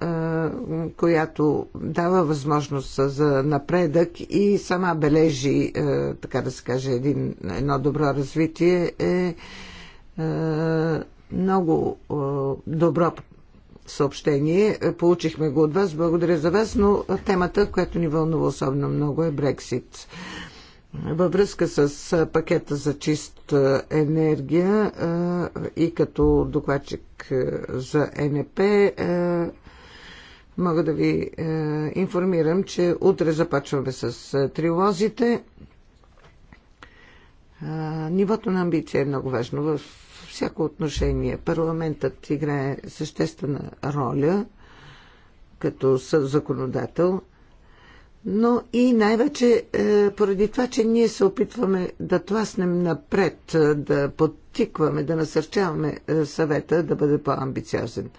която дава възможност за напредък и сама бележи, така да се каже, един, едно добро развитие, е много добро съобщение. Получихме го от вас. Благодаря за вас, но темата, която ни вълнува особено много е Брексит във връзка с пакета за чиста енергия и като докладчик за НП мога да ви информирам, че утре започваме с трилозите. Нивото на амбиция е много важно в всяко отношение. Парламентът играе съществена роля като законодател – но и най-вече е, поради това, че ние се опитваме да тласнем напред, е, да подтикваме, да насърчаваме е, съвета да бъде по-амбициозен.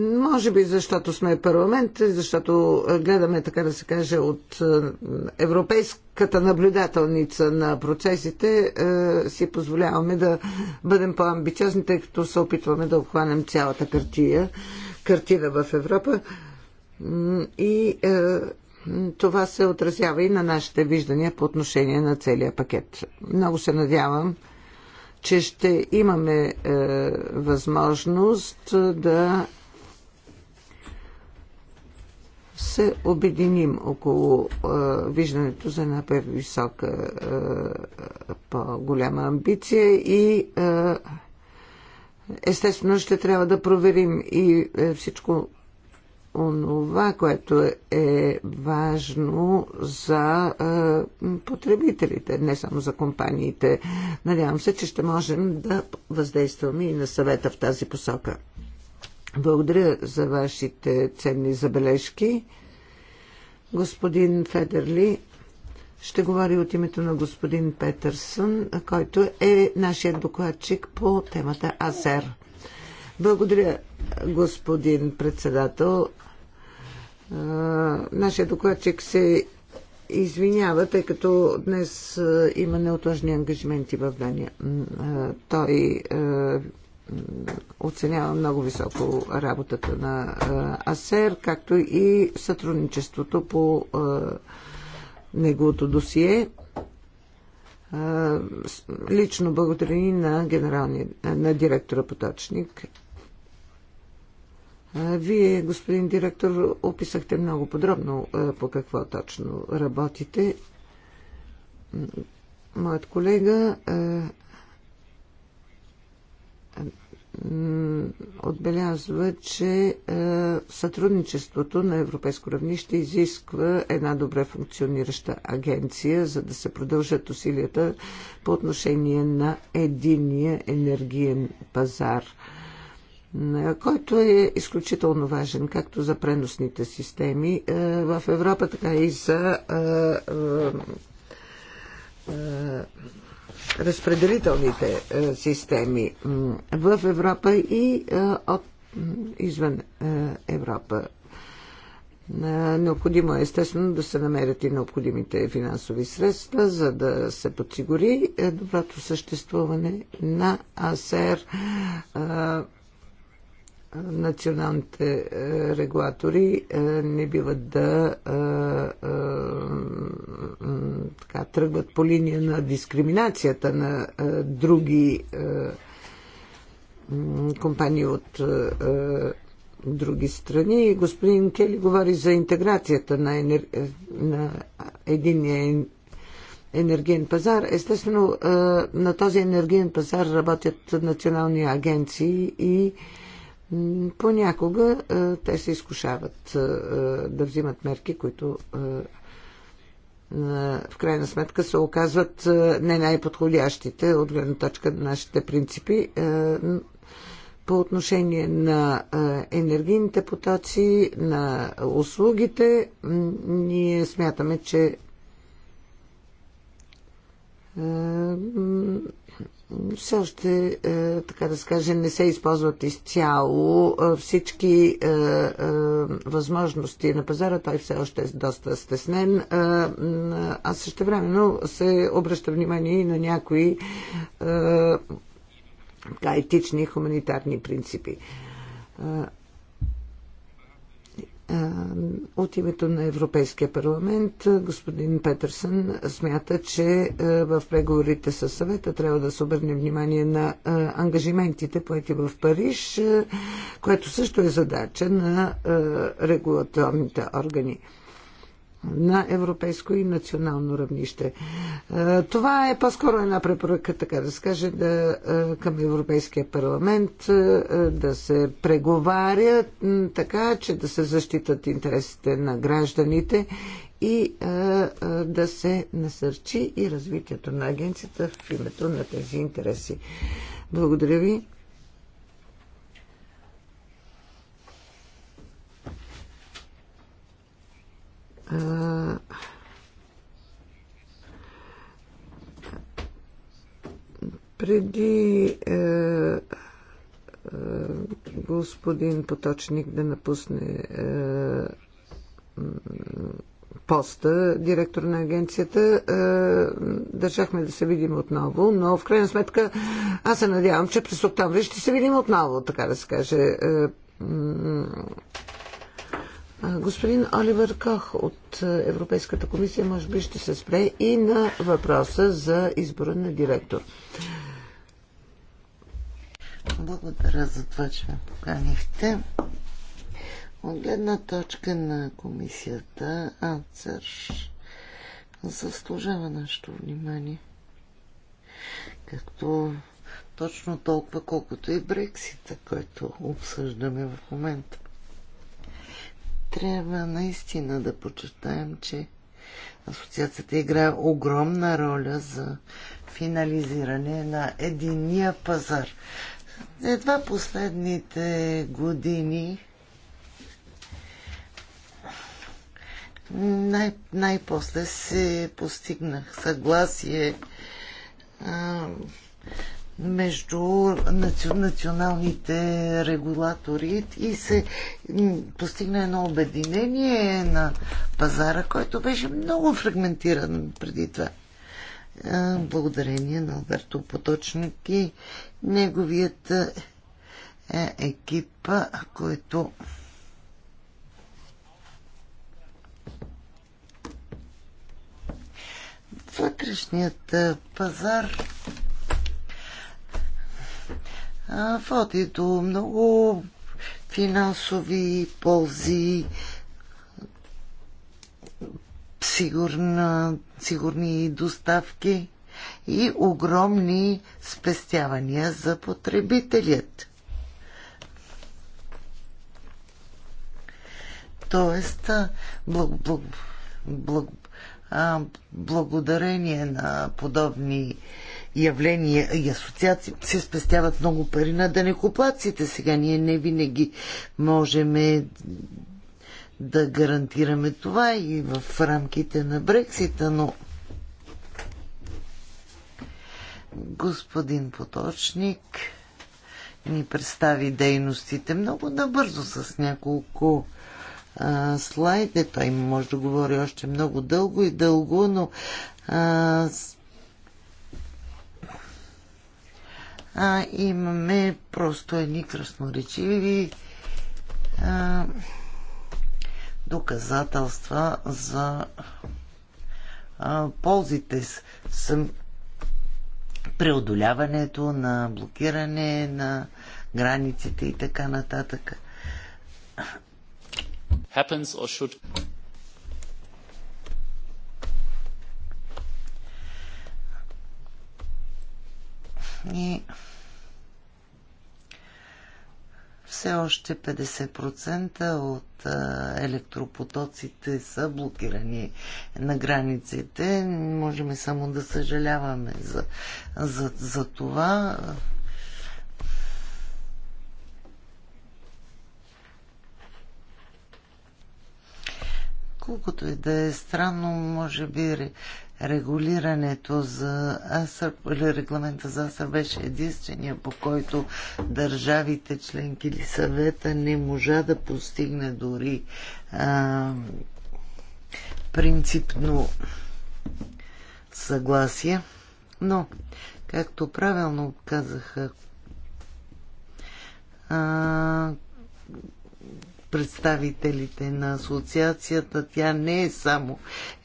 Може би защото сме парламент, защото гледаме, така да се каже, от европейската наблюдателница на процесите, си позволяваме да бъдем по-амбициозни, тъй като се опитваме да обхванем цялата картия картина в Европа и е, това се отразява и на нашите виждания по отношение на целия пакет. Много се надявам, че ще имаме е, възможност е, да се обединим около е, виждането за една по-висока, е, по-голяма амбиция и е, Естествено ще трябва да проверим и е, всичко онова, което е, е важно за е, потребителите, не само за компаниите. Надявам се, че ще можем да въздействаме и на съвета в тази посока. Благодаря за вашите ценни забележки. Господин Федерли ще говори от името на господин Петърсън, който е нашият докладчик по темата АСЕР. Благодаря, господин председател. Нашия докладчик се извинява, тъй като днес има неотложни ангажименти в Дания. Той оценява много високо работата на АСЕР, както и сътрудничеството по неговото досие. Лично благодарени на, генералния, на директора Поточник. Вие, господин директор, описахте много подробно по какво точно работите. Моят колега отбелязва, че е, сътрудничеството на европейско равнище изисква една добре функционираща агенция, за да се продължат усилията по отношение на единия енергиен пазар който е изключително важен както за преносните системи е, в Европа, така и за е, разпределителните е, системи в Европа и е, от, извън е, Европа. Необходимо е естествено да се намерят и необходимите финансови средства, за да се подсигури доброто съществуване на АСЕР националните е, регулатори е, не биват да е, така, тръгват по линия на дискриминацията на други компании от други страни. Господин Кели говори за интеграцията на, енер... на единия енергиен пазар. Естествено, на този енергиен пазар работят национални агенции и Понякога е, те се изкушават е, е, да взимат мерки, които в крайна сметка се оказват не най-подходящите от гледна точка на нашите принципи. По отношение на енергийните потоци, на услугите, ние смятаме, че все още, е, така да скажа, не се използват изцяло е, всички е, възможности на пазара. Той все още е доста стеснен. А също времено се обръща внимание и на някои така, етични и хуманитарни принципи. От името на Европейския парламент господин Петърсън смята, че е, в преговорите с съвета трябва да се обърне внимание на е, ангажиментите, поети в Париж, е, което също е задача на регулаторните органи на европейско и национално равнище. Това е по-скоро една препоръка, така да се каже, да, към Европейския парламент да се преговаря така, че да се защитат интересите на гражданите и да се насърчи и развитието на агенцията в името на тези интереси. Благодаря ви. преди е, е, господин Поточник да напусне е, поста, директор на агенцията, държахме да се видим отново, но в крайна сметка аз се надявам, че през октомври ще се видим отново, така да се каже Господин Оливер Кох от е, Европейската комисия може би ще се спре и на въпроса за избора на директор. Благодаря за това, че ме поканихте. От гледна точка на комисията АЦЕР заслужава нашето внимание. Както точно толкова, колкото и Брексита, който обсъждаме в момента трябва наистина да почитаем, че асоциацията играе огромна роля за финализиране на единия пазар. Едва последните години най- най-после се постигнах съгласие а, между националните регулатори и се постигна едно обединение на пазара, който беше много фрагментиран преди това. Благодарение на Алберто Поточник и неговият е, екип, който вътрешният пазар води до много финансови ползи, сигурна, сигурни доставки и огромни спестявания за потребителят. Тоест, благ, благ, благ, а, благодарение на подобни явления и асоциации се спестяват много пари на данекоплаците. Сега ние не винаги можем да гарантираме това и в рамките на Брексита, но господин Поточник ни представи дейностите много набързо с няколко а, слайде. Той може да говори още много дълго и дълго, но а, а имаме просто едни красноречиви а, доказателства за а, ползите с преодоляването на блокиране на границите и така нататък. и все още 50% от електропотоците са блокирани на границите. Можем само да съжаляваме за, за, за това. Колкото и да е странно, може би регулирането за Асър, регламента за Асър беше единствения, по който държавите членки или съвета не можа да постигне дори а, принципно съгласие. Но, както правилно казаха а, представителите на асоциацията. Тя не е само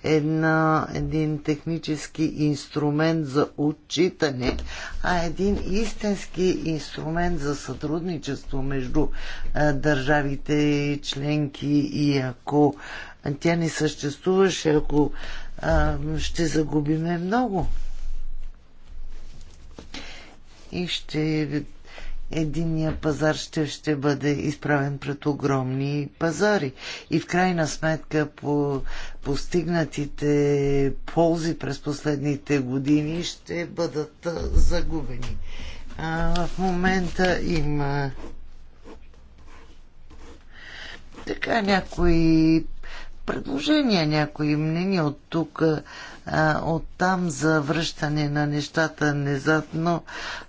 една, един технически инструмент за отчитане, а един истински инструмент за сътрудничество между а, държавите членки и ако тя не съществуваше, ако а, ще загубиме много. И ще Единия пазар ще, ще бъде изправен пред огромни пазари. И в крайна сметка по постигнатите ползи през последните години ще бъдат загубени. А, в момента има така някои предложения, някои мнения от тук оттам за връщане на нещата незад, но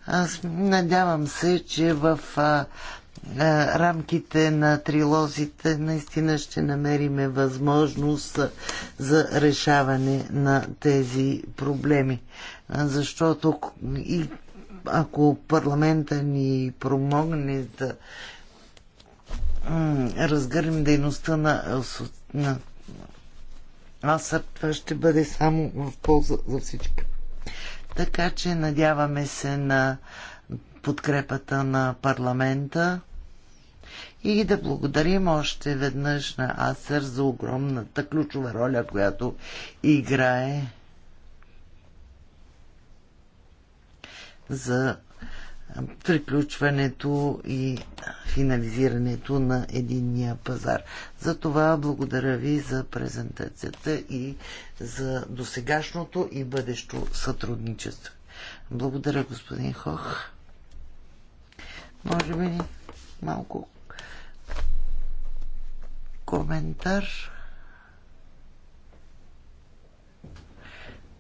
аз надявам се, че в рамките на трилозите наистина ще намериме възможност за решаване на тези проблеми. Защото и ако парламента ни промогне да разгърнем дейността на, на аз това ще бъде само в полза за всички. Така че надяваме се на подкрепата на парламента и да благодарим още веднъж на Асър за огромната ключова роля, която играе за приключването и финализирането на единния пазар. За това благодаря ви за презентацията и за досегашното и бъдещо сътрудничество. Благодаря, господин Хох. Може би малко коментар.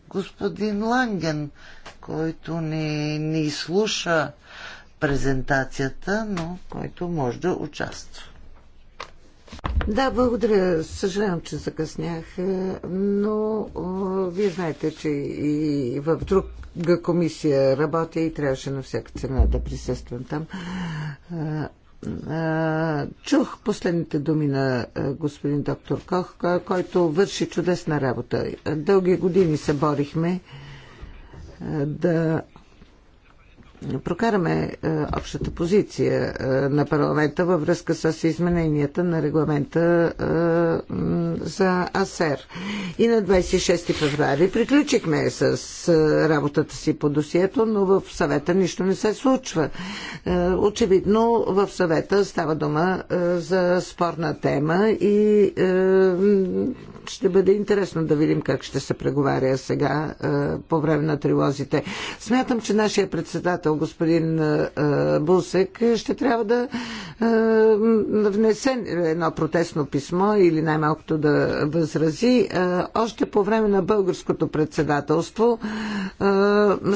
Господин Ланген, който не, не изслуша презентацията, но който може да участва. Да, благодаря. Съжалявам, че закъснях, но вие знаете, че и в друга комисия работя и трябваше на всяка цена да присъствам там. Чух последните думи на господин доктор Кох, който върши чудесна работа. Дълги години се борихме да прокараме е, общата позиция е, на парламента във връзка с измененията на регламента е, за АСЕР. И на 26 феврари приключихме с работата си по досието, но в съвета нищо не се случва. Очевидно в съвета става дума за спорна тема и ще бъде интересно да видим как ще се преговаря сега по време на трилозите. Смятам, че нашия председател, господин Бусек, ще трябва да внесе едно протестно писмо или най-малкото да възрази. Още по време на българското председателство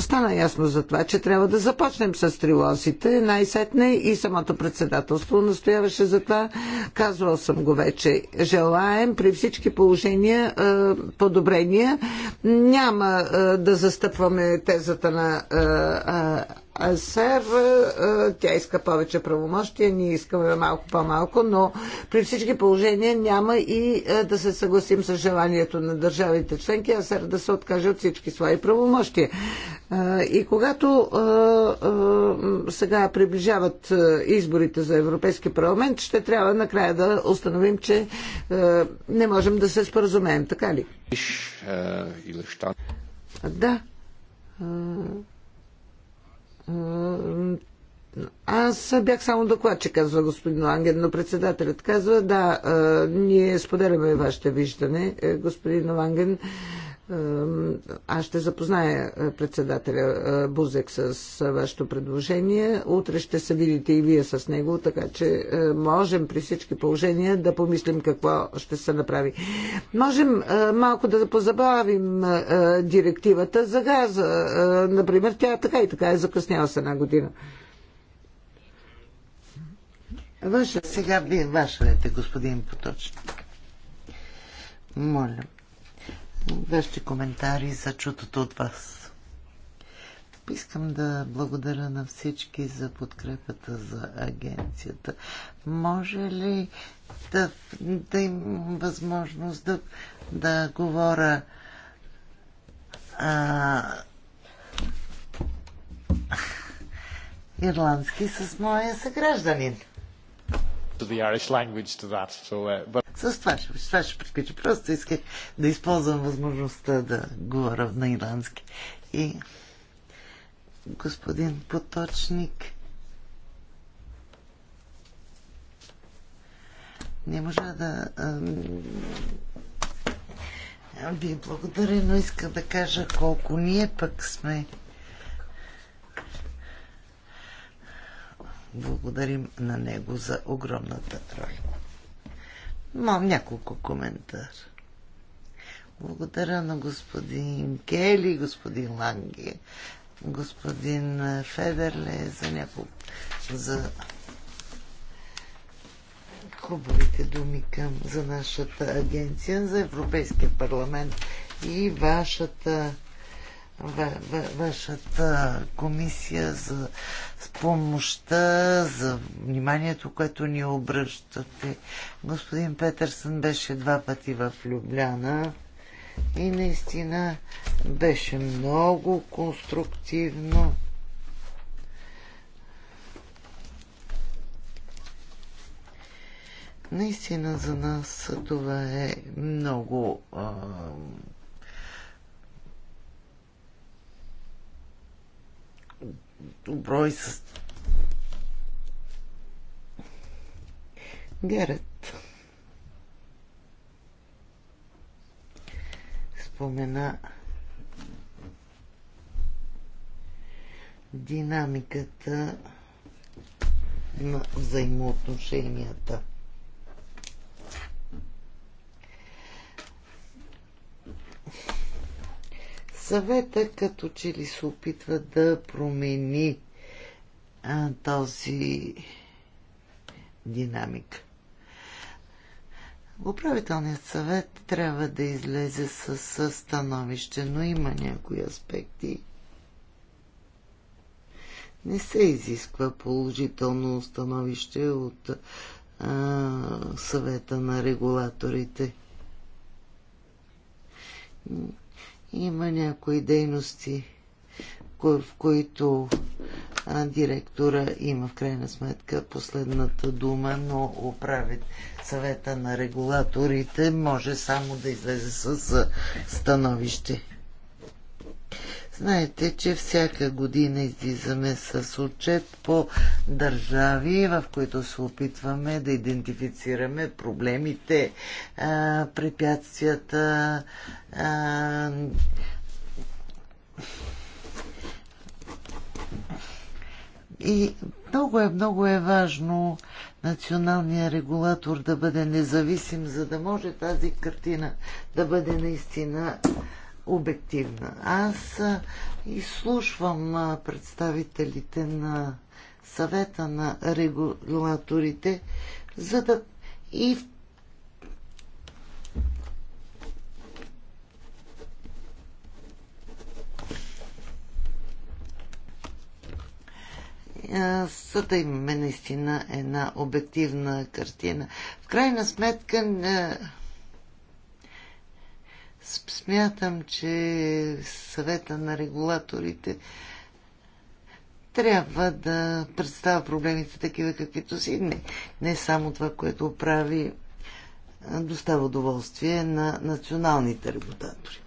стана ясно за това, че трябва да започнем с трилозите най-сетне и самото председателство настояваше за това. Казвал съм го вече. Желаем при всички положения предложения, подобрения. Няма да застъпваме тезата на СЕР. Тя иска повече правомощия, ние искаме малко по-малко, но при всички положения няма и да се съгласим с желанието на държавите членки, а СЕР да се откаже от всички свои правомощия. И когато сега приближават изборите за Европейски парламент, ще трябва накрая да установим, че не можем да се споразумеем. Така ли? Да. Аз бях само докладчик, казва господин Ланген, но председателят казва, да, ние споделяме вашето виждане, е, господин Ланген. Аз ще запозная председателя Бузек с вашето предложение. Утре ще се видите и вие с него, така че можем при всички положения да помислим какво ще се направи. Можем малко да позабавим директивата за газа. Например, тя така и така е закъсняла с една година. Ваша... Сега вие, вашето, е, господин Поточник. Моля вашите коментари за чутото от вас. Искам да благодаря на всички за подкрепата за агенцията. Може ли да, да имам възможност да, да говоря а, ирландски с моя съгражданин? To the Irish language to that, so, uh, but... С това ще, това ще приключи. Просто исках да използвам възможността да говоря на ирландски. И господин Поточник не можа да ви благодаря, но иска да кажа колко ние пък сме благодарим на него за огромната тройка. Мам няколко коментар. Благодаря на господин Кели, господин Ланги, господин Федерле за няколко за хубавите думи към за нашата агенция, за Европейския парламент и вашата вашата комисия за помощта, за вниманието, което ни обръщате. Господин Петърсън беше два пъти в Любляна и наистина беше много конструктивно. Наистина за нас това е много добро и със... Герет. Спомена динамиката на взаимоотношенията. Съвета като че ли се опитва да промени а, този динамик. Управителният съвет трябва да излезе с, становище, но има някои аспекти. Не се изисква положително становище от а, съвета на регулаторите има някои дейности, в които а, директора има в крайна сметка последната дума, но управи съвета на регулаторите може само да излезе с становище. Знаете, че всяка година излизаме с отчет по държави, в които се опитваме да идентифицираме проблемите, препятствията, и много е, много е важно националния регулатор да бъде независим, за да може тази картина да бъде наистина обективна. Аз изслушвам представителите на съвета на регулаторите, за да и за да имаме наистина една обективна картина. В крайна сметка Смятам, че съвета на регулаторите трябва да представя проблемите такива, каквито си. Не, не само това, което прави, доставя удоволствие на националните регулатори.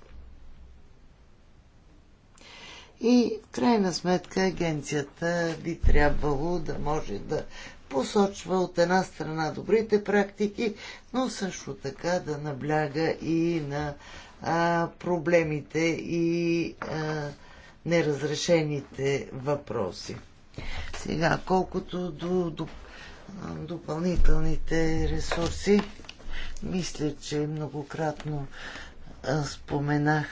И в крайна сметка агенцията би трябвало да може да посочва от една страна добрите практики, но също така да набляга и на а, проблемите и а, неразрешените въпроси. Сега, колкото до, до допълнителните ресурси, мисля, че многократно а, споменах,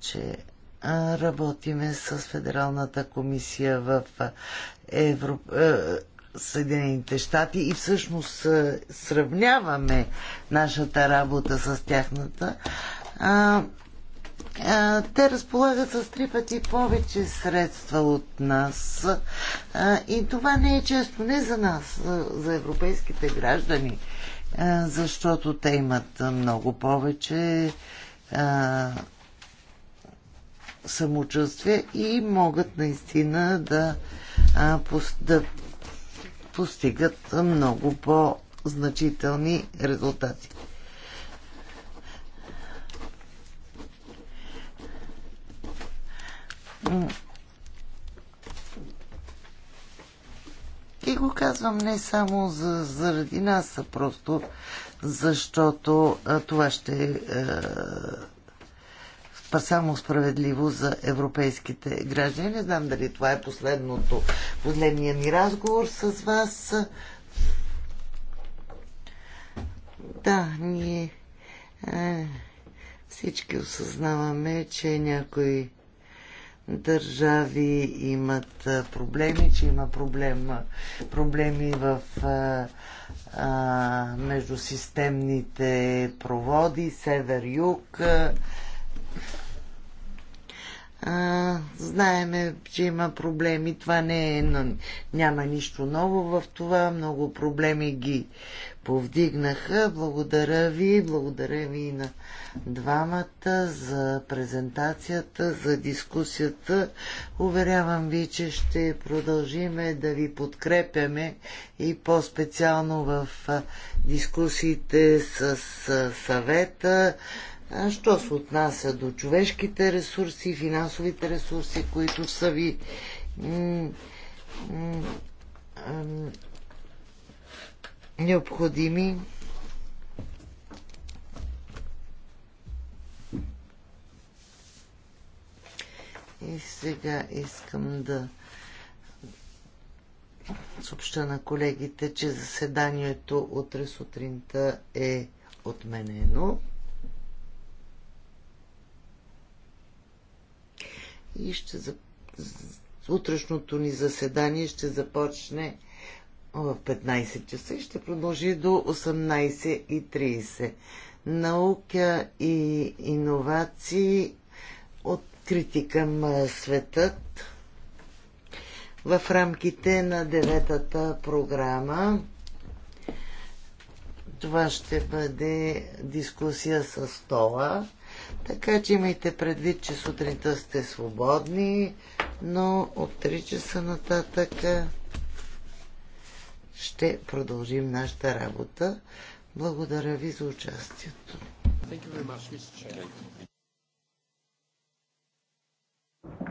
че а, работиме с Федералната комисия в Евро... Съединените щати и всъщност сравняваме нашата работа с тяхната, а, а, те разполагат с три пъти повече средства от нас. А, и това не е често не за нас, за, за европейските граждани, а, защото те имат много повече а, самочувствие и могат наистина да, а, да постигат много по-значителни резултати. И го казвам не само за, заради нас, а просто защото а, това ще а, само справедливо за европейските граждани. Не знам дали това е последното, последния ни разговор с вас. Да, ние е, всички осъзнаваме, че някои държави имат е, проблеми, че има проблем, проблеми в а, е, а, е, междусистемните проводи, север-юг. А, а, знаеме, че има проблеми. Това не е, няма нищо ново в това. Много проблеми ги повдигнаха. Благодаря ви, благодаря ви и на двамата за презентацията, за дискусията. Уверявам ви, че ще продължиме да ви подкрепяме и по-специално в дискусиите с съвета Що се отнася до човешките ресурси, финансовите ресурси, които са ви необходими. И сега искам да съобща на колегите, че заседанието утре сутринта е отменено. и ще за... утрешното ни заседание ще започне в 15 часа и ще продължи до 18.30. Наука и иновации открити към светът в рамките на деветата програма. Това ще бъде дискусия с Тола. Така че имайте предвид, че сутринта сте свободни, но от 3 часа нататък ще продължим нашата работа. Благодаря ви за участието. Thank you very much, Mr.